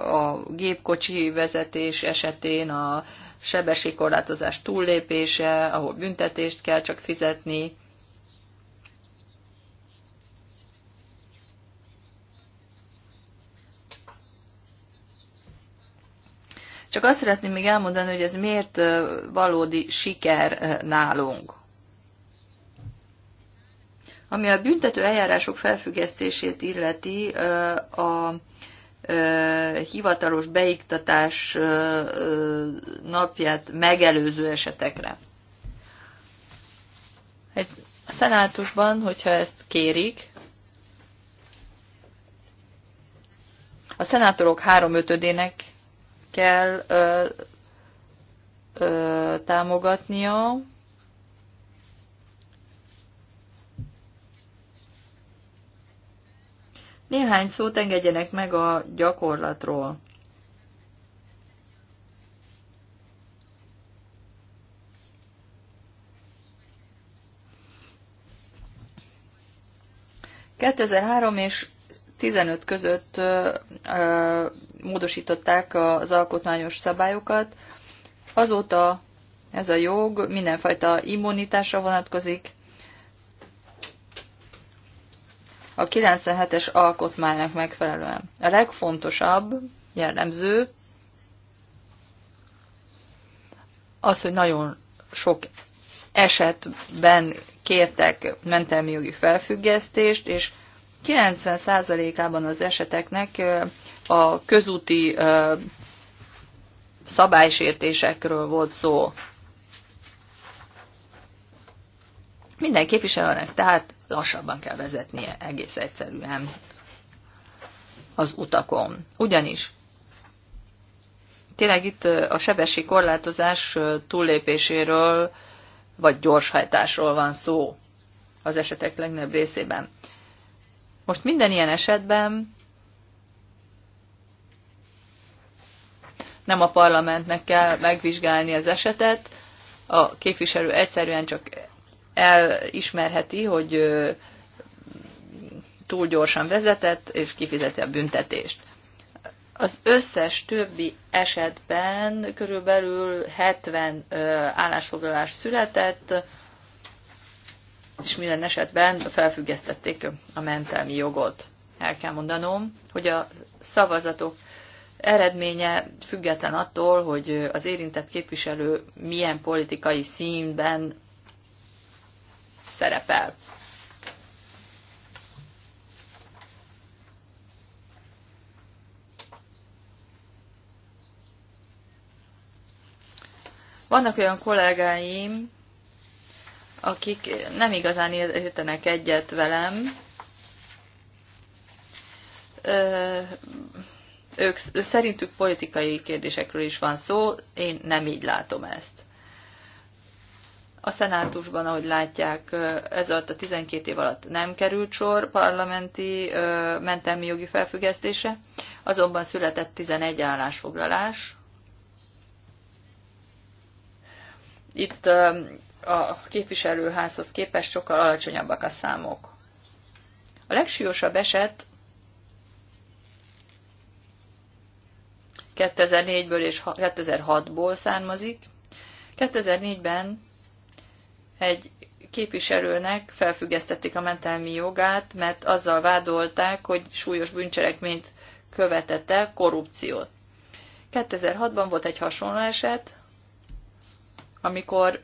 a gépkocsi vezetés esetén a sebességkorlátozás túllépése, ahol büntetést kell csak fizetni, Csak azt szeretném még elmondani, hogy ez miért valódi siker nálunk. Ami a büntető eljárások felfüggesztését illeti, a hivatalos beiktatás napját megelőző esetekre. Egy szenátusban, hogyha ezt kérik, a szenátorok háromötödének kell ö, ö, támogatnia. Néhány szót engedjenek meg a gyakorlatról. Kettőzer és 15 között módosították az alkotmányos szabályokat. Azóta ez a jog mindenfajta immunitásra vonatkozik. A 97-es alkotmánynak megfelelően. A legfontosabb jellemző az, hogy nagyon sok esetben kértek mentelmi jogi felfüggesztést, és 90%-ában az eseteknek a közúti szabálysértésekről volt szó. Minden képviselőnek tehát lassabban kell vezetnie egész egyszerűen az utakon. Ugyanis tényleg itt a sebesség korlátozás túllépéséről vagy gyorshajtásról van szó az esetek legnagyobb részében. Most minden ilyen esetben nem a parlamentnek kell megvizsgálni az esetet, a képviselő egyszerűen csak elismerheti, hogy túl gyorsan vezetett, és kifizeti a büntetést. Az összes többi esetben körülbelül 70 állásfoglalás született, és minden esetben felfüggesztették a mentelmi jogot. El kell mondanom, hogy a szavazatok eredménye független attól, hogy az érintett képviselő milyen politikai színben szerepel. Vannak olyan kollégáim, akik nem igazán értenek egyet velem. Ők, szerintük politikai kérdésekről is van szó, én nem így látom ezt. A szenátusban, ahogy látják, ez alatt a 12 év alatt nem került sor parlamenti mentelmi jogi felfüggesztése, azonban született 11 állásfoglalás. Itt a képviselőházhoz képest sokkal alacsonyabbak a számok. A legsúlyosabb eset 2004-ből és 2006-ból származik. 2004-ben egy képviselőnek felfüggesztették a mentelmi jogát, mert azzal vádolták, hogy súlyos bűncselekményt követett el, korrupciót. 2006-ban volt egy hasonló eset, amikor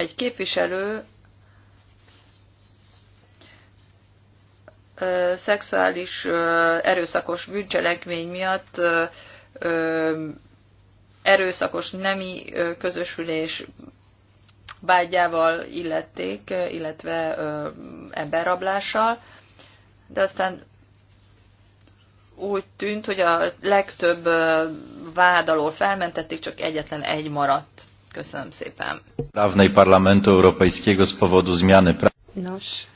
egy képviselő szexuális erőszakos bűncselekmény miatt erőszakos nemi közösülés bágyával illették, illetve emberrablással, de aztán úgy tűnt, hogy a legtöbb vád alól felmentették, csak egyetlen egy maradt. Köszönöm szépen. Prawnej Parlamentu Europejskiego z powodu zmiany Nos,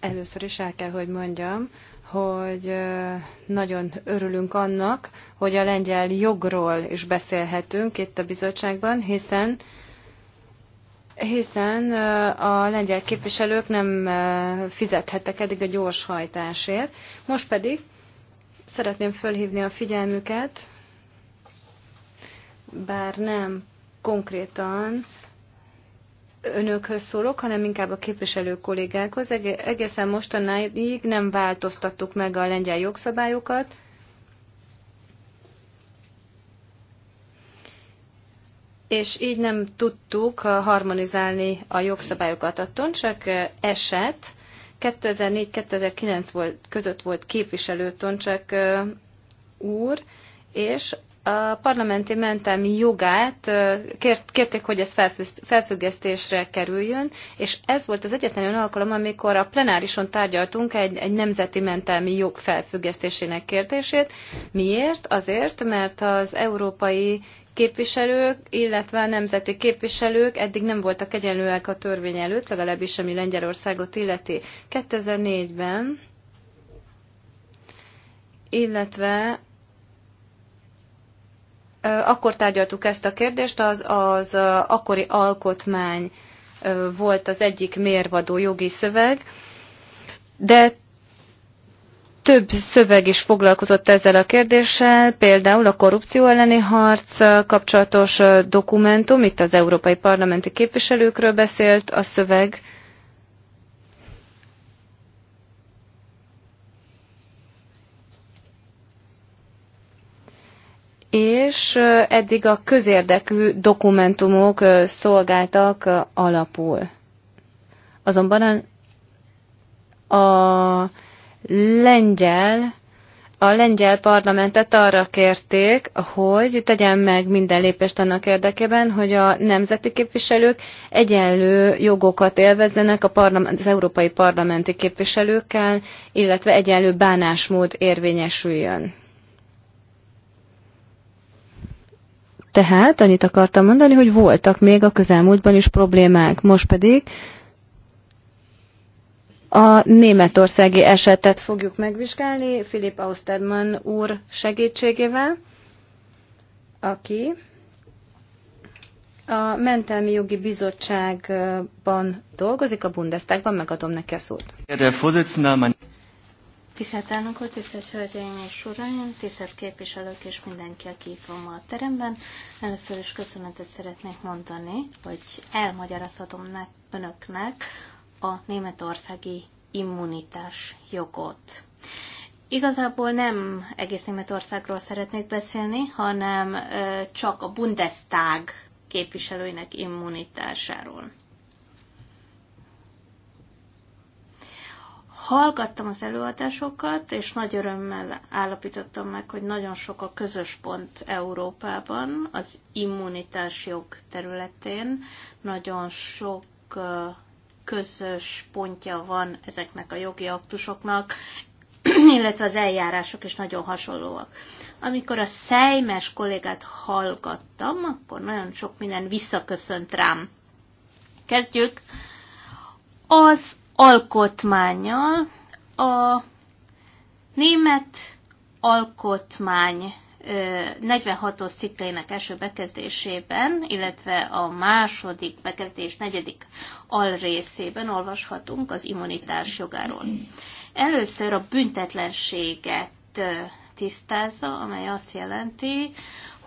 először is el kell, hogy mondjam, hogy nagyon örülünk annak, hogy a lengyel jogról is beszélhetünk itt a bizottságban, hiszen hiszen a lengyel képviselők nem fizethettek eddig a hajtásért. Most pedig szeretném fölhívni a figyelmüket, bár nem konkrétan önökhöz szólok, hanem inkább a képviselő kollégákhoz. Egészen mostanáig nem változtattuk meg a lengyel jogszabályokat. És így nem tudtuk uh, harmonizálni a jogszabályokat. A csak uh, eset 2004-2009 volt, között volt képviselő toncsak uh, úr, és a parlamenti mentelmi jogát kért, kérték, hogy ez felfüggesztésre kerüljön, és ez volt az egyetlen olyan alkalom, amikor a plenárison tárgyaltunk egy, egy nemzeti mentelmi jog felfüggesztésének kérdését. Miért? Azért, mert az európai képviselők, illetve a nemzeti képviselők eddig nem voltak egyenlőek a törvény előtt, legalábbis ami Lengyelországot illeti. 2004-ben, illetve akkor tárgyaltuk ezt a kérdést, az, az akkori alkotmány volt az egyik mérvadó jogi szöveg, de több szöveg is foglalkozott ezzel a kérdéssel, például a korrupció elleni harc kapcsolatos dokumentum, itt az európai parlamenti képviselőkről beszélt a szöveg, és eddig a közérdekű dokumentumok szolgáltak alapul. Azonban a lengyel a lengyel parlamentet arra kérték, hogy tegyen meg minden lépést annak érdekében, hogy a nemzeti képviselők egyenlő jogokat élvezzenek a parlament, az európai parlamenti képviselőkkel, illetve egyenlő bánásmód érvényesüljön. Tehát annyit akartam mondani, hogy voltak még a közelmúltban is problémák, most pedig a németországi esetet fogjuk megvizsgálni Filip Austerman úr segítségével, aki a Mentelmi Jogi Bizottságban dolgozik, a Bundestagban, megadom neki a szót. Tisztelt elnök úr, tisztelt hölgyeim és uraim, tisztelt képviselők és mindenki, aki itt van ma a teremben. Először is köszönetet szeretnék mondani, hogy elmagyarázhatom ne, önöknek a németországi immunitás jogot. Igazából nem egész Németországról szeretnék beszélni, hanem csak a Bundestag képviselőinek immunitásáról. Hallgattam az előadásokat, és nagy örömmel állapítottam meg, hogy nagyon sok a közös pont Európában, az immunitás jog területén. Nagyon sok közös pontja van ezeknek a jogi aktusoknak, <clears throat> illetve az eljárások is nagyon hasonlóak. Amikor a szejmes kollégát hallgattam, akkor nagyon sok minden visszaköszönt rám. Kezdjük. Az alkotmányjal. A német alkotmány 46-os cikkeinek első bekezdésében, illetve a második bekezdés negyedik alrészében olvashatunk az immunitás jogáról. Először a büntetlenséget tisztázza, amely azt jelenti,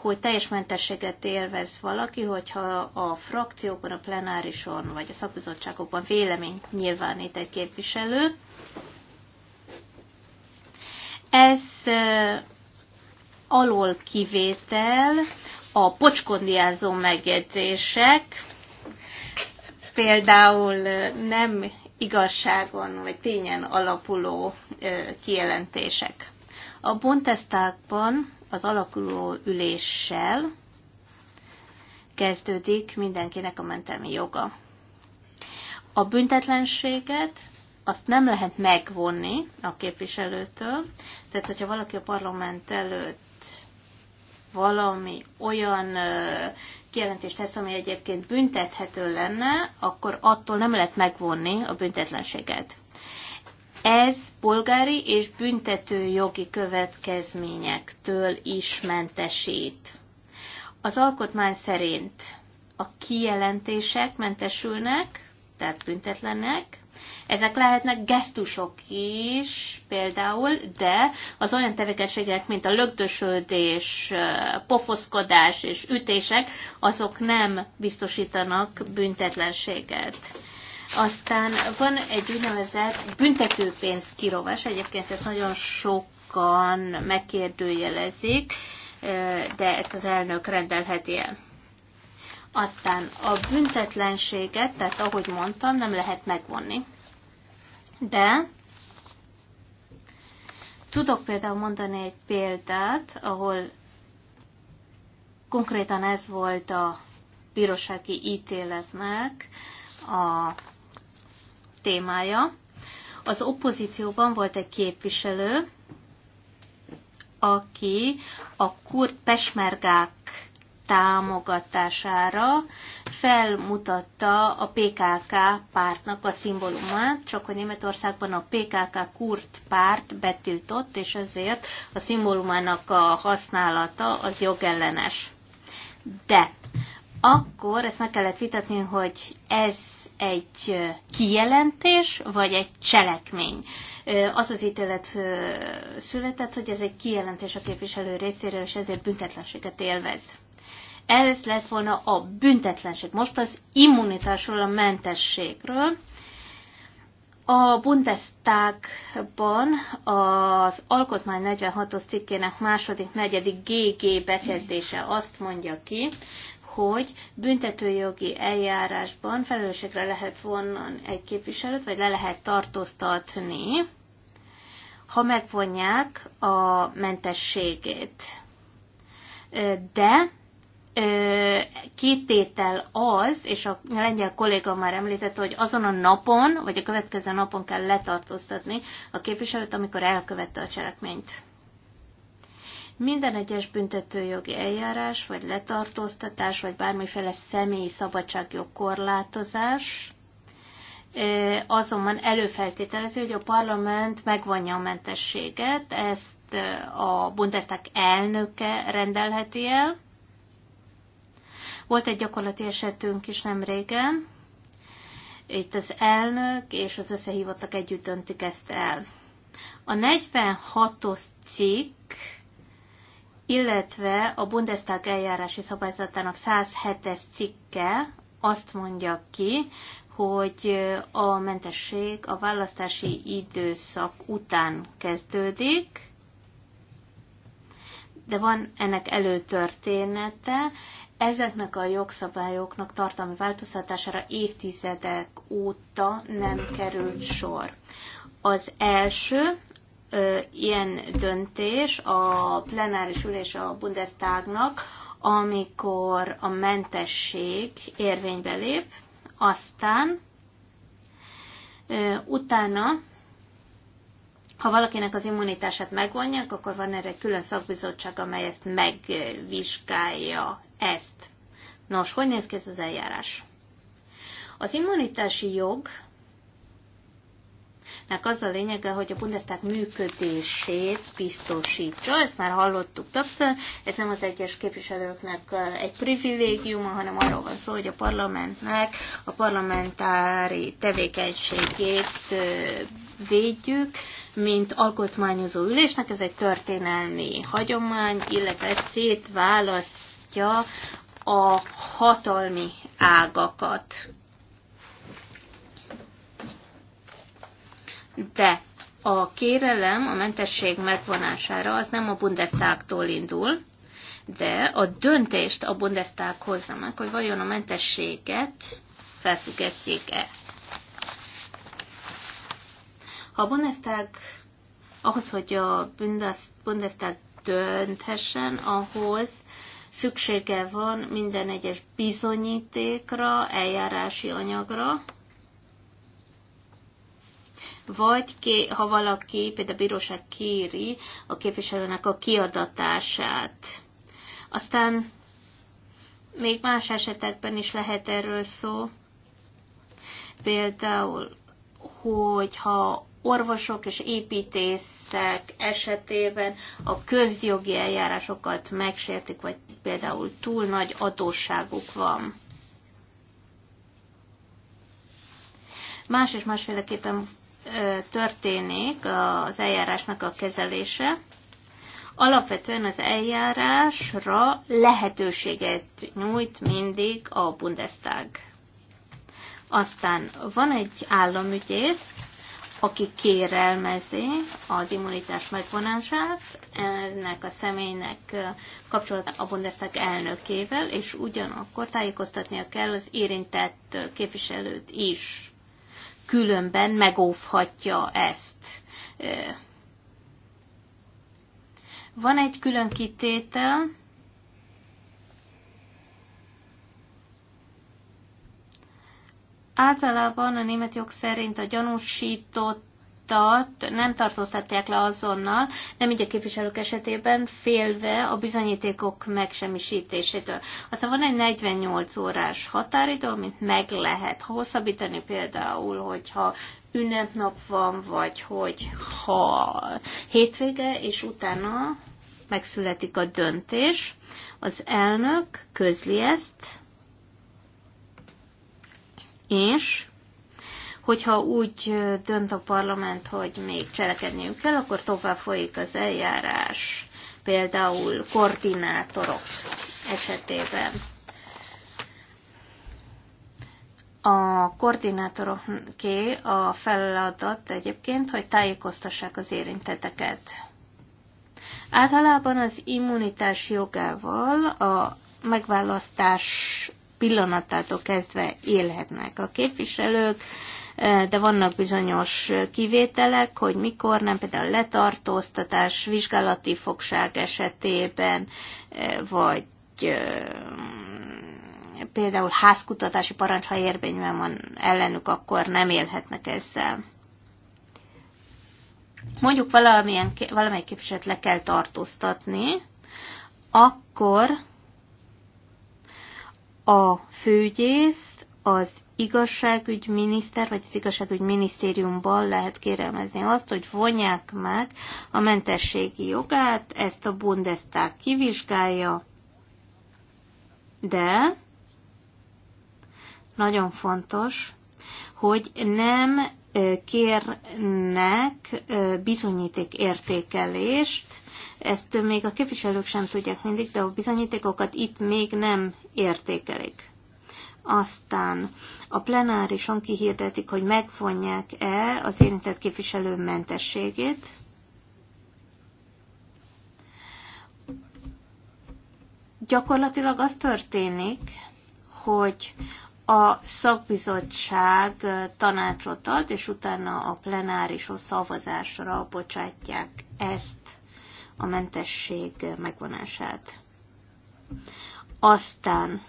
hogy teljes mentességet élvez valaki, hogyha a frakciókon, a plenárison vagy a szakbizottságokban vélemény nyilvánít egy képviselő. Ez alól kivétel a pocskondiázó megjegyzések, például nem igazságon vagy tényen alapuló kijelentések. A Bundestagban az alakuló üléssel kezdődik mindenkinek a mentelmi joga. A büntetlenséget azt nem lehet megvonni a képviselőtől, tehát hogyha valaki a parlament előtt valami olyan kijelentést tesz, ami egyébként büntethető lenne, akkor attól nem lehet megvonni a büntetlenséget. Ez polgári és büntető jogi következményektől is mentesít. Az alkotmány szerint a kijelentések mentesülnek, tehát büntetlenek, ezek lehetnek gesztusok is például, de az olyan tevékenységek, mint a lögdösödés, pofoszkodás és ütések, azok nem biztosítanak büntetlenséget. Aztán van egy úgynevezett büntetőpénz kirovás, egyébként ezt nagyon sokan megkérdőjelezik, de ezt az elnök rendelheti el. Aztán a büntetlenséget, tehát ahogy mondtam, nem lehet megvonni. De tudok például mondani egy példát, ahol konkrétan ez volt a bírósági ítéletnek a témája. Az opozícióban volt egy képviselő, aki a kurd pesmergák támogatására felmutatta a PKK pártnak a szimbólumát, csak hogy Németországban a PKK kurt párt betiltott, és ezért a szimbólumának a használata az jogellenes. De akkor ezt meg kellett vitatni, hogy ez egy kijelentés, vagy egy cselekmény. Az az ítélet született, hogy ez egy kijelentés a képviselő részéről, és ezért büntetlenséget élvez. Ez lett volna a büntetlenség. Most az immunitásról, a mentességről. A Bundestagban az alkotmány 46-os cikkének második, negyedik GG bekezdése azt mondja ki, hogy büntetőjogi eljárásban felelősségre lehet vonni egy képviselőt, vagy le lehet tartóztatni, ha megvonják a mentességét. De kitétel az, és a lengyel kolléga már említette, hogy azon a napon, vagy a következő napon kell letartóztatni a képviselőt, amikor elkövette a cselekményt. Minden egyes büntetőjogi eljárás, vagy letartóztatás, vagy bármiféle személyi szabadságjog korlátozás azonban előfeltételező, hogy a parlament megvonja a mentességet, ezt a Bundestag elnöke rendelheti el. Volt egy gyakorlati esetünk is nem régen. Itt az elnök és az összehívottak együtt döntik ezt el. A 46-os cikk illetve a Bundestag eljárási szabályzatának 107-es cikke azt mondja ki, hogy a mentesség a választási időszak után kezdődik, de van ennek előtörténete, ezeknek a jogszabályoknak tartalmi változtatására évtizedek óta nem került sor. Az első ilyen döntés a plenáris ülés a Bundestagnak, amikor a mentesség érvénybe lép, aztán utána, ha valakinek az immunitását megvonják, akkor van erre egy külön szakbizottság, amely ezt megvizsgálja ezt. Nos, hogy néz ki ez az eljárás? Az immunitási jog nek az a lényege, hogy a Bundestag működését biztosítsa. Ezt már hallottuk többször, ez nem az egyes képviselőknek eh, egy privilégiuma, hanem arról van szó, hogy a parlamentnek a parlamentári tevékenységét eh, védjük, mint alkotmányozó ülésnek. Ez egy történelmi hagyomány, illetve szétválasztja a hatalmi ágakat. de a kérelem a mentesség megvonására az nem a Bundestagtól indul, de a döntést a Bundestag hozza meg, hogy vajon a mentességet felfüggesztjék-e. Ha a Bundestag ahhoz, hogy a Bundestag dönthessen, ahhoz szüksége van minden egyes bizonyítékra, eljárási anyagra, vagy ké, ha valaki, például a bíróság kéri a képviselőnek a kiadatását. Aztán még más esetekben is lehet erről szó, például, hogyha orvosok és építészek esetében a közjogi eljárásokat megsértik, vagy például túl nagy adósságuk van. Más és másféleképpen történik az eljárásnak a kezelése, alapvetően az eljárásra lehetőséget nyújt mindig a Bundestag. Aztán van egy államügyész, aki kérelmezi az immunitás megvonását ennek a személynek kapcsolatban a Bundestag elnökével, és ugyanakkor tájékoztatnia kell az érintett képviselőt is különben megóvhatja ezt. Van egy külön kitétel, Általában a német jog szerint a gyanúsított gyanúsítottat nem tartóztatják le azonnal, nem így a képviselők esetében, félve a bizonyítékok megsemmisítésétől. Aztán van egy 48 órás határidő, amit meg lehet hosszabbítani, például, hogyha ünnepnap van, vagy hogy ha hétvége, és utána megszületik a döntés, az elnök közli ezt, és hogyha úgy dönt a parlament, hogy még cselekedniük kell, akkor tovább folyik az eljárás, például koordinátorok esetében. A koordinátoroké a feladat egyébként, hogy tájékoztassák az érinteteket. Általában az immunitás jogával a megválasztás pillanatától kezdve élhetnek a képviselők, de vannak bizonyos kivételek, hogy mikor nem, például letartóztatás, vizsgálati fogság esetében, vagy például házkutatási parancs, ha érvényben van ellenük, akkor nem élhetnek ezzel. Mondjuk valamilyen, valamelyik képviselőt le kell tartóztatni, akkor a főgyész, az igazságügyminiszter vagy az igazságügyminisztériumban lehet kérelmezni azt, hogy vonják meg a mentességi jogát, ezt a Bundestag kivizsgálja, de nagyon fontos, hogy nem kérnek bizonyíték értékelést, ezt még a képviselők sem tudják mindig, de a bizonyítékokat itt még nem értékelik aztán a plenárison kihirdetik, hogy megvonják-e az érintett képviselő mentességét, gyakorlatilag az történik, hogy a szakbizottság tanácsot ad, és utána a plenáris szavazásra bocsátják ezt a mentesség megvonását. Aztán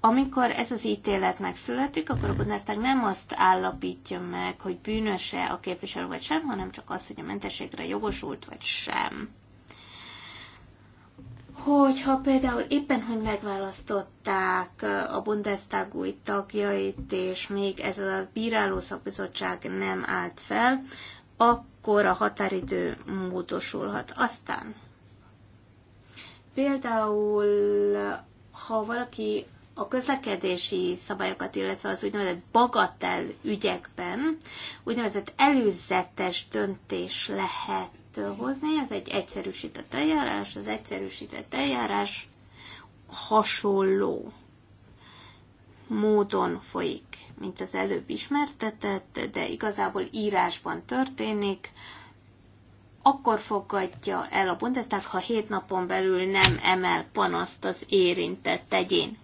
amikor ez az ítélet megszületik, akkor a Bundestag nem azt állapítja meg, hogy bűnöse a képviselő vagy sem, hanem csak azt, hogy a mentességre jogosult vagy sem. Hogyha például éppen, hogy megválasztották a Bundestag új tagjait, és még ez a bíráló szakbizottság nem állt fel, akkor a határidő módosulhat. Aztán például ha valaki a közlekedési szabályokat, illetve az úgynevezett bagatell ügyekben úgynevezett előzetes döntés lehet hozni. Ez egy egyszerűsített eljárás, az egyszerűsített eljárás hasonló módon folyik, mint az előbb ismertetett, de igazából írásban történik, akkor fogadja el a Bundestag, ha hét napon belül nem emel panaszt az érintett egyén.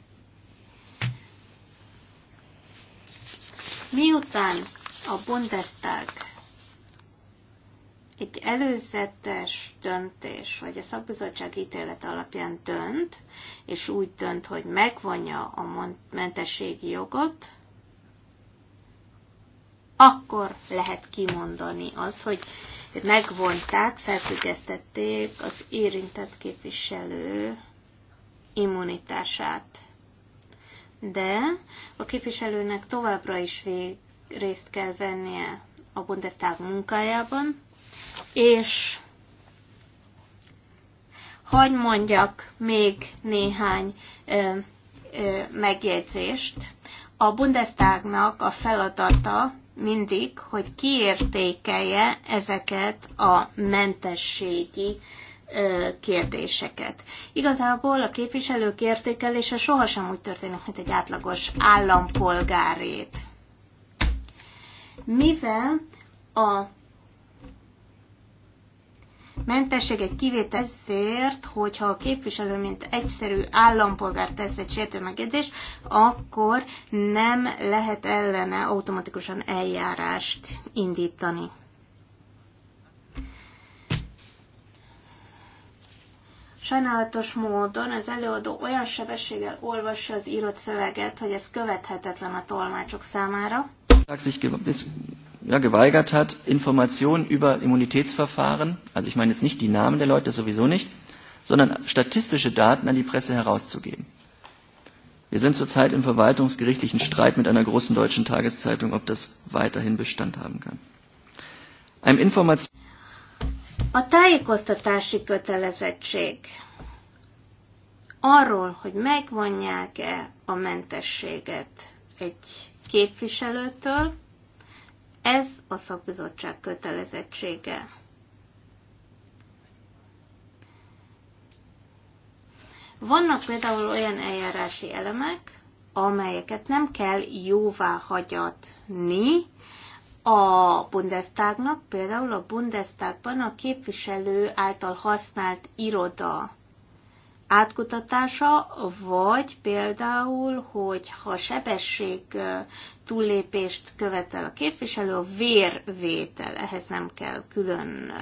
Miután a Bundestag egy előzetes döntés, vagy a szakbizottság ítélet alapján dönt, és úgy dönt, hogy megvonja a mentességi jogot, akkor lehet kimondani azt, hogy megvonták, felfüggesztették az érintett képviselő immunitását. De a képviselőnek továbbra is vég, részt kell vennie a Bundestag munkájában, és hagy mondjak még néhány ö, ö, megjegyzést. A Bundestagnak a feladata mindig, hogy kiértékelje ezeket a mentességi kérdéseket. Igazából a képviselők értékelése sohasem úgy történik, mint egy átlagos állampolgárét. Mivel a egy kivétel ezért, hogyha a képviselő, mint egyszerű állampolgár tesz egy sértő megjegyzést, akkor nem lehet ellene automatikusan eljárást indítani. Sajnálatos módon az előadó olyan sebességgel olvassa az írott szöveget, hogy ez követhetetlen a tolmácsok számára ja, geweigert hat, Informationen über Immunitätsverfahren, also ich meine jetzt nicht die Namen der Leute, sowieso nicht, sondern statistische Daten an die Presse herauszugeben. Wir sind zurzeit im verwaltungsgerichtlichen Streit mit einer großen deutschen Tageszeitung, ob das weiterhin Bestand haben kann. Ein Information a tájékoztatási kötelezettség arról, hogy megvonják-e a mentességet egy képviselőtől, ez a szakbizottság kötelezettsége. Vannak például olyan eljárási elemek, amelyeket nem kell jóvá hagyatni a Bundestagnak, például a Bundestagban a képviselő által használt iroda átkutatása, vagy például, hogy ha sebesség túllépést követel a képviselő, a vérvétel, ehhez nem kell külön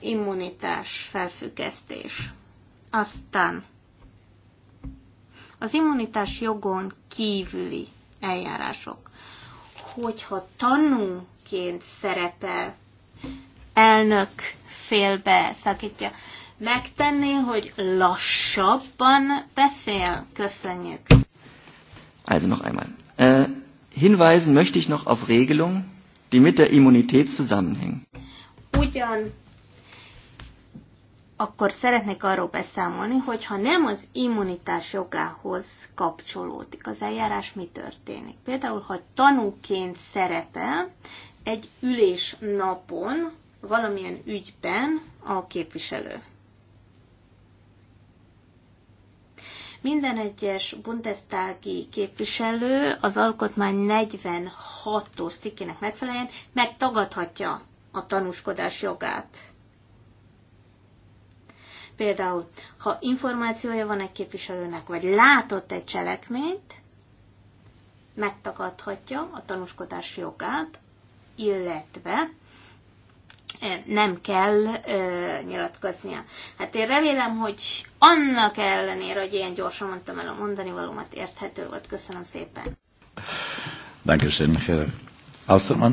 immunitás felfüggesztés. Aztán az immunitás jogon kívüli eljárások. Hogyha tanúként szerepel, elnök félbe szakítja, megtenni, hogy lassabban beszél? Köszönjük. Also noch einmal. Äh, hinweisen möchte ich noch auf Regelungen, die mit der Immunität zusammenhängen. Ugyan akkor szeretnék arról beszámolni, hogy ha nem az immunitás jogához kapcsolódik az eljárás, mi történik. Például, ha tanúként szerepel egy ülés napon valamilyen ügyben a képviselő. Minden egyes bundestági képviselő az alkotmány 46-os cikkének megfelelően megtagadhatja a tanúskodás jogát. Például, ha információja van egy képviselőnek, vagy látott egy cselekményt, megtagadhatja a tanúskodás jogát, illetve nem kell ö, nyilatkoznia. Hát én remélem, hogy annak ellenére, hogy ilyen gyorsan mondtam el a mondani valómat, érthető volt. Köszönöm szépen. Dankeschön, Herr Austermann.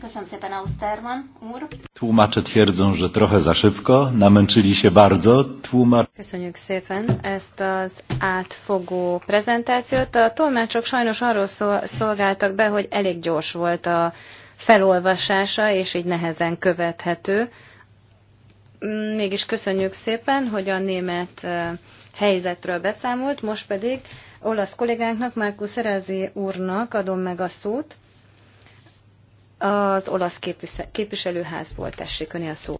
Köszönöm szépen, Austerman úr. Tłumacze twierdzą, że trochę za szybko, namęczyli się bardzo. Tłumacz... Köszönjük szépen ezt az átfogó prezentációt. A tolmácsok sajnos arról szolgáltak be, hogy elég gyors volt a felolvasása, és így nehezen követhető. Mégis köszönjük szépen, hogy a német helyzetről beszámolt, most pedig olasz kollégánknak, Márkó Szerezi úrnak adom meg a szót. Az olasz képviselőházból tessék öni a szó.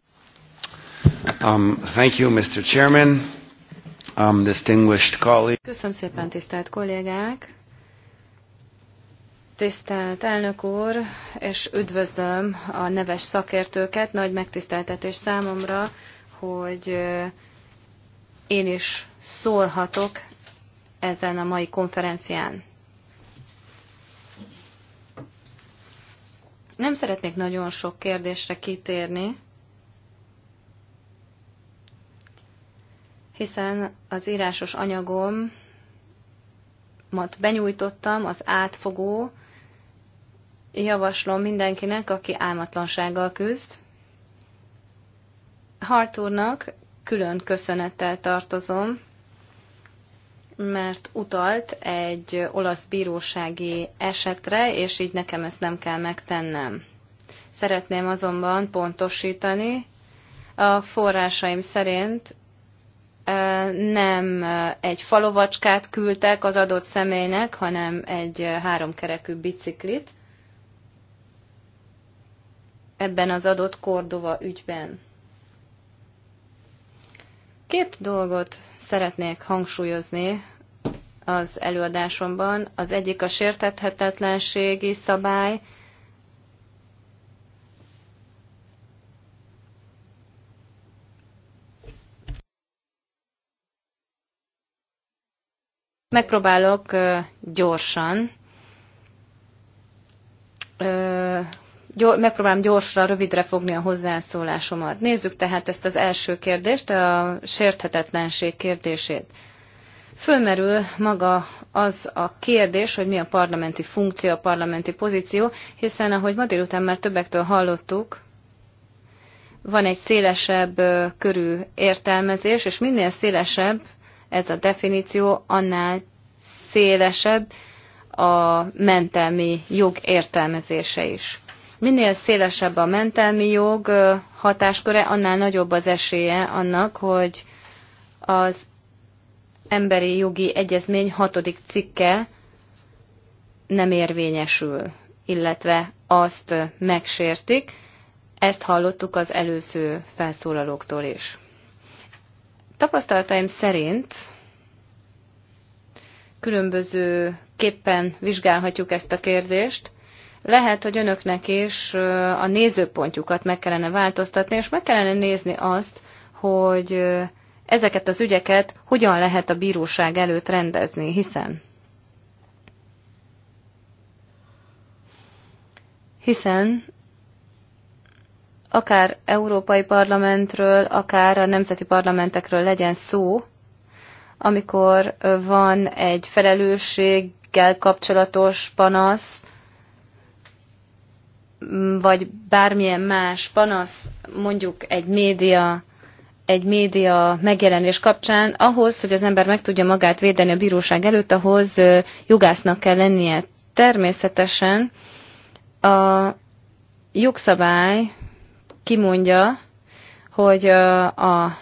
Um, thank you, Mr. Chairman. Um, distinguished colleague. Köszönöm szépen, tisztelt kollégák! Tisztelt elnök úr, és üdvözlöm a neves szakértőket. Nagy megtiszteltetés számomra, hogy én is szólhatok ezen a mai konferencián. Nem szeretnék nagyon sok kérdésre kitérni, hiszen az írásos anyagomat benyújtottam, az átfogó, javaslom mindenkinek, aki álmatlansággal küzd. Hartúrnak külön köszönettel tartozom, mert utalt egy olasz bírósági esetre, és így nekem ezt nem kell megtennem. Szeretném azonban pontosítani, a forrásaim szerint nem egy falovacskát küldtek az adott személynek, hanem egy háromkerekű biciklit, ebben az adott Kordova ügyben. Két dolgot szeretnék hangsúlyozni az előadásomban. Az egyik a sértethetetlenségi szabály, Megpróbálok gyorsan megpróbálom gyorsra, rövidre fogni a hozzászólásomat. Nézzük tehát ezt az első kérdést, a sérthetetlenség kérdését. Fölmerül maga az a kérdés, hogy mi a parlamenti funkció, a parlamenti pozíció, hiszen ahogy ma délután már többektől hallottuk, van egy szélesebb körű értelmezés, és minél szélesebb ez a definíció, annál szélesebb a mentelmi jog értelmezése is. Minél szélesebb a mentelmi jog hatásköre, annál nagyobb az esélye annak, hogy az emberi jogi egyezmény hatodik cikke nem érvényesül, illetve azt megsértik. Ezt hallottuk az előző felszólalóktól is. Tapasztalataim szerint különböző képpen vizsgálhatjuk ezt a kérdést. Lehet, hogy önöknek is a nézőpontjukat meg kellene változtatni, és meg kellene nézni azt, hogy ezeket az ügyeket hogyan lehet a bíróság előtt rendezni, hiszen hiszen akár Európai Parlamentről, akár a nemzeti parlamentekről legyen szó, amikor van egy felelősséggel kapcsolatos panasz, vagy bármilyen más panasz mondjuk egy média egy média megjelenés kapcsán, ahhoz, hogy az ember meg tudja magát védeni a bíróság előtt, ahhoz jogásznak kell lennie. Természetesen a jogszabály kimondja, hogy a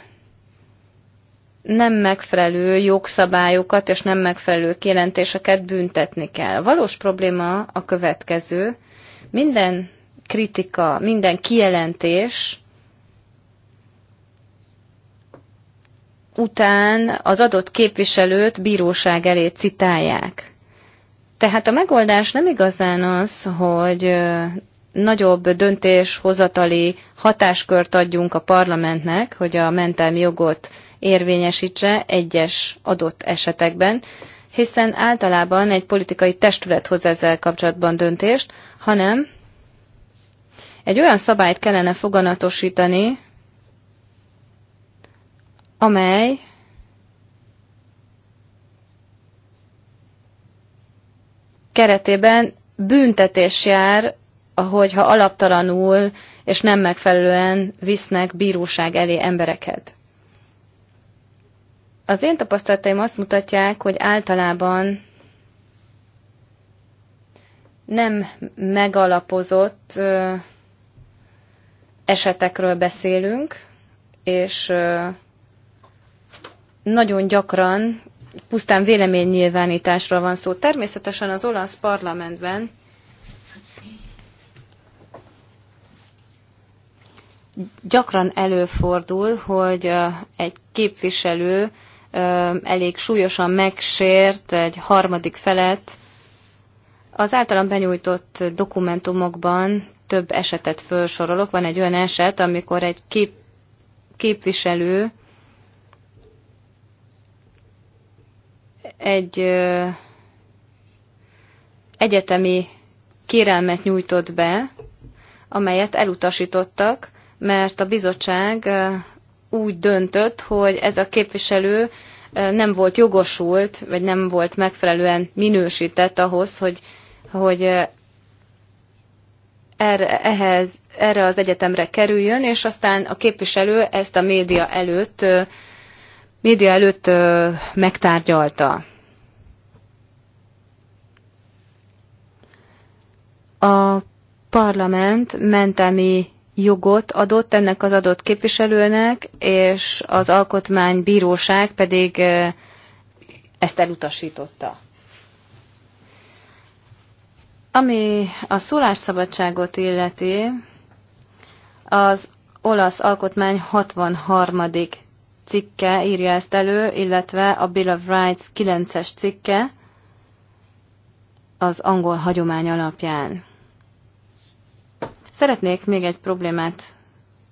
nem megfelelő jogszabályokat és nem megfelelő kielentéseket büntetni kell. A valós probléma a következő, minden kritika, minden kijelentés után az adott képviselőt bíróság elé citálják. Tehát a megoldás nem igazán az, hogy nagyobb döntéshozatali hatáskört adjunk a parlamentnek, hogy a mentelmi jogot érvényesítse egyes adott esetekben, hiszen általában egy politikai testület hoz ezzel kapcsolatban döntést, hanem egy olyan szabályt kellene foganatosítani, amely keretében büntetés jár, ahogyha alaptalanul és nem megfelelően visznek bíróság elé embereket. Az én tapasztalataim azt mutatják, hogy általában nem megalapozott esetekről beszélünk, és nagyon gyakran pusztán véleménynyilvánításról van szó. Természetesen az olasz parlamentben gyakran előfordul, hogy egy képviselő elég súlyosan megsért egy harmadik felet. Az általam benyújtott dokumentumokban több esetet felsorolok. Van egy olyan eset, amikor egy kép, képviselő egy ö, egyetemi kérelmet nyújtott be, amelyet elutasítottak, mert a bizottság úgy döntött, hogy ez a képviselő eh, nem volt jogosult, vagy nem volt megfelelően minősített ahhoz, hogy, hogy eh, erre, ehhez, erre az egyetemre kerüljön, és aztán a képviselő ezt a média előtt, eh, média előtt megtárgyalta. A parlament mentelmi jogot adott ennek az adott képviselőnek, és az alkotmánybíróság pedig ezt elutasította. Ami a szólásszabadságot illeti, az olasz alkotmány 63. cikke írja ezt elő, illetve a Bill of Rights 9-es cikke az angol hagyomány alapján. Szeretnék még egy problémát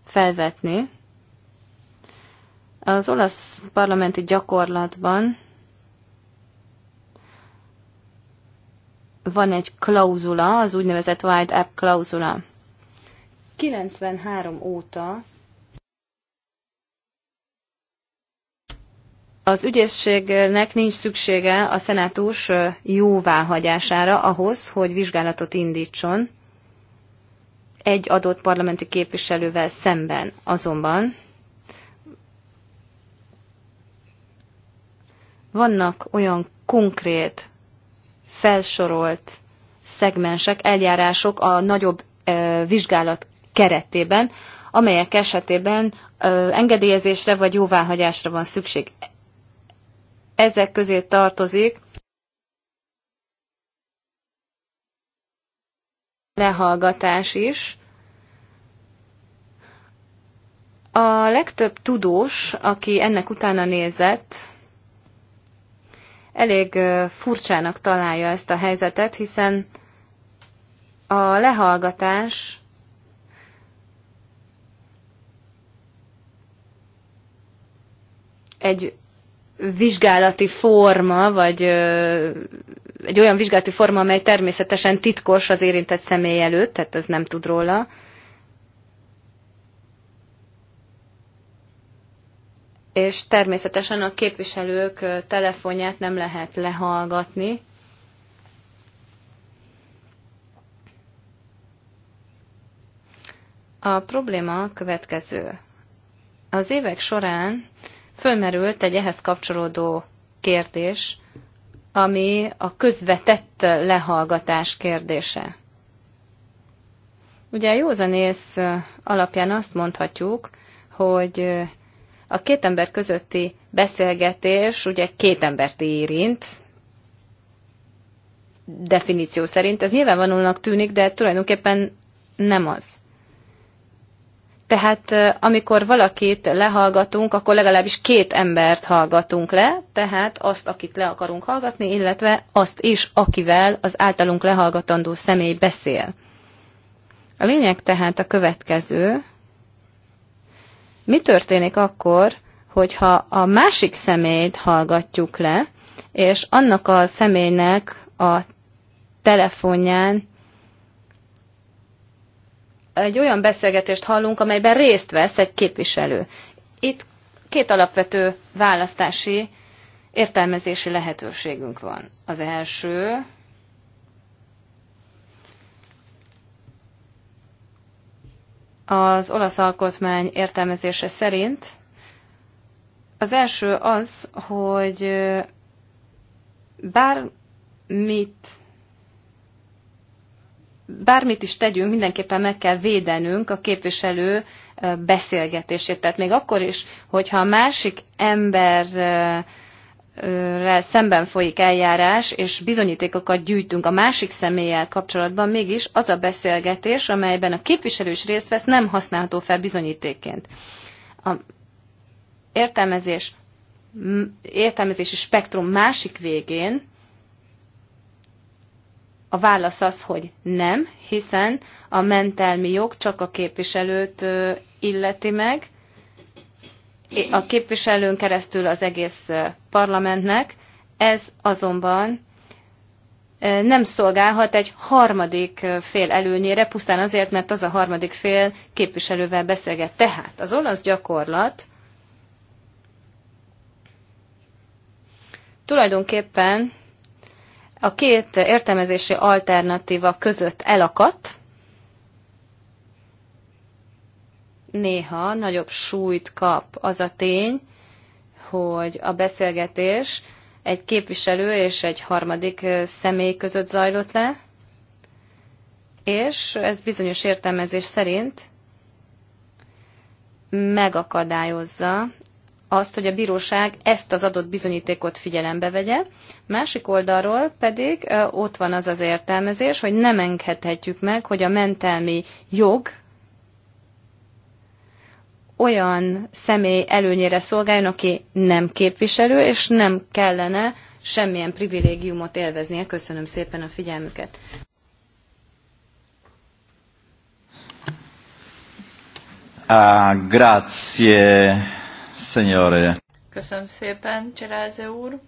felvetni. Az olasz parlamenti gyakorlatban van egy klauzula, az úgynevezett Wild App klauzula. 93 óta az ügyészségnek nincs szüksége a szenátus jóváhagyására ahhoz, hogy vizsgálatot indítson egy adott parlamenti képviselővel szemben azonban vannak olyan konkrét, felsorolt szegmensek, eljárások a nagyobb vizsgálat keretében, amelyek esetében engedélyezésre vagy jóváhagyásra van szükség. Ezek közé tartozik lehallgatás is. A legtöbb tudós, aki ennek utána nézett, elég furcsának találja ezt a helyzetet, hiszen a lehallgatás egy vizsgálati forma, vagy egy olyan vizsgálati forma, amely természetesen titkos az érintett személy előtt, tehát ez nem tud róla. És természetesen a képviselők telefonját nem lehet lehallgatni. A probléma a következő. Az évek során fölmerült egy ehhez kapcsolódó kérdés, ami a közvetett lehallgatás kérdése. Ugye a józanész alapján azt mondhatjuk, hogy a két ember közötti beszélgetés ugye két embert érint, definíció szerint. Ez nyilvánvalónak tűnik, de tulajdonképpen nem az. Tehát amikor valakit lehallgatunk, akkor legalábbis két embert hallgatunk le, tehát azt, akit le akarunk hallgatni, illetve azt is, akivel az általunk lehallgatandó személy beszél. A lényeg tehát a következő. Mi történik akkor, hogyha a másik személyt hallgatjuk le, és annak a személynek a telefonján egy olyan beszélgetést hallunk, amelyben részt vesz egy képviselő. Itt két alapvető választási, értelmezési lehetőségünk van. Az első, az olasz alkotmány értelmezése szerint, az első az, hogy bármit bármit is tegyünk, mindenképpen meg kell védenünk a képviselő beszélgetését. Tehát még akkor is, hogyha a másik ember szemben folyik eljárás, és bizonyítékokat gyűjtünk a másik személlyel kapcsolatban, mégis az a beszélgetés, amelyben a képviselő is részt vesz, nem használható fel bizonyítékként. A értelmezés, értelmezési spektrum másik végén a válasz az, hogy nem, hiszen a mentelmi jog csak a képviselőt illeti meg, a képviselőn keresztül az egész parlamentnek, ez azonban nem szolgálhat egy harmadik fél előnyére, pusztán azért, mert az a harmadik fél képviselővel beszélget. Tehát az olasz gyakorlat tulajdonképpen a két értelmezési alternatíva között elakadt, néha nagyobb súlyt kap az a tény, hogy a beszélgetés egy képviselő és egy harmadik személy között zajlott le, és ez bizonyos értelmezés szerint megakadályozza azt, hogy a bíróság ezt az adott bizonyítékot figyelembe vegye. Másik oldalról pedig ott van az az értelmezés, hogy nem engedhetjük meg, hogy a mentelmi jog olyan személy előnyére szolgáljon, aki nem képviselő, és nem kellene semmilyen privilégiumot élveznie. Köszönöm szépen a figyelmüket. Ah, grazie. Signore. Köszönöm szépen, Cseráze úr.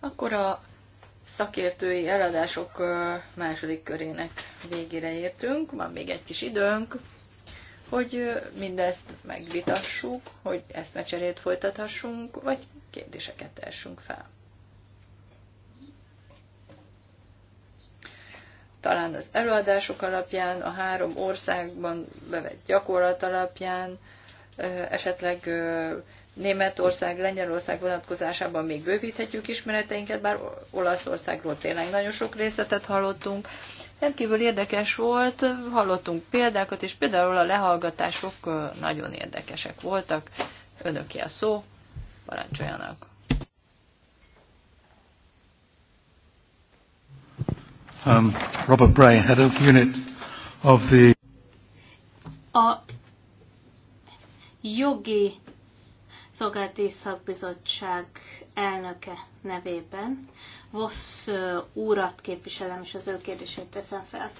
Akkor a szakértői eladások második körének végére értünk, van még egy kis időnk, hogy mindezt megvitassuk, hogy ezt mecserét folytathassunk, vagy kérdéseket tessünk fel. talán az előadások alapján, a három országban bevett gyakorlat alapján, esetleg Németország, Lengyelország vonatkozásában még bővíthetjük ismereteinket, bár Olaszországról tényleg nagyon sok részletet hallottunk. Rendkívül érdekes volt, hallottunk példákat, és például a lehallgatások nagyon érdekesek voltak. Önöki a szó, parancsoljanak! um, Robert Bray, head of unit of the... A jogi szolgálati szakbizottság elnöke nevében Vossz úrat képviselem, és az ő kérdését teszem fel.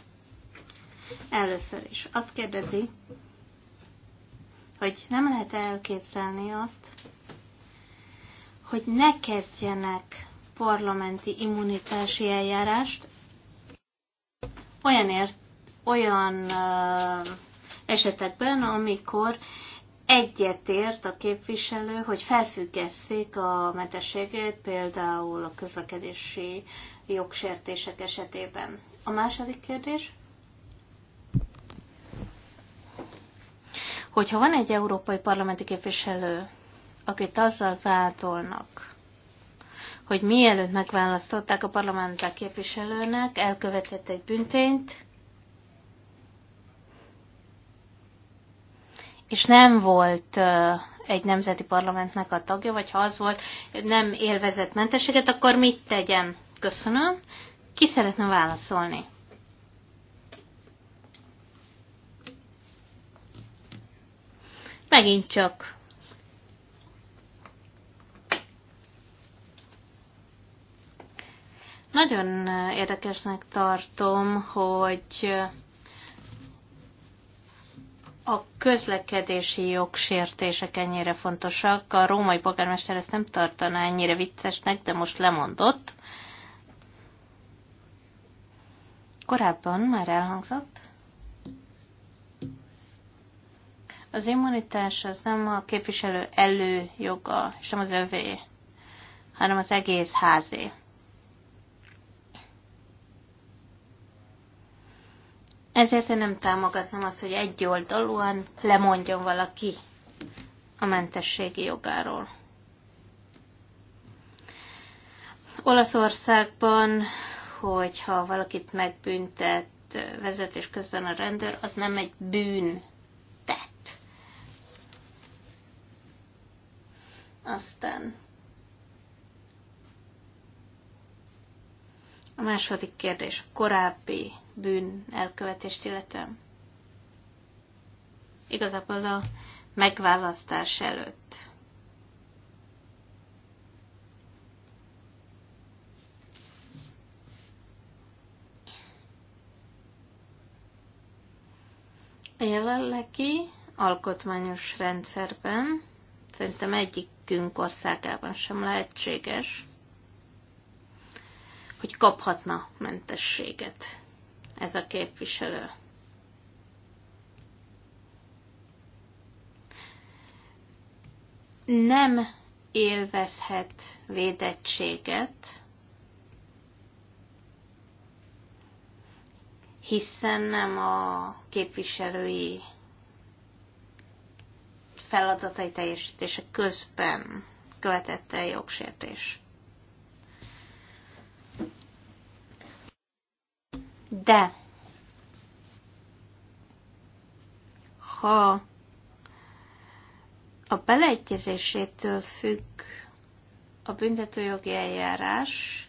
Először is azt kérdezi, hogy nem lehet elképzelni azt, hogy ne kezdjenek parlamenti immunitási eljárást olyan, ért, olyan esetekben, amikor egyetért a képviselő, hogy felfüggesszék a mentességét, például a közlekedési jogsértések esetében. A második kérdés? Hogyha van egy európai parlamenti képviselő, akit azzal vádolnak, hogy mielőtt megválasztották a parlamentár képviselőnek, elkövetett egy büntényt, és nem volt egy nemzeti parlamentnek a tagja, vagy ha az volt, nem élvezett mentességet, akkor mit tegyen? Köszönöm. Ki szeretne válaszolni? Megint csak Nagyon érdekesnek tartom, hogy a közlekedési jogsértések ennyire fontosak. A római polgármester ezt nem tartaná ennyire viccesnek, de most lemondott. Korábban már elhangzott. Az immunitás az nem a képviselő előjoga, és nem az övé, hanem az egész házé. Ezért én nem támogatnám azt, hogy oldalúan lemondjon valaki a mentességi jogáról. Olaszországban, hogyha valakit megbüntet vezetés közben a rendőr, az nem egy bűn tett. Aztán A második kérdés korábbi bűn elkövetést illetően. Igazából a megválasztás előtt. A jelenlegi alkotmányos rendszerben szerintem egyikünk országában sem lehetséges, hogy kaphatna mentességet ez a képviselő. Nem élvezhet védettséget, hiszen nem a képviselői feladatai teljesítése közben követett jogsértést. De ha a beleegyezésétől függ a büntetőjogi eljárás,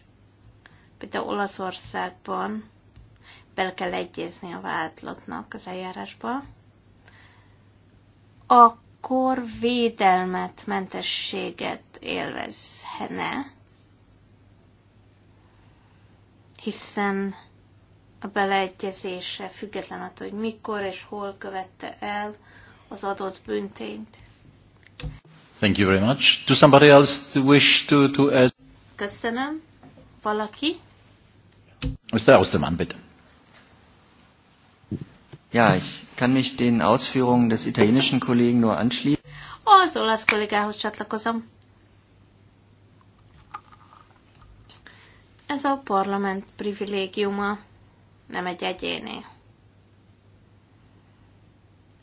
például Olaszországban bele kell egyezni a vádlottnak az eljárásba, akkor védelmet, mentességet élvezhene, hiszen a beleegyezése, független attól, hogy mikor és hol követte el az adott büntényt. Thank you very much. Do somebody else to wish to, to add? Köszönöm. Valaki? Mr. Ostermann, bitte. Ja, ich kann mich den Ausführungen des italienischen Kollegen nur anschließen. Az olasz kollégához csatlakozom. Ez a parlament privilégiuma nem egy egyéni.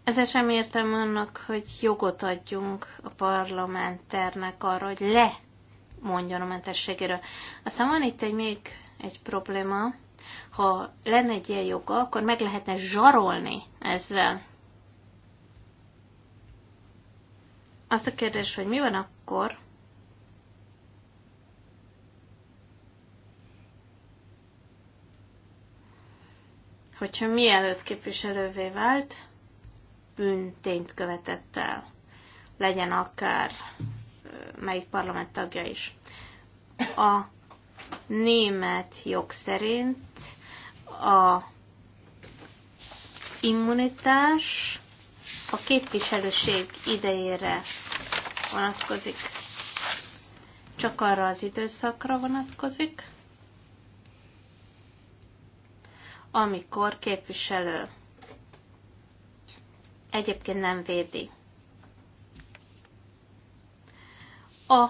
Ezzel sem értem annak, hogy jogot adjunk a parlamenternek arra, hogy le mondjon a mentességéről. Aztán van itt egy még egy probléma, ha lenne egy ilyen joga, akkor meg lehetne zsarolni ezzel. Azt a kérdés, hogy mi van akkor, hogyha mielőtt képviselővé vált, bűntényt követett el, legyen akár melyik parlament tagja is. A német jog szerint a immunitás a képviselőség idejére vonatkozik. Csak arra az időszakra vonatkozik, amikor képviselő egyébként nem védi. A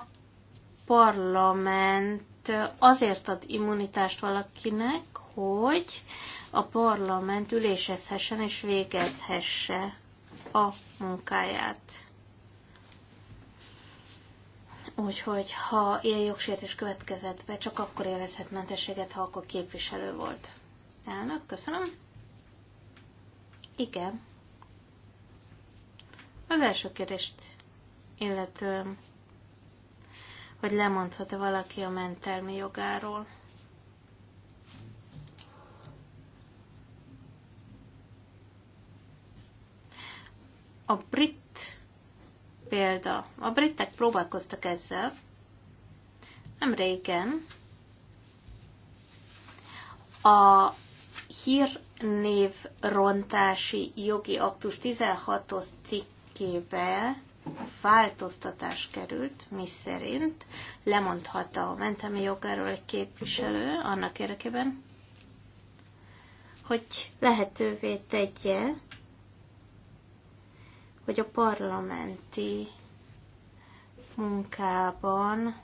parlament azért ad immunitást valakinek, hogy a parlament ülésezhessen és végezhesse a munkáját. Úgyhogy ha ilyen jogsértés következett be, csak akkor élvezhet mentességet, ha akkor képviselő volt. Elnök, köszönöm. Igen. Az első kérdést, illetően, hogy lemondhat-e valaki a mentelmi jogáról. A brit példa. A britek próbálkoztak ezzel. Nem régen. A hírnévrontási jogi aktus 16-os cikkébe változtatás került, mi szerint lemondhatta a mentemi jogáról egy képviselő annak érdekében, hogy lehetővé tegye, hogy a parlamenti munkában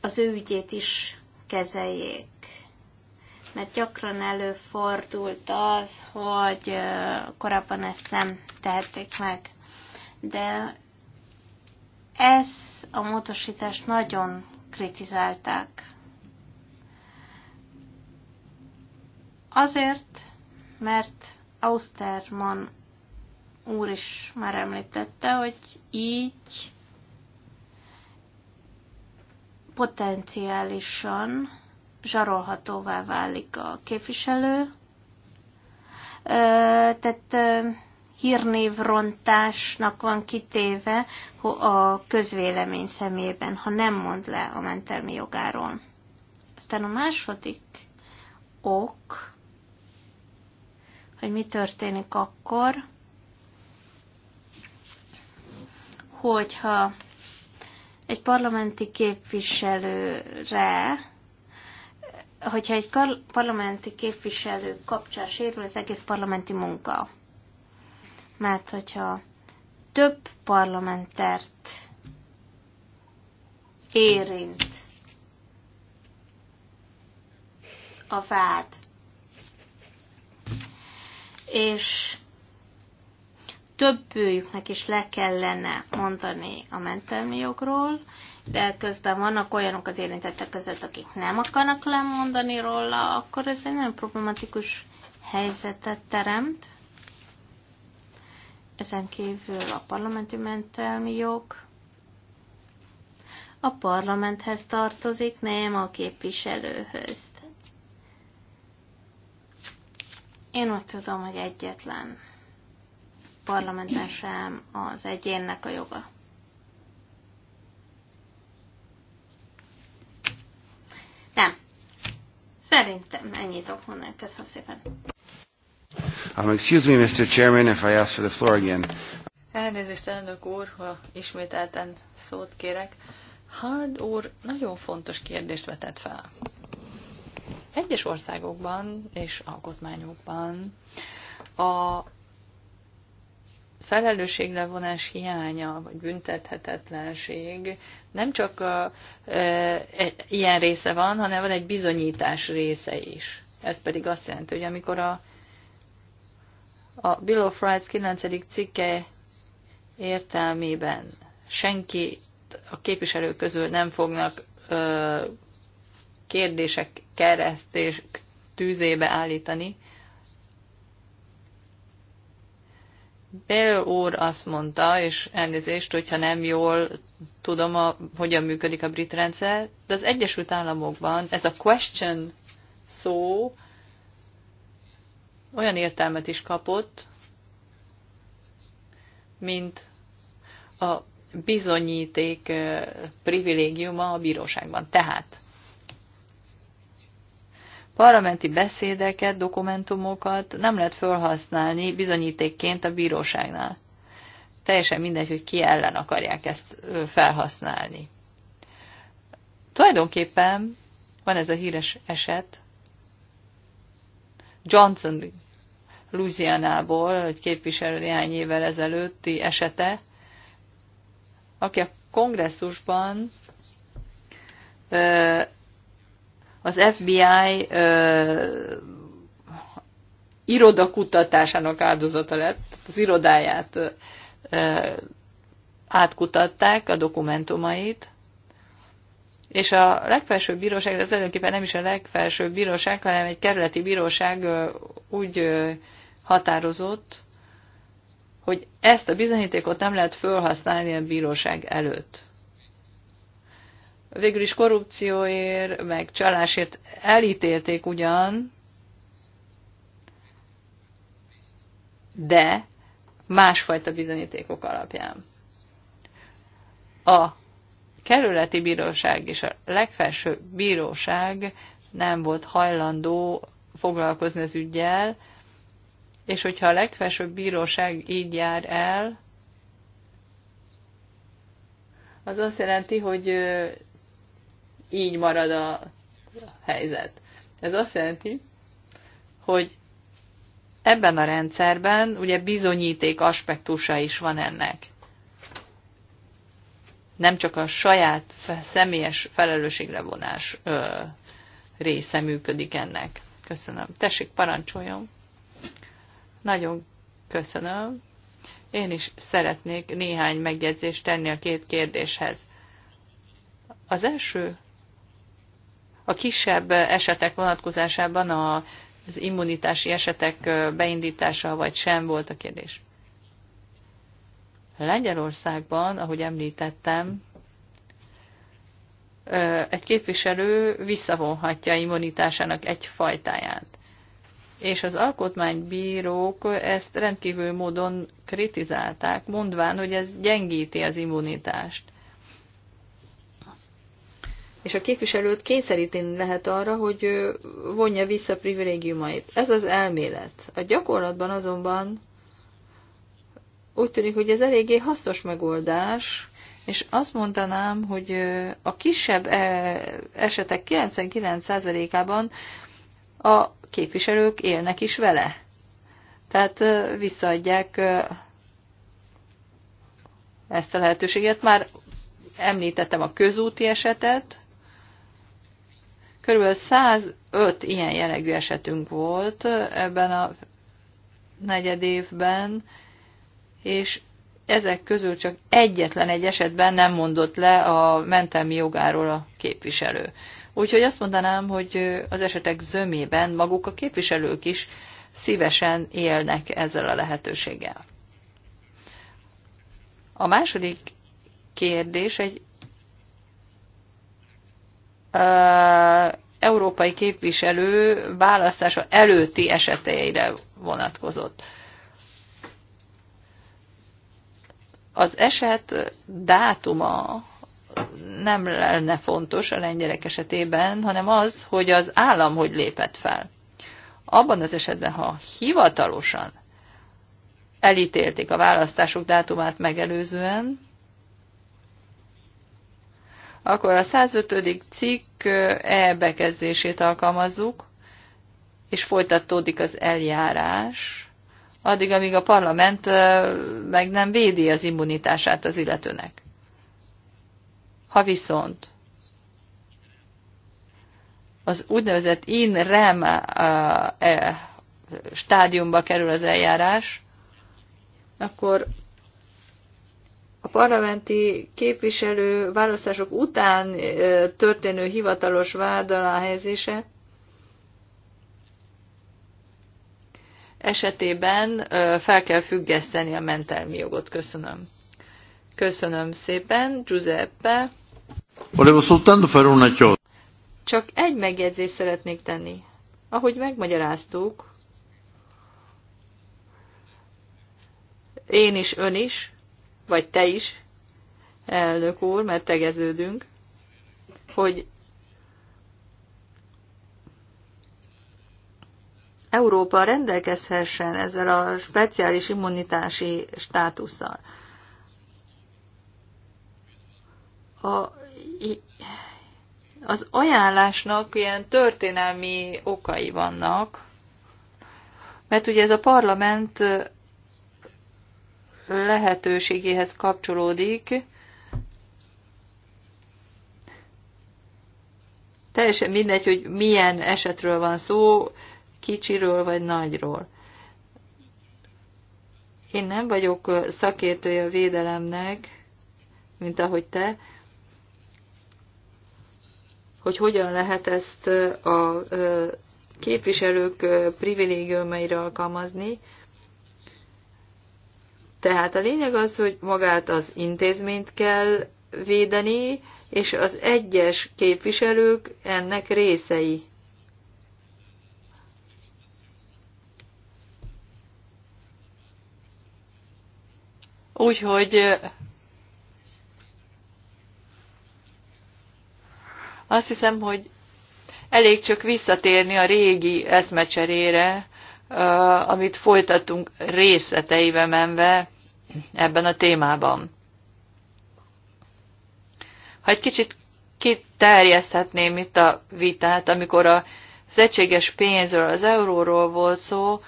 az ő ügyét is kezeljék. Mert gyakran előfordult az, hogy korábban ezt nem tehették meg. De ez a módosítást nagyon kritizálták. Azért, mert Austerman úr is már említette, hogy így potenciálisan zsarolhatóvá válik a képviselő, tehát hírnévrontásnak van kitéve a közvélemény szemében, ha nem mond le a mentelmi jogáról. Aztán a második ok, hogy mi történik akkor, hogyha egy parlamenti képviselőre, hogyha egy parlamenti képviselő kapcsán sérül az egész parlamenti munka. Mert hogyha több parlamentert érint a vád, és többőjüknek is le kellene mondani a mentelmi jogról, de közben vannak olyanok az érintettek között, akik nem akarnak lemondani róla, akkor ez egy nagyon problematikus helyzetet teremt. Ezen kívül a parlamenti mentelmi jog a parlamenthez tartozik, nem a képviselőhöz. Én úgy tudom, hogy egyetlen Parlamenten sem az egyénnek a joga. Nem. Szerintem ennyit okonnál. Köszönöm szépen. Um, excuse me, Mr. Chairman, if I ask for the floor again. Elnézést, elnök úr, ha ismételten szót kérek. Hard úr nagyon fontos kérdést vetett fel. Egyes országokban és alkotmányokban a felelősséglevonás hiánya, vagy büntethetetlenség nem csak a, e, e, ilyen része van, hanem van egy bizonyítás része is. Ez pedig azt jelenti, hogy amikor a, a Bill of Rights 9. cikke értelmében senki a képviselők közül nem fognak ö, kérdések keresztés tűzébe állítani, Bél úr azt mondta, és elnézést, hogyha nem jól tudom, a, hogyan működik a brit rendszer, de az Egyesült Államokban ez a question szó olyan értelmet is kapott, mint a bizonyíték eh, privilégiuma a bíróságban. Tehát parlamenti beszédeket, dokumentumokat nem lehet felhasználni bizonyítékként a bíróságnál. Teljesen mindegy, hogy ki ellen akarják ezt felhasználni. Tulajdonképpen van ez a híres eset, Johnson Louisianából, egy képviselő néhány évvel ezelőtti esete, aki a kongresszusban az FBI ö, irodakutatásának áldozata lett, az irodáját ö, átkutatták, a dokumentumait, és a legfelsőbb bíróság, de tulajdonképpen nem is a legfelsőbb bíróság, hanem egy kerületi bíróság úgy határozott, hogy ezt a bizonyítékot nem lehet felhasználni a bíróság előtt végül is korrupcióért, meg csalásért elítélték ugyan, de másfajta bizonyítékok alapján. A kerületi bíróság és a legfelső bíróság nem volt hajlandó foglalkozni az ügyjel, és hogyha a legfelsőbb bíróság így jár el, az azt jelenti, hogy így marad a helyzet. Ez azt jelenti, hogy ebben a rendszerben ugye bizonyíték aspektusa is van ennek. Nem csak a saját személyes felelősségre vonás ö, része működik ennek. Köszönöm. Tessék, parancsoljon. Nagyon köszönöm. Én is szeretnék néhány megjegyzést tenni a két kérdéshez. Az első a kisebb esetek vonatkozásában a, az immunitási esetek beindítása vagy sem volt a kérdés. Lengyelországban, ahogy említettem, egy képviselő visszavonhatja immunitásának egy fajtáját. És az alkotmánybírók ezt rendkívül módon kritizálták, mondván, hogy ez gyengíti az immunitást és a képviselőt kényszeríteni lehet arra, hogy vonja vissza privilégiumait. Ez az elmélet. A gyakorlatban azonban úgy tűnik, hogy ez eléggé hasznos megoldás, és azt mondanám, hogy a kisebb e, esetek 99%-ában a képviselők élnek is vele. Tehát visszaadják ezt a lehetőséget. Már említettem a közúti esetet, Körülbelül 105 ilyen jellegű esetünk volt ebben a negyed évben, és ezek közül csak egyetlen egy esetben nem mondott le a mentelmi jogáról a képviselő. Úgyhogy azt mondanám, hogy az esetek zömében maguk a képviselők is szívesen élnek ezzel a lehetőséggel. A második kérdés egy európai képviselő választása előtti eseteire vonatkozott. Az eset dátuma nem lenne fontos a lengyelek esetében, hanem az, hogy az állam hogy lépett fel. Abban az esetben, ha hivatalosan elítélték a választások dátumát megelőzően, akkor a 105. cikk E bekezdését alkalmazzuk, és folytatódik az eljárás, addig, amíg a parlament meg nem védi az immunitását az illetőnek. Ha viszont az úgynevezett in-rem e, stádiumba kerül az eljárás, akkor a parlamenti képviselő választások után történő hivatalos vád alá helyezése esetében fel kell függeszteni a mentelmi jogot. Köszönöm. Köszönöm szépen, Giuseppe. Csak egy megjegyzést szeretnék tenni. Ahogy megmagyaráztuk, én is, ön is, vagy te is, elnök úr, mert tegeződünk, hogy Európa rendelkezhessen ezzel a speciális immunitási státusszal. A, az ajánlásnak ilyen történelmi okai vannak, mert ugye ez a parlament lehetőségéhez kapcsolódik. Teljesen mindegy, hogy milyen esetről van szó, kicsiről vagy nagyról. Én nem vagyok szakértője a védelemnek, mint ahogy te, hogy hogyan lehet ezt a képviselők privilégiumaira alkalmazni, tehát a lényeg az, hogy magát az intézményt kell védeni, és az egyes képviselők ennek részei. Úgyhogy azt hiszem, hogy elég csak visszatérni a régi eszmecserére, amit folytattunk részleteibe menve ebben a témában. Ha egy kicsit kiterjeszthetném itt a vitát, amikor az egységes pénzről, az euróról volt szó,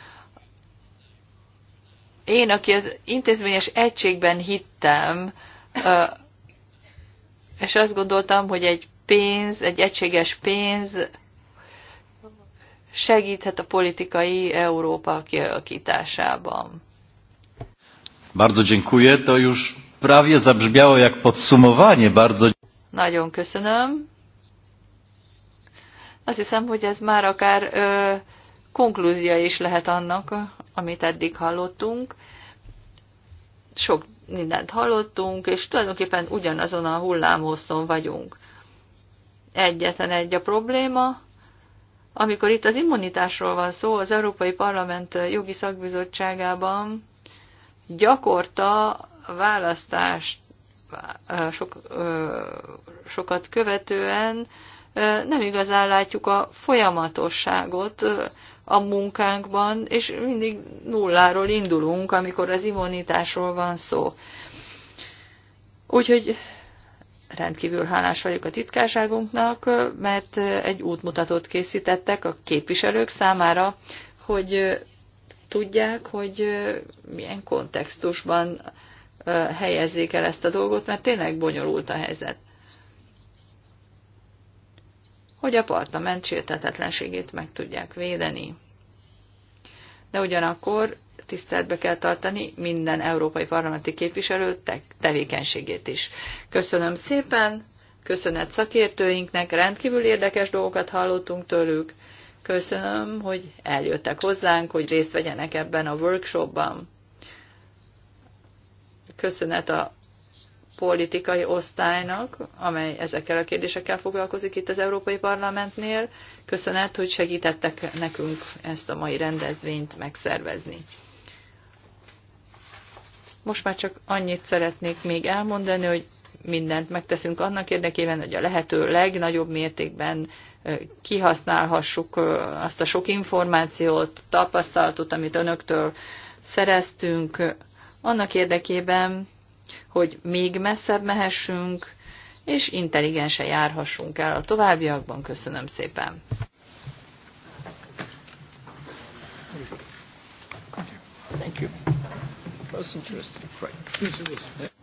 én, aki az intézményes egységben hittem, és azt gondoltam, hogy egy pénz, egy egységes pénz segíthet a politikai Európa kialakításában. Bardzo dziękuję. To już prawie zabrzmiało jak podsumowanie. Bardzo Nagyon köszönöm. Azt hiszem, hogy ez már akár ö, konklúzia is lehet annak, amit eddig hallottunk. Sok mindent hallottunk, és tulajdonképpen ugyanazon a hullámhosszon vagyunk. Egyetlen egy a probléma, amikor itt az immunitásról van szó, az Európai Parlament jogi szakbizottságában gyakorta választást sok, sokat követően nem igazán látjuk a folyamatosságot a munkánkban, és mindig nulláról indulunk, amikor az immunitásról van szó. Úgyhogy rendkívül hálás vagyok a titkárságunknak, mert egy útmutatót készítettek a képviselők számára, hogy tudják, hogy milyen kontextusban helyezzék el ezt a dolgot, mert tényleg bonyolult a helyzet. Hogy a partament sértetetlenségét meg tudják védeni. De ugyanakkor tiszteletbe kell tartani minden európai parlamenti képviselő tevékenységét is. Köszönöm szépen, köszönet szakértőinknek, rendkívül érdekes dolgokat hallottunk tőlük. Köszönöm, hogy eljöttek hozzánk, hogy részt vegyenek ebben a workshopban. Köszönet a politikai osztálynak, amely ezekkel a kérdésekkel foglalkozik itt az Európai Parlamentnél. Köszönet, hogy segítettek nekünk ezt a mai rendezvényt megszervezni. Most már csak annyit szeretnék még elmondani, hogy mindent megteszünk annak érdekében, hogy a lehető legnagyobb mértékben kihasználhassuk azt a sok információt, tapasztalatot, amit önöktől szereztünk, annak érdekében, hogy még messzebb mehessünk, és intelligensen járhassunk el a továbbiakban. Köszönöm szépen! Thank you. Most interesting. Right.